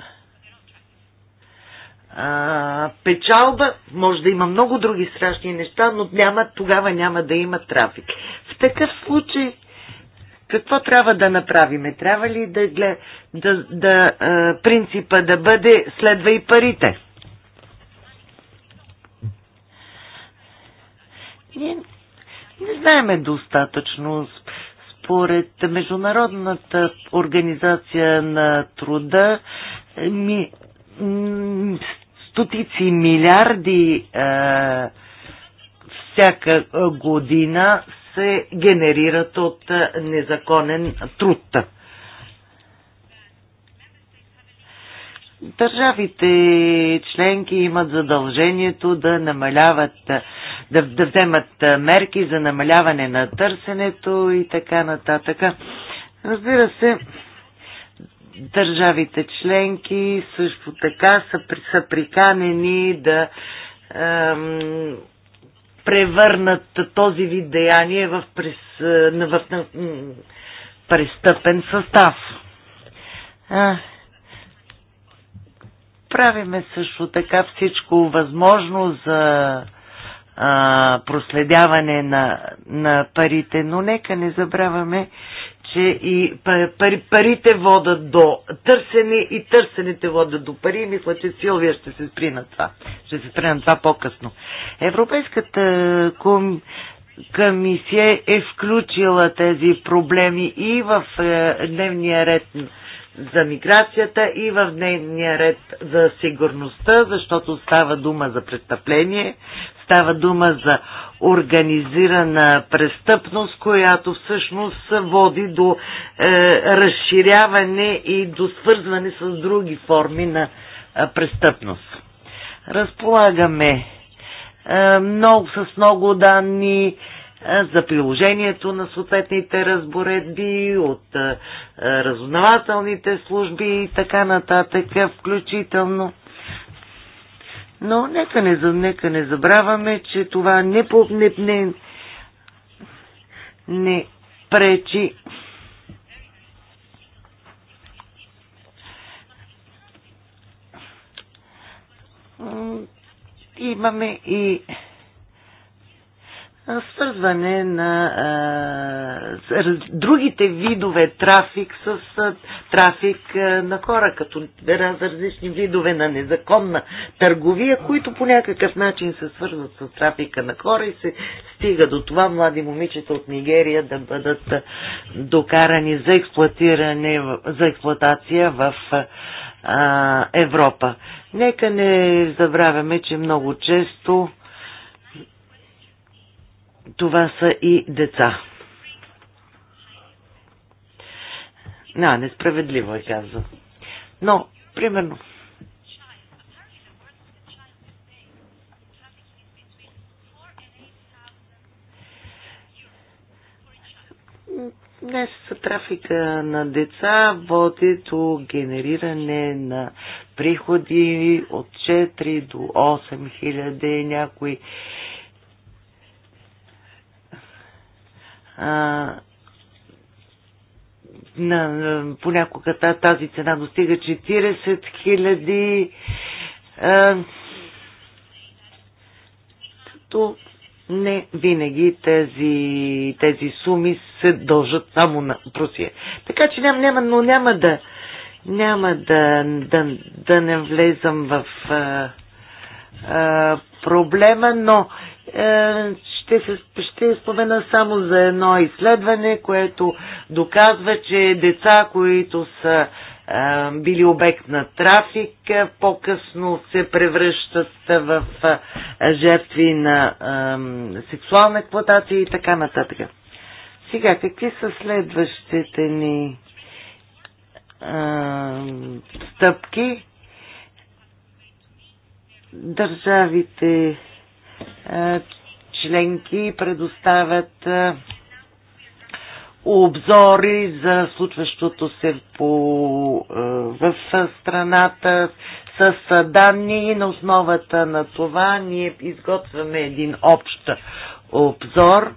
а, печалба, може да има много други страшни неща, но няма, тогава няма да има трафик. В такъв случай, какво трябва да направиме? Трябва ли да, глед, да, да а, принципа да бъде следва и парите? Ние не знаеме достатъчно според Международната организация на труда ми, стотици милиарди е, всяка година се генерират от е, незаконен труд. Държавите членки имат задължението да намаляват, да, да вземат мерки за намаляване на търсенето и така нататък. Разбира се, държавите членки също така са, са приканени да ем, превърнат този вид деяние в, прес, в, в, в престъпен състав. Правиме също така всичко възможно за а, проследяване на, на парите, но нека не забравяме, че и пари, парите водат до търсене и търсените водат до пари. Мисля, че Силвия ще се спри на това. Ще се спри на това по-късно. Европейската ком... комисия е включила тези проблеми и в е, дневния ред за миграцията и в дневния ред за сигурността, защото става дума за престъпление, става дума за организирана престъпност, която всъщност води до е, разширяване и до свързване с други форми на е, престъпност. Разполагаме е, много, с много данни, е, за приложението на съответните разборедби от разузнавателните служби и така нататък, включително. Но нека не, нека не забравяме, че това не, по, не, не, не пречи имаме и свързване на а, другите видове трафик с а, трафик а, на хора, като различни видове на незаконна търговия, които по някакъв начин се свързват с трафика на хора и се стига до това млади момичета от Нигерия да бъдат докарани за, експлуатиране, за експлуатация в а, Европа. Нека не забравяме, че много често това са и деца. Да, несправедливо е казвам. Но, примерно, Днес трафика на деца води до генериране на приходи от 4 до 8 хиляди, някои на, понякога тази цена достига 40 хиляди. Като не винаги тези, тези суми се дължат само на Русия. Така че няма, няма но няма да няма да, да, да не влезам в а, а, проблема, но е, ще, ще спомена само за едно изследване, което доказва, че деца, които са а, били обект на трафик, по-късно се превръщат в а, жертви на а, сексуална експлуатация и така нататък. Сега, какви са следващите ни а, стъпки? Държавите членки предоставят е, обзори за случващото се по, е, в страната е, с данни и на основата на това ние изготвяме един общ обзор.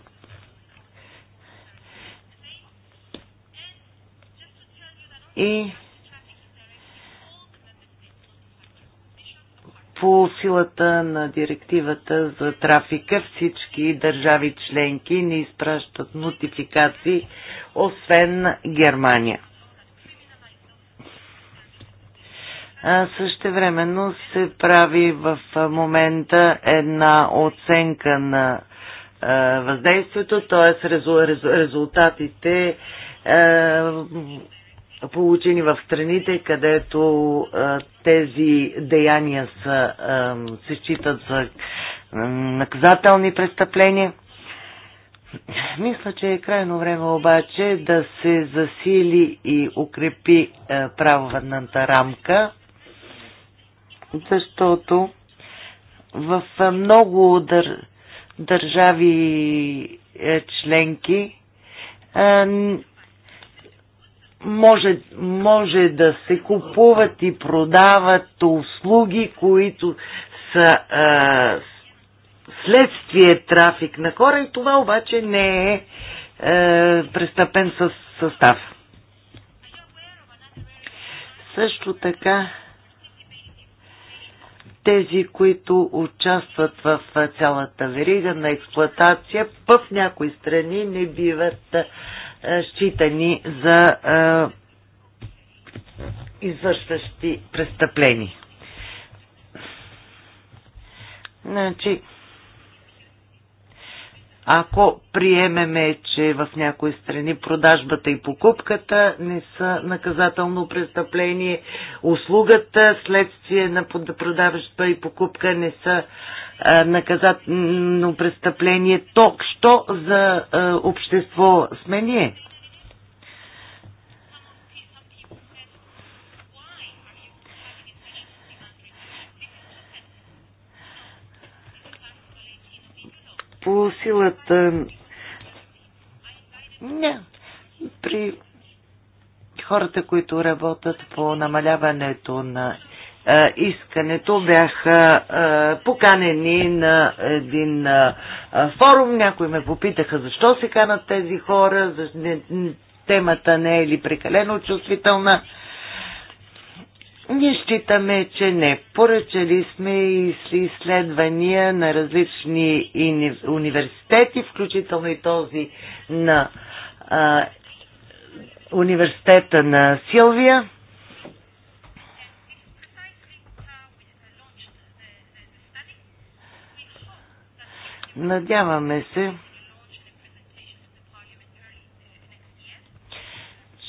И по силата на директивата за трафика всички държави членки не изпращат нотификации, освен Германия. Същевременно се прави в момента една оценка на въздействието, т.е. резултатите получени в страните, където а, тези деяния са, а, се считат за а, наказателни престъпления. Мисля, че е крайно време обаче да се засили и укрепи а, правната рамка, защото в много дър... държави е, членки може, може да се купуват и продават услуги, които са а, следствие трафик на хора и това обаче не е, а, е, престъпен със състав. Също така тези, които участват в е, цялата верига на експлоатация, в някои страни не биват е, считани за извършващи престъпления. Значи, ако приемеме, че в някои страни продажбата и покупката не са наказателно престъпление, услугата следствие на продажбата и покупка не са наказателно престъпление, то що за общество сме ние? по силата не, при хората, които работят по намаляването на е, искането бяха е, поканени на един е, форум. Някои ме попитаха защо се канат тези хора, темата не е ли прекалено чувствителна. Ние считаме, че не. Поръчали сме и изследвания на различни университети, включително и този на а, университета на Силвия. Надяваме се,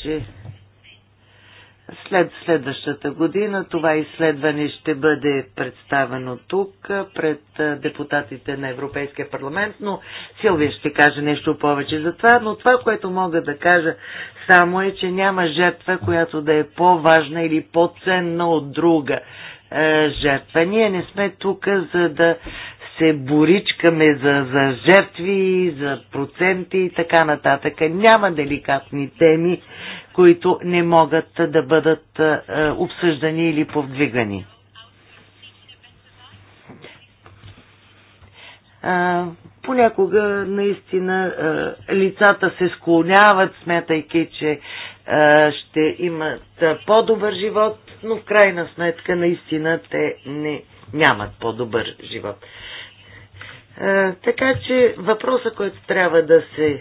че след следващата година това изследване ще бъде представено тук пред депутатите на Европейския парламент, но Силвия ще каже нещо повече за това, но това, което мога да кажа само е, че няма жертва, която да е по-важна или по-ценна от друга е, жертва. Ние не сме тук, за да се боричкаме за, за жертви, за проценти и така нататък. Няма деликатни теми, които не могат да бъдат е, обсъждани или повдвигани. А, понякога наистина а, е, лицата се склоняват, смятайки, че а, е, ще имат е, по-добър живот, но в крайна сметка наистина те не нямат по-добър живот така че въпросът, който трябва да се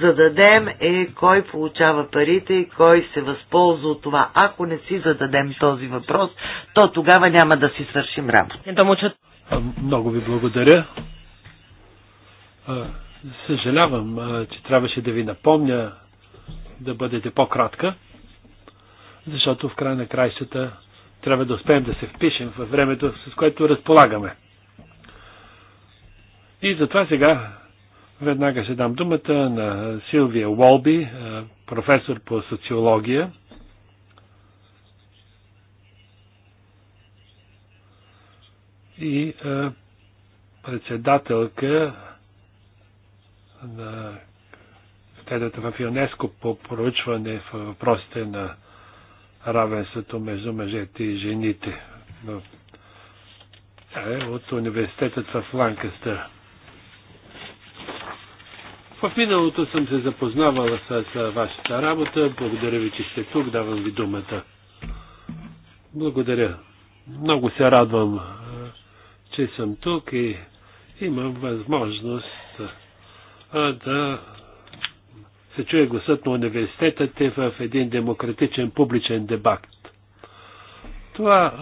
зададем е кой получава парите и кой се възползва от това. Ако не си зададем този въпрос, то тогава няма да си свършим работа. Е, много ви благодаря. Съжалявам, че трябваше да ви напомня да бъдете по-кратка, защото в край на краищата трябва да успеем да се впишем във времето, с което разполагаме. И затова сега веднага ще дам думата на Силвия Уолби, е, професор по социология. и е, председателка на катедрата в ЮНЕСКО по проучване в въпросите на равенството между мъжете и жените. Но, е от университетът в Ланкастър. В миналото съм се запознавала с вашата работа. Благодаря ви, че сте тук. Давам ви думата. Благодаря. Много се радвам, че съм тук и имам възможност да се чуе гласът на университетът е в един демократичен публичен дебат. Това,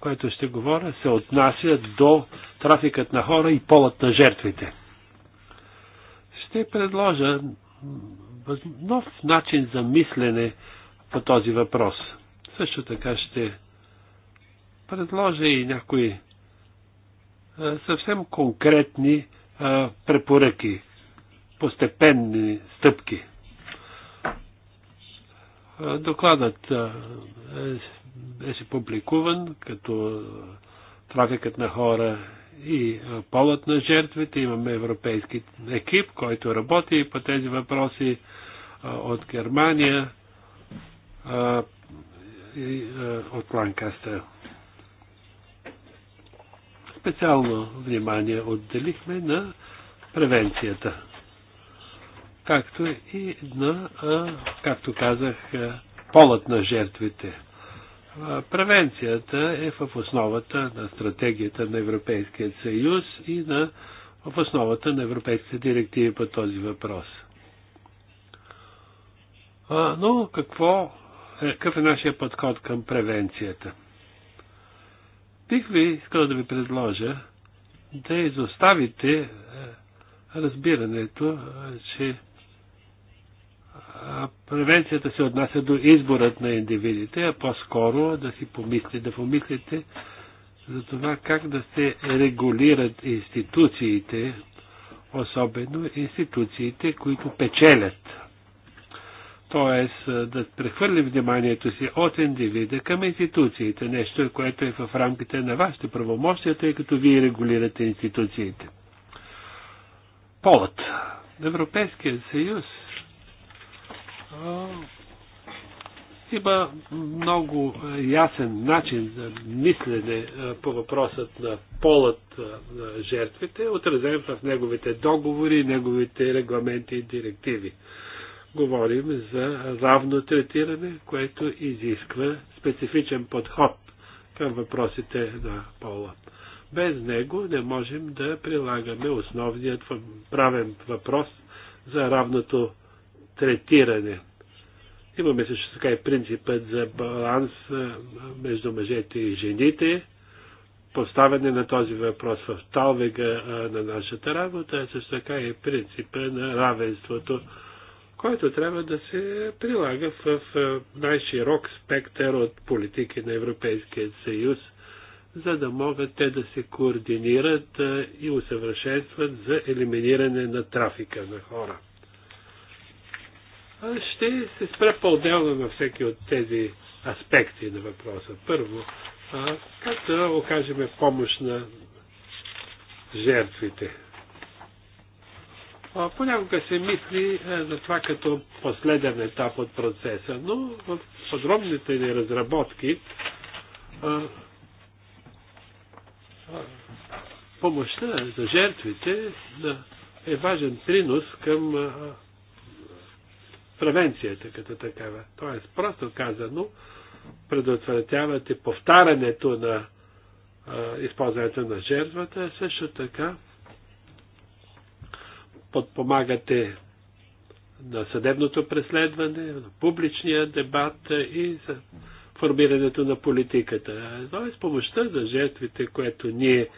което ще говоря, се отнася до трафикът на хора и полът на жертвите ще предложа нов начин за мислене по този въпрос. Също така ще предложа и някои съвсем конкретни препоръки, постепенни стъпки. Докладът беше е публикуван, като трафикът на хора и полът на жертвите. Имаме европейски екип, който работи по тези въпроси от Германия и от Ланкастър. Специално внимание отделихме на превенцията, както и на, както казах, полът на жертвите. Превенцията е в основата на стратегията на Европейския съюз и на, в основата на европейските директиви по този въпрос. А, но какво, е, какъв е нашия подход към превенцията? Бих ви искал да ви предложа да изоставите е, разбирането, е, че превенцията се отнася до изборът на индивидите, а по-скоро да си помислите, да помислите за това как да се регулират институциите, особено институциите, които печелят. Тоест да прехвърлим вниманието си от индивида към институциите, нещо, е, което е в рамките на вашите правомощия, тъй като вие регулирате институциите. Полът. Европейският съюз – има много ясен начин за мислене по въпросът на полът на жертвите, отразен в неговите договори, неговите регламенти и директиви. Говорим за равно третиране, което изисква специфичен подход към въпросите на пола. Без него не можем да прилагаме основният правен въпрос за равното третиране. Имаме също така и принципът за баланс между мъжете и жените. Поставяне на този въпрос в талвега на нашата работа е също така и принципа на равенството, който трябва да се прилага в най-широк спектър от политики на Европейския съюз, за да могат те да се координират и усъвършенстват за елиминиране на трафика на хора. Ще се спра по-отделно на всеки от тези аспекти на въпроса. Първо, как да окажем помощ на жертвите? Понякога се мисли за това като последен етап от процеса, но в подробните ни разработки помощта за жертвите е важен принос към превенцията като такава. Тоест, просто казано, предотвратявате повтарянето на а, използването на жертвата, също така подпомагате на съдебното преследване, на публичния дебат и за формирането на политиката. Тоест, помощта за жертвите, което ние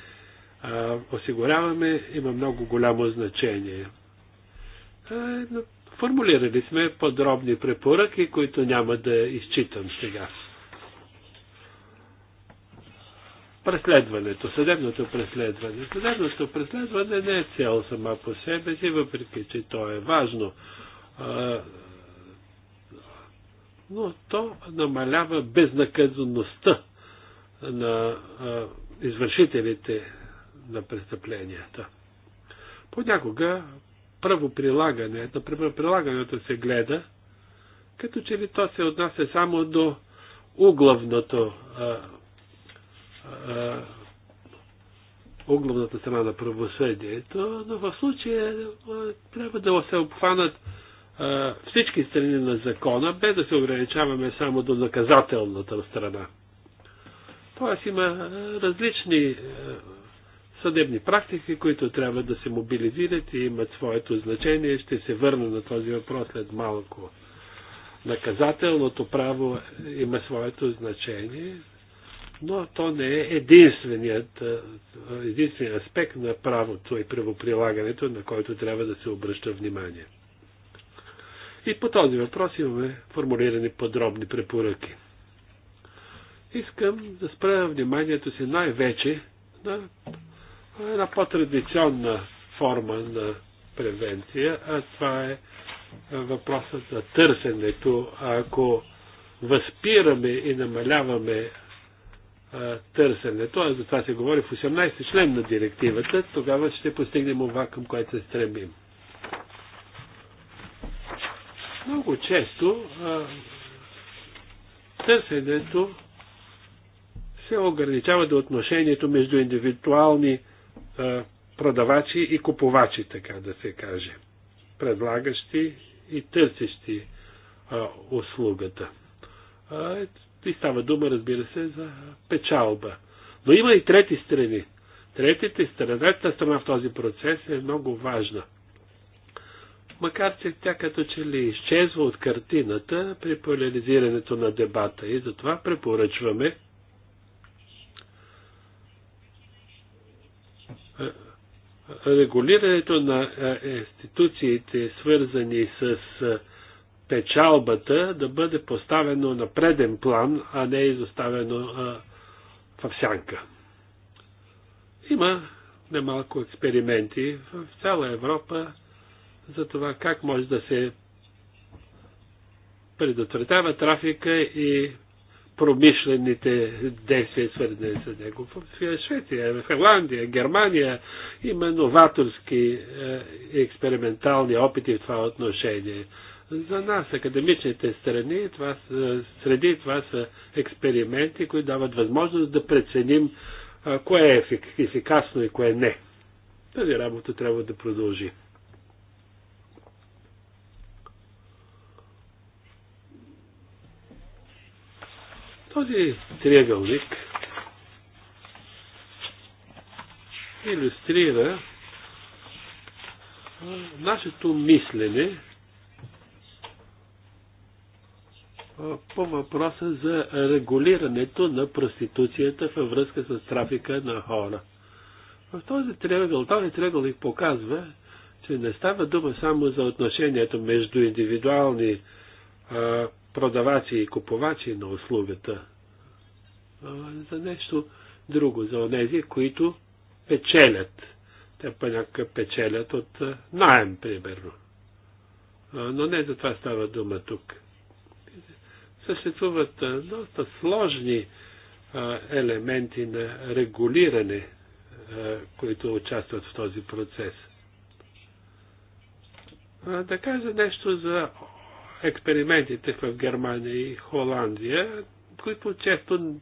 а, осигуряваме, има много голямо значение. А, Формулирали сме подробни препоръки, които няма да изчитам сега. преследването, съдебното преследване. Съдебното преследване не е цел сама по себе си, въпреки че то е важно. Но то намалява безнаказаността на извършителите на престъпленията. Понякога първо прилагане, на първо прилагането се гледа, като че ли то се отнася само до угловното, а, а, страна на правосъдието, но в случая трябва да се обхванат всички страни на закона, без да се ограничаваме само до наказателната страна. Тоест има различни съдебни практики, които трябва да се мобилизират и имат своето значение. Ще се върна на този въпрос след малко. Наказателното право има своето значение, но то не е единственият, е, единственият аспект на правото и правоприлагането, на който трябва да се обръща внимание. И по този въпрос имаме формулирани подробни препоръки. Искам да спра вниманието си най-вече на една по-традиционна форма на превенция, а това е въпросът за търсенето. Ако възпираме и намаляваме а, търсенето, а за това се говори в 18 член на директивата, тогава ще постигнем това, към което се стремим. Много често а, търсенето се ограничава до отношението между индивидуални продавачи и купувачи, така да се каже, предлагащи и търсещи а, услугата. А, и става дума, разбира се, за печалба. Но има и трети страни. Третите страна, третата страна в този процес е много важна. Макар че тя като че ли изчезва от картината при поляризирането на дебата и затова препоръчваме регулирането на институциите, свързани с печалбата, да бъде поставено на преден план, а не изоставено в сянка. Има немалко експерименти в цяла Европа за това как може да се предотвратява трафика и промишлените действия, свързани с него. В Швеция, в Ирландия, Германия има новаторски е, експериментални опити в това отношение. За нас, академичните страни, това, са, среди това са експерименти, които дават възможност да преценим кое е ефикасно и кое не. Тази работа трябва да продължи. Този триъгълник иллюстрира нашето мислене по въпроса за регулирането на проституцията във връзка с трафика на хора. В този триъгъл, този триъгълник показва, че не става дума само за отношението между индивидуални а, продавачи и купувачи на услугата, а за нещо друго, за онези, които печелят. Те понякога печелят от найем, примерно. Но не за това става дума тук. Съществуват доста сложни елементи на регулиране, които участват в този процес. Да кажа нещо за експериментите в Германия и Холандия, които често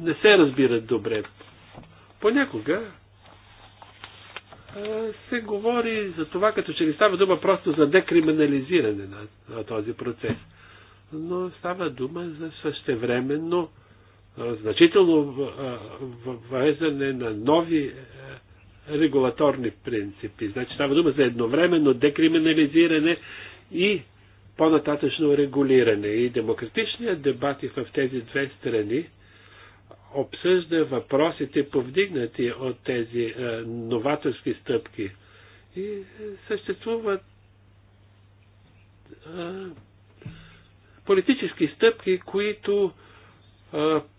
не се разбират добре. Понякога се говори за това, като че ли става дума просто за декриминализиране на, на този процес. Но става дума за същевременно значително въвеждане на нови регулаторни принципи. Значи става дума за едновременно декриминализиране и по-нататъчно регулиране. И демократичният дебат и в тези две страни обсъжда въпросите, повдигнати от тези е, новаторски стъпки. И съществуват е, политически стъпки, които е,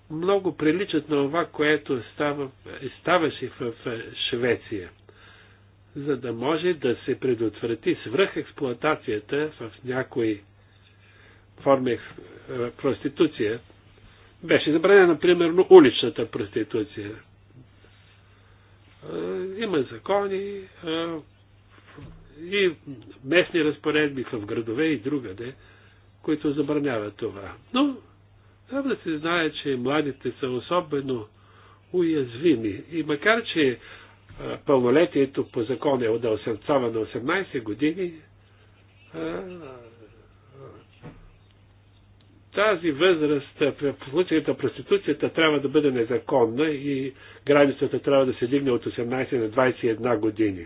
много приличат на това, което става, е, ставаше в е, Швеция за да може да се предотврати свръхексплуатацията в някои форми е, проституция. Беше забранена, примерно, уличната проституция. Е, има закони е, и местни разпоредби в градове и другаде, които забраняват това. Но трябва да се знае, че младите са особено уязвими. И макар, че пълнолетието по закон е от 18 на 18 години, тази възраст в случаята на проституцията трябва да бъде незаконна и границата трябва да се дигне от 18 на 21 години.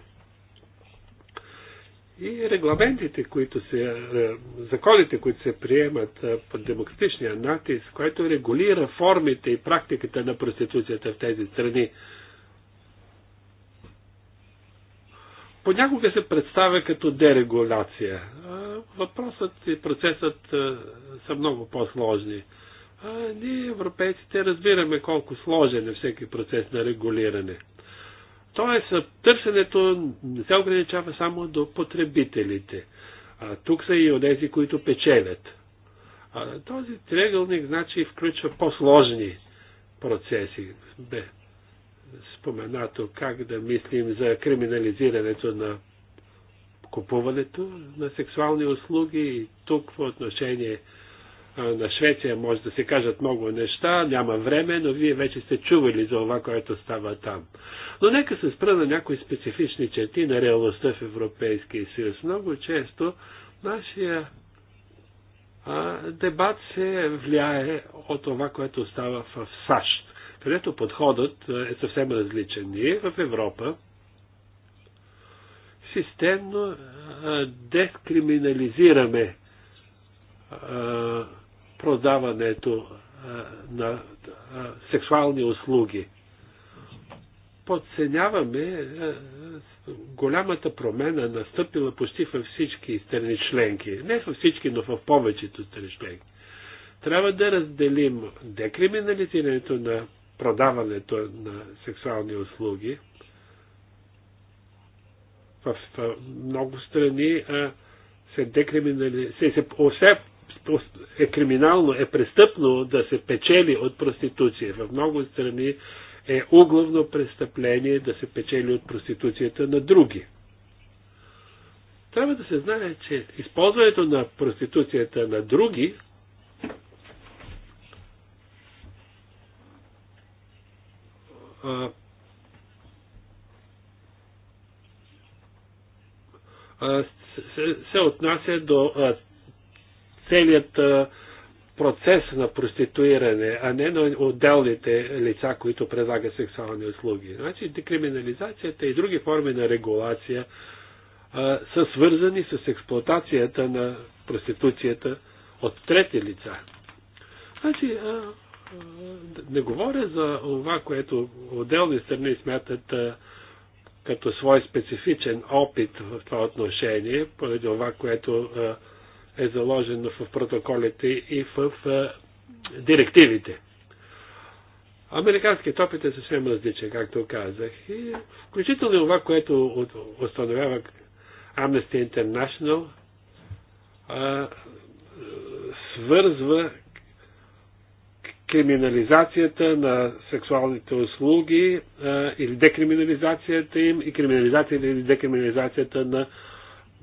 И регламентите, които се, законите, които се приемат под демократичния натиск, който регулира формите и практиката на проституцията в тези страни, понякога се представя като дерегуляция. Въпросът и процесът са много по-сложни. Ние, европейците, разбираме колко сложен е всеки процес на регулиране. Тоест, търсенето не се ограничава само до потребителите. А, тук са и онези, които печелят. А, този триъгълник, значи, включва по-сложни процеси споменато как да мислим за криминализирането на купуването на сексуални услуги и тук в отношение на Швеция може да се кажат много неща, няма време, но вие вече сте чували за това, което става там. Но нека се спра на някои специфични черти на реалността в Европейския съюз. Много често нашия а, дебат се влияе от това, което става в САЩ където подходът е съвсем различен. Ние в Европа системно дескриминализираме продаването на сексуални услуги. Подценяваме голямата промена настъпила почти във всички страни членки. Не във всички, но в повечето страни членки. Трябва да разделим декриминализирането на продаването на сексуални услуги. В много страни се декриминали... се, се, е криминално, е престъпно да се печели от проституция. В много страни е угловно престъпление да се печели от проституцията на други. Трябва да се знае, че използването на проституцията на други се, отнася до целият процес на проституиране, а не на отделните лица, които предлагат сексуални услуги. Значи декриминализацията и други форми на регулация са свързани с експлуатацията на проституцията от трети лица. Значи, не говоря за това, което отделни страни смятат като свой специфичен опит в това отношение, поради това, което е заложено в протоколите и в директивите. Американският опит е съвсем различен, както казах. И включително това, което установява Amnesty International, свързва криминализацията на сексуалните услуги е, или декриминализацията им и криминализацията или декриминализацията на,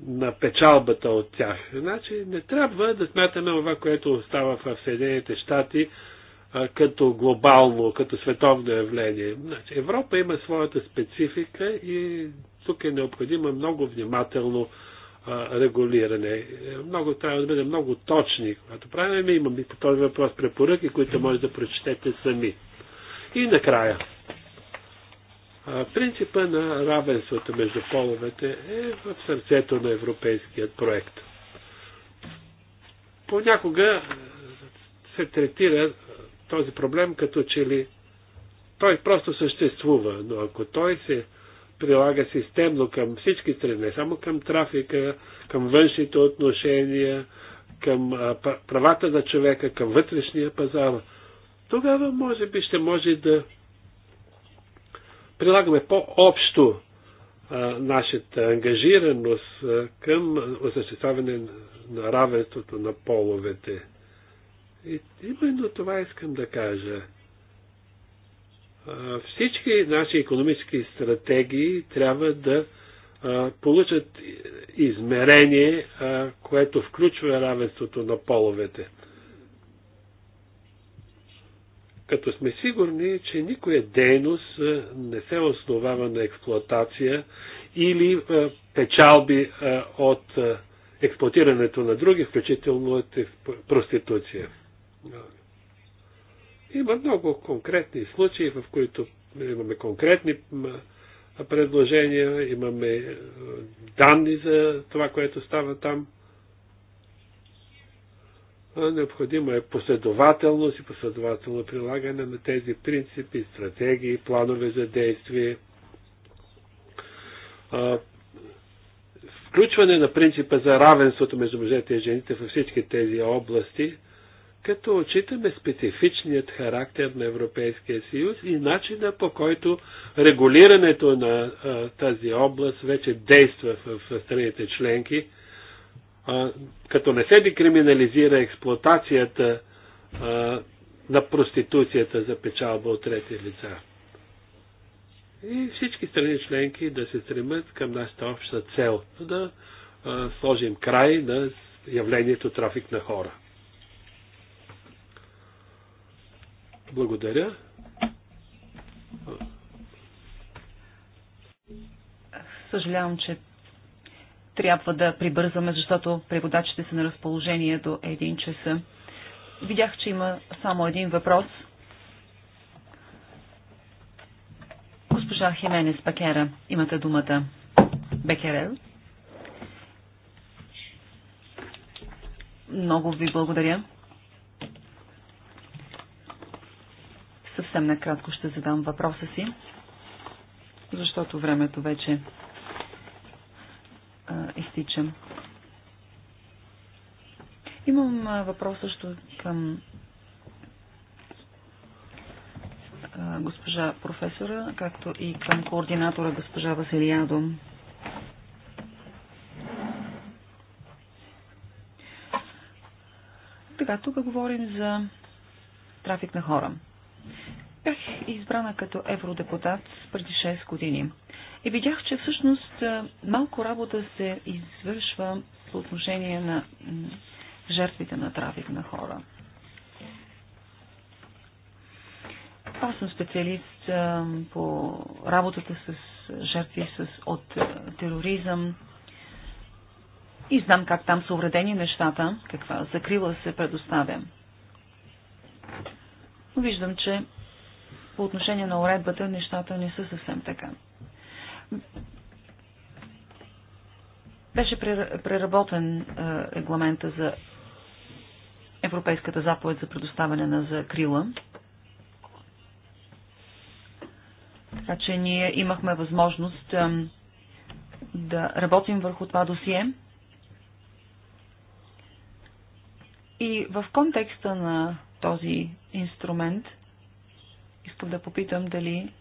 на печалбата от тях. Значи не трябва да смятаме това, което остава в Съединените щати е, като глобално, като световно явление. Значи, Европа има своята специфика и тук е необходимо много внимателно регулиране. Много трябва да бъде много точни. Когато правим, имам и по този въпрос препоръки, които може да прочетете сами. И накрая. Принципа на равенството между половете е в сърцето на европейският проект. Понякога се третира този проблем като че ли той просто съществува, но ако той се прилага системно към всички страни, не само към трафика, към външните отношения, към правата на човека, към вътрешния пазар, тогава може би ще може да прилагаме по-общо нашата ангажираност към осъществяване на равенството на половете. И именно това искам да кажа. Всички наши економически стратегии трябва да получат измерение, което включва равенството на половете. Като сме сигурни, че никоя дейност не се основава на експлоатация или печалби от експлуатирането на други, включително от проституция. Има много конкретни случаи, в които имаме конкретни предложения, имаме е, данни за това, което става там. Необходимо е последователност и последователно прилагане на тези принципи, стратегии, планове за действие. Включване на принципа за равенството между мъжете и жените във всички тези области – като отчитаме специфичният характер на Европейския съюз и начина по който регулирането на а, тази област вече действа в, в страните членки, а, като не се декриминализира експлоатацията а, на проституцията за печалба от трети лица. И всички страни членки да се стремят към нашата обща цел, да а, сложим край на явлението трафик на хора. Благодаря. Съжалявам, че трябва да прибързаме, защото преводачите са на разположение до 1 часа. Видях, че има само един въпрос. Госпожа Хименес Пакера имате думата. Бекерел. Много ви благодаря. съвсем накратко ще задам въпроса си, защото времето вече а, изтичам. Имам а, въпрос също към а, госпожа професора, както и към координатора госпожа Василиадо. Така, тук говорим за трафик на хора. Бях избрана като евродепутат преди 6 години и видях, че всъщност малко работа се извършва по отношение на жертвите на трафик на хора. Аз съм специалист по работата с жертви от тероризъм и знам как там са уредени нещата, каква закрила се предоставя. Виждам, че по отношение на уредбата нещата не са съвсем така. Беше преработен е, регламента за Европейската заповед за предоставяне на закрила. Така че ние имахме възможност е, да работим върху това досие. И в контекста на този инструмент – Искам да попитам дали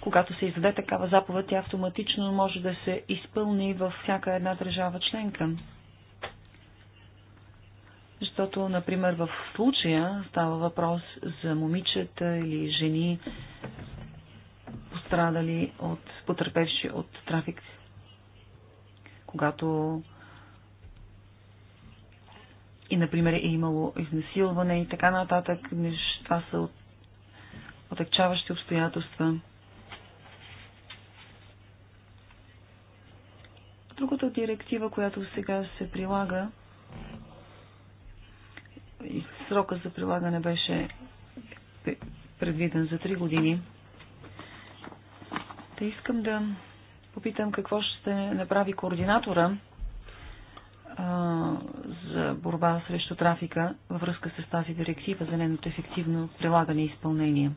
когато се издаде такава заповед, тя автоматично може да се изпълни във всяка една държава членка. Защото, например, в случая става въпрос за момичета или жени, пострадали от, потърпевши от трафик. Когато и, например, е имало изнасилване и така нататък. Това са от... отекчаващи обстоятелства. Другата директива, която сега се прилага, и срока за прилагане беше предвиден за 3 години, Те искам да попитам какво ще направи координатора за борба срещу трафика във връзка с тази директива за нейното ефективно прилагане и изпълнение.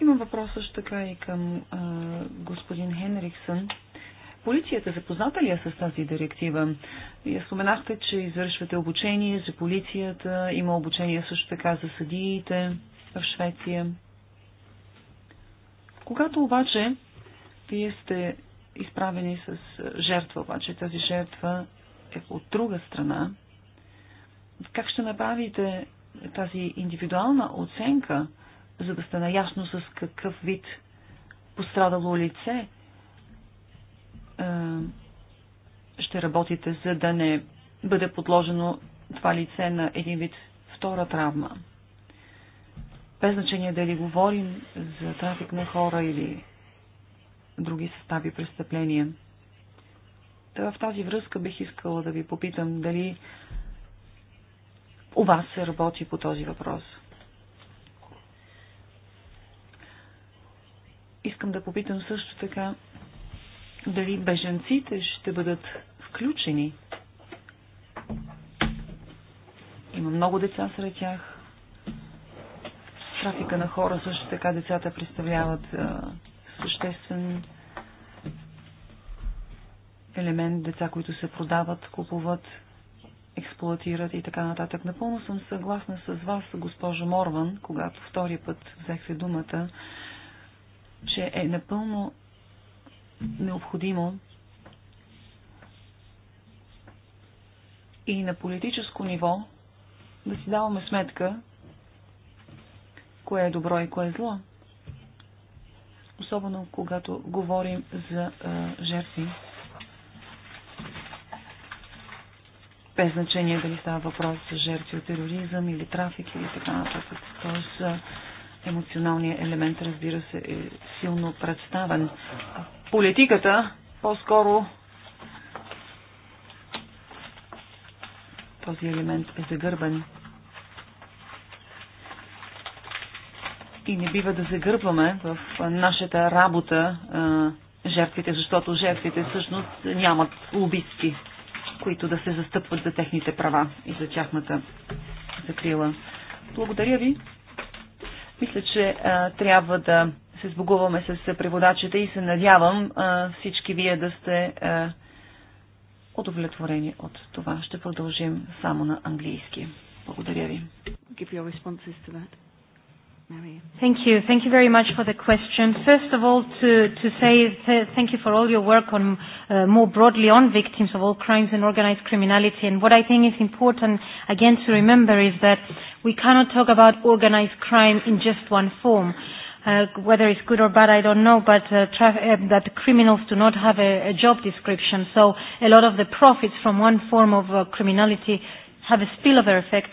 Имам въпрос също така и към а, господин Хенриксън. Полицията запозната ли е с тази директива? Вие споменахте, че извършвате обучение за полицията, има обучение също така за съдиите в Швеция. Когато обаче вие сте изправени с е, жертва, обаче тази жертва е от друга страна. Как ще направите тази индивидуална оценка, за да сте наясно с какъв вид пострадало лице е, ще работите, за да не бъде подложено това лице на един вид втора травма? Без значение дали говорим за трафик на хора или други състави престъпления. Та в тази връзка бих искала да ви попитам дали у вас се работи по този въпрос. Искам да попитам също така дали беженците ще бъдат включени. Има много деца сред тях. Трафика на хора също така децата представляват съществен елемент, деца, които се продават, купуват, експлуатират и така нататък. Напълно съм съгласна с вас, госпожа Морван, когато втори път взех се думата, че е напълно необходимо и на политическо ниво да си даваме сметка, кое е добро и кое е зло особено когато говорим за жертви. Без значение дали става въпрос за жертви от тероризъм или трафик или така нататък. Тоест емоционалният елемент, разбира се, е силно представен. Политиката по-скоро този елемент е загърбен. и не бива да загърбваме в нашата работа а, жертвите, защото жертвите всъщност нямат лобисти, които да се застъпват за техните права и за тяхната закрила. Благодаря ви. Мисля, че а, трябва да се сбогуваме с преводачите и се надявам а, всички вие да сте а, удовлетворени от това. Ще продължим само на английски. Благодаря ви. Thank you. Thank you very much for the question. First of all, to, to say th- thank you for all your work on uh, more broadly on victims of all crimes and organized criminality. And what I think is important, again, to remember is that we cannot talk about organized crime in just one form. Uh, whether it's good or bad, I don't know, but uh, tra- uh, that criminals do not have a, a job description. So a lot of the profits from one form of uh, criminality have a spillover effect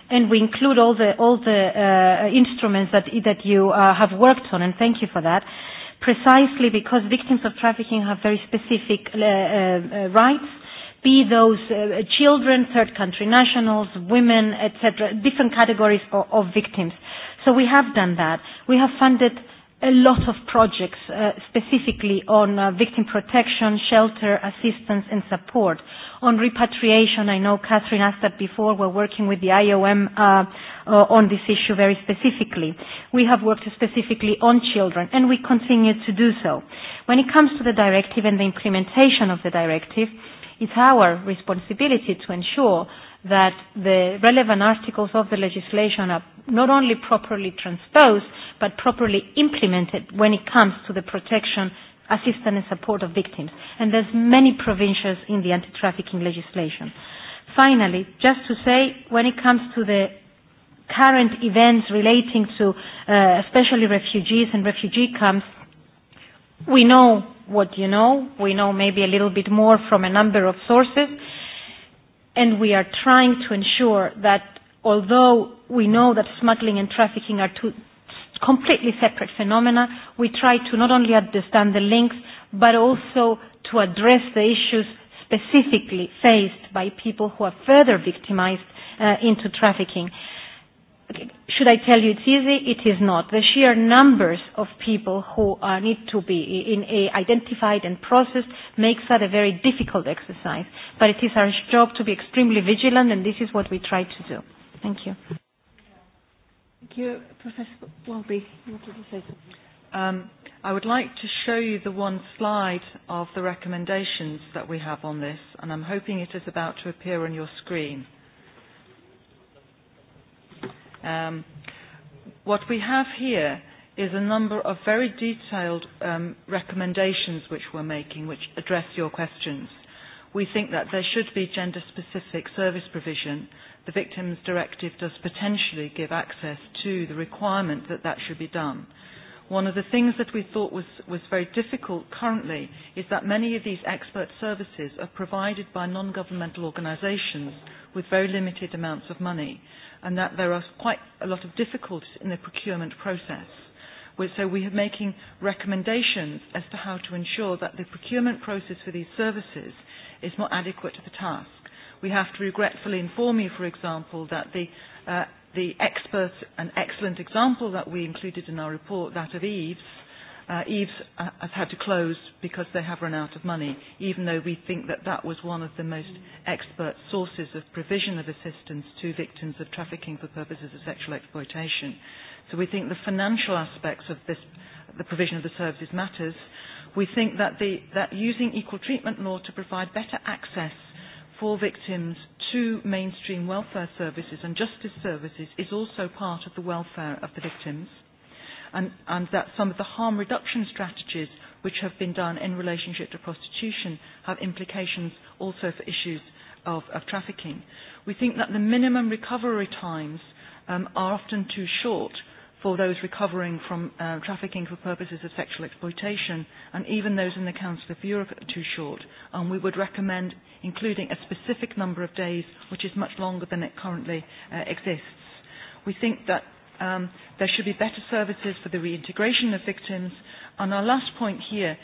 and we include all the all the uh, instruments that that you uh, have worked on, and thank you for that. Precisely because victims of trafficking have very specific uh, uh, rights, be those uh, children, third country nationals, women, etc., different categories of, of victims. So we have done that. We have funded a lot of projects uh, specifically on uh, victim protection, shelter, assistance, and support. On repatriation, I know Catherine asked that before. We're working with the IOM uh, on this issue very specifically. We have worked specifically on children, and we continue to do so. When it comes to the directive and the implementation of the directive, it's our responsibility to ensure that the relevant articles of the legislation are not only properly transposed, but properly implemented when it comes to the protection assistance and support of victims. And there's many provisions in the anti-trafficking legislation. Finally, just to say, when it comes to the current events relating to uh, especially refugees and refugee camps, we know what you know. We know maybe a little bit more from a number of sources. And we are trying to ensure that although we know that smuggling and trafficking are two completely separate phenomena. We try to not only understand the links, but also to address the issues specifically faced by people who are further victimized uh, into trafficking. Should I tell you it's easy? It is not. The sheer numbers of people who uh, need to be in a identified and processed makes that a very difficult exercise. But it is our job to be extremely vigilant, and this is what we try to do. Thank you you. Professor Welby, you wanted to say something? Um, I would like to show you the one slide of the recommendations that we have on this, and I'm hoping it is about to appear on your screen. Um, what we have here is a number of very detailed um, recommendations which we're making, which address your questions. We think that there should be gender-specific service provision the Victims Directive does potentially give access to the requirement that that should be done. One of the things that we thought was, was very difficult currently is that many of these expert services are provided by non-governmental organisations with very limited amounts of money and that there are quite a lot of difficulties in the procurement process. So we are making recommendations as to how to ensure that the procurement process for these services is more adequate to the task we have to regretfully inform you, for example, that the, uh, the expert and excellent example that we included in our report, that of Eves, uh, Eves has had to close because they have run out of money, even though we think that that was one of the most expert sources of provision of assistance to victims of trafficking for purposes of sexual exploitation. So we think the financial aspects of this, the provision of the services matters. We think that, the, that using equal treatment law to provide better access for victims to mainstream welfare services and justice services is also part of the welfare of the victims and, and that some of the harm reduction strategies which have been done in relationship to prostitution have implications also for issues of, of trafficking. We think that the minimum recovery times um, are often too short for those recovering from uh, trafficking for purposes of sexual exploitation, and even those in the Council of Europe are too short. And we would recommend including a specific number of days, which is much longer than it currently uh, exists. We think that um, there should be better services for the reintegration of victims. And our last point here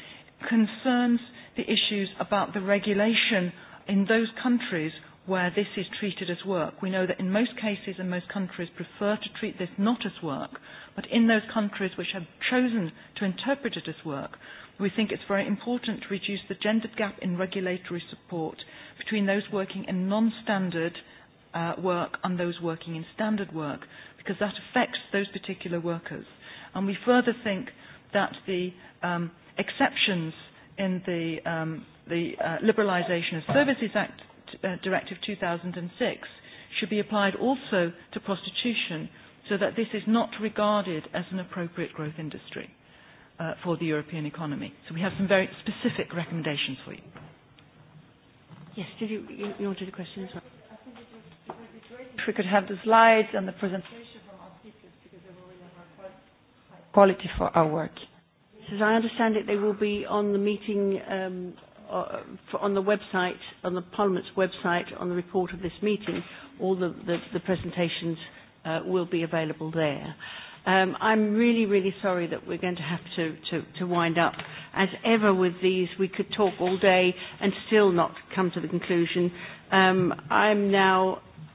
concerns the issues about the regulation in those countries where this is treated as work. We know that in most cases and most countries prefer to treat this not as work, but in those countries which have chosen to interpret it as work, we think it's very important to reduce the gender gap in regulatory support between those working in non-standard uh, work and those working in standard work, because that affects those particular workers. And we further think that the um, exceptions in the, um, the uh, Liberalisation of Services Act uh, Directive 2006 should be applied also to prostitution so that this is not regarded as an appropriate growth industry uh, for the European economy. So we have some very specific recommendations for you. Yes, did you, you, you wanted a question as well? If we could have the slides and the presentation quality for our work. as I understand it, they will be on the meeting um, uh on the website, on the Parliament's website, on the report of this meeting, all the, the, the presentations uh, will be available there. Um, I'm really, really sorry that we're going to have to, to, to wind up. As ever with these, we could talk all day and still not come to the conclusion. Um, I'm now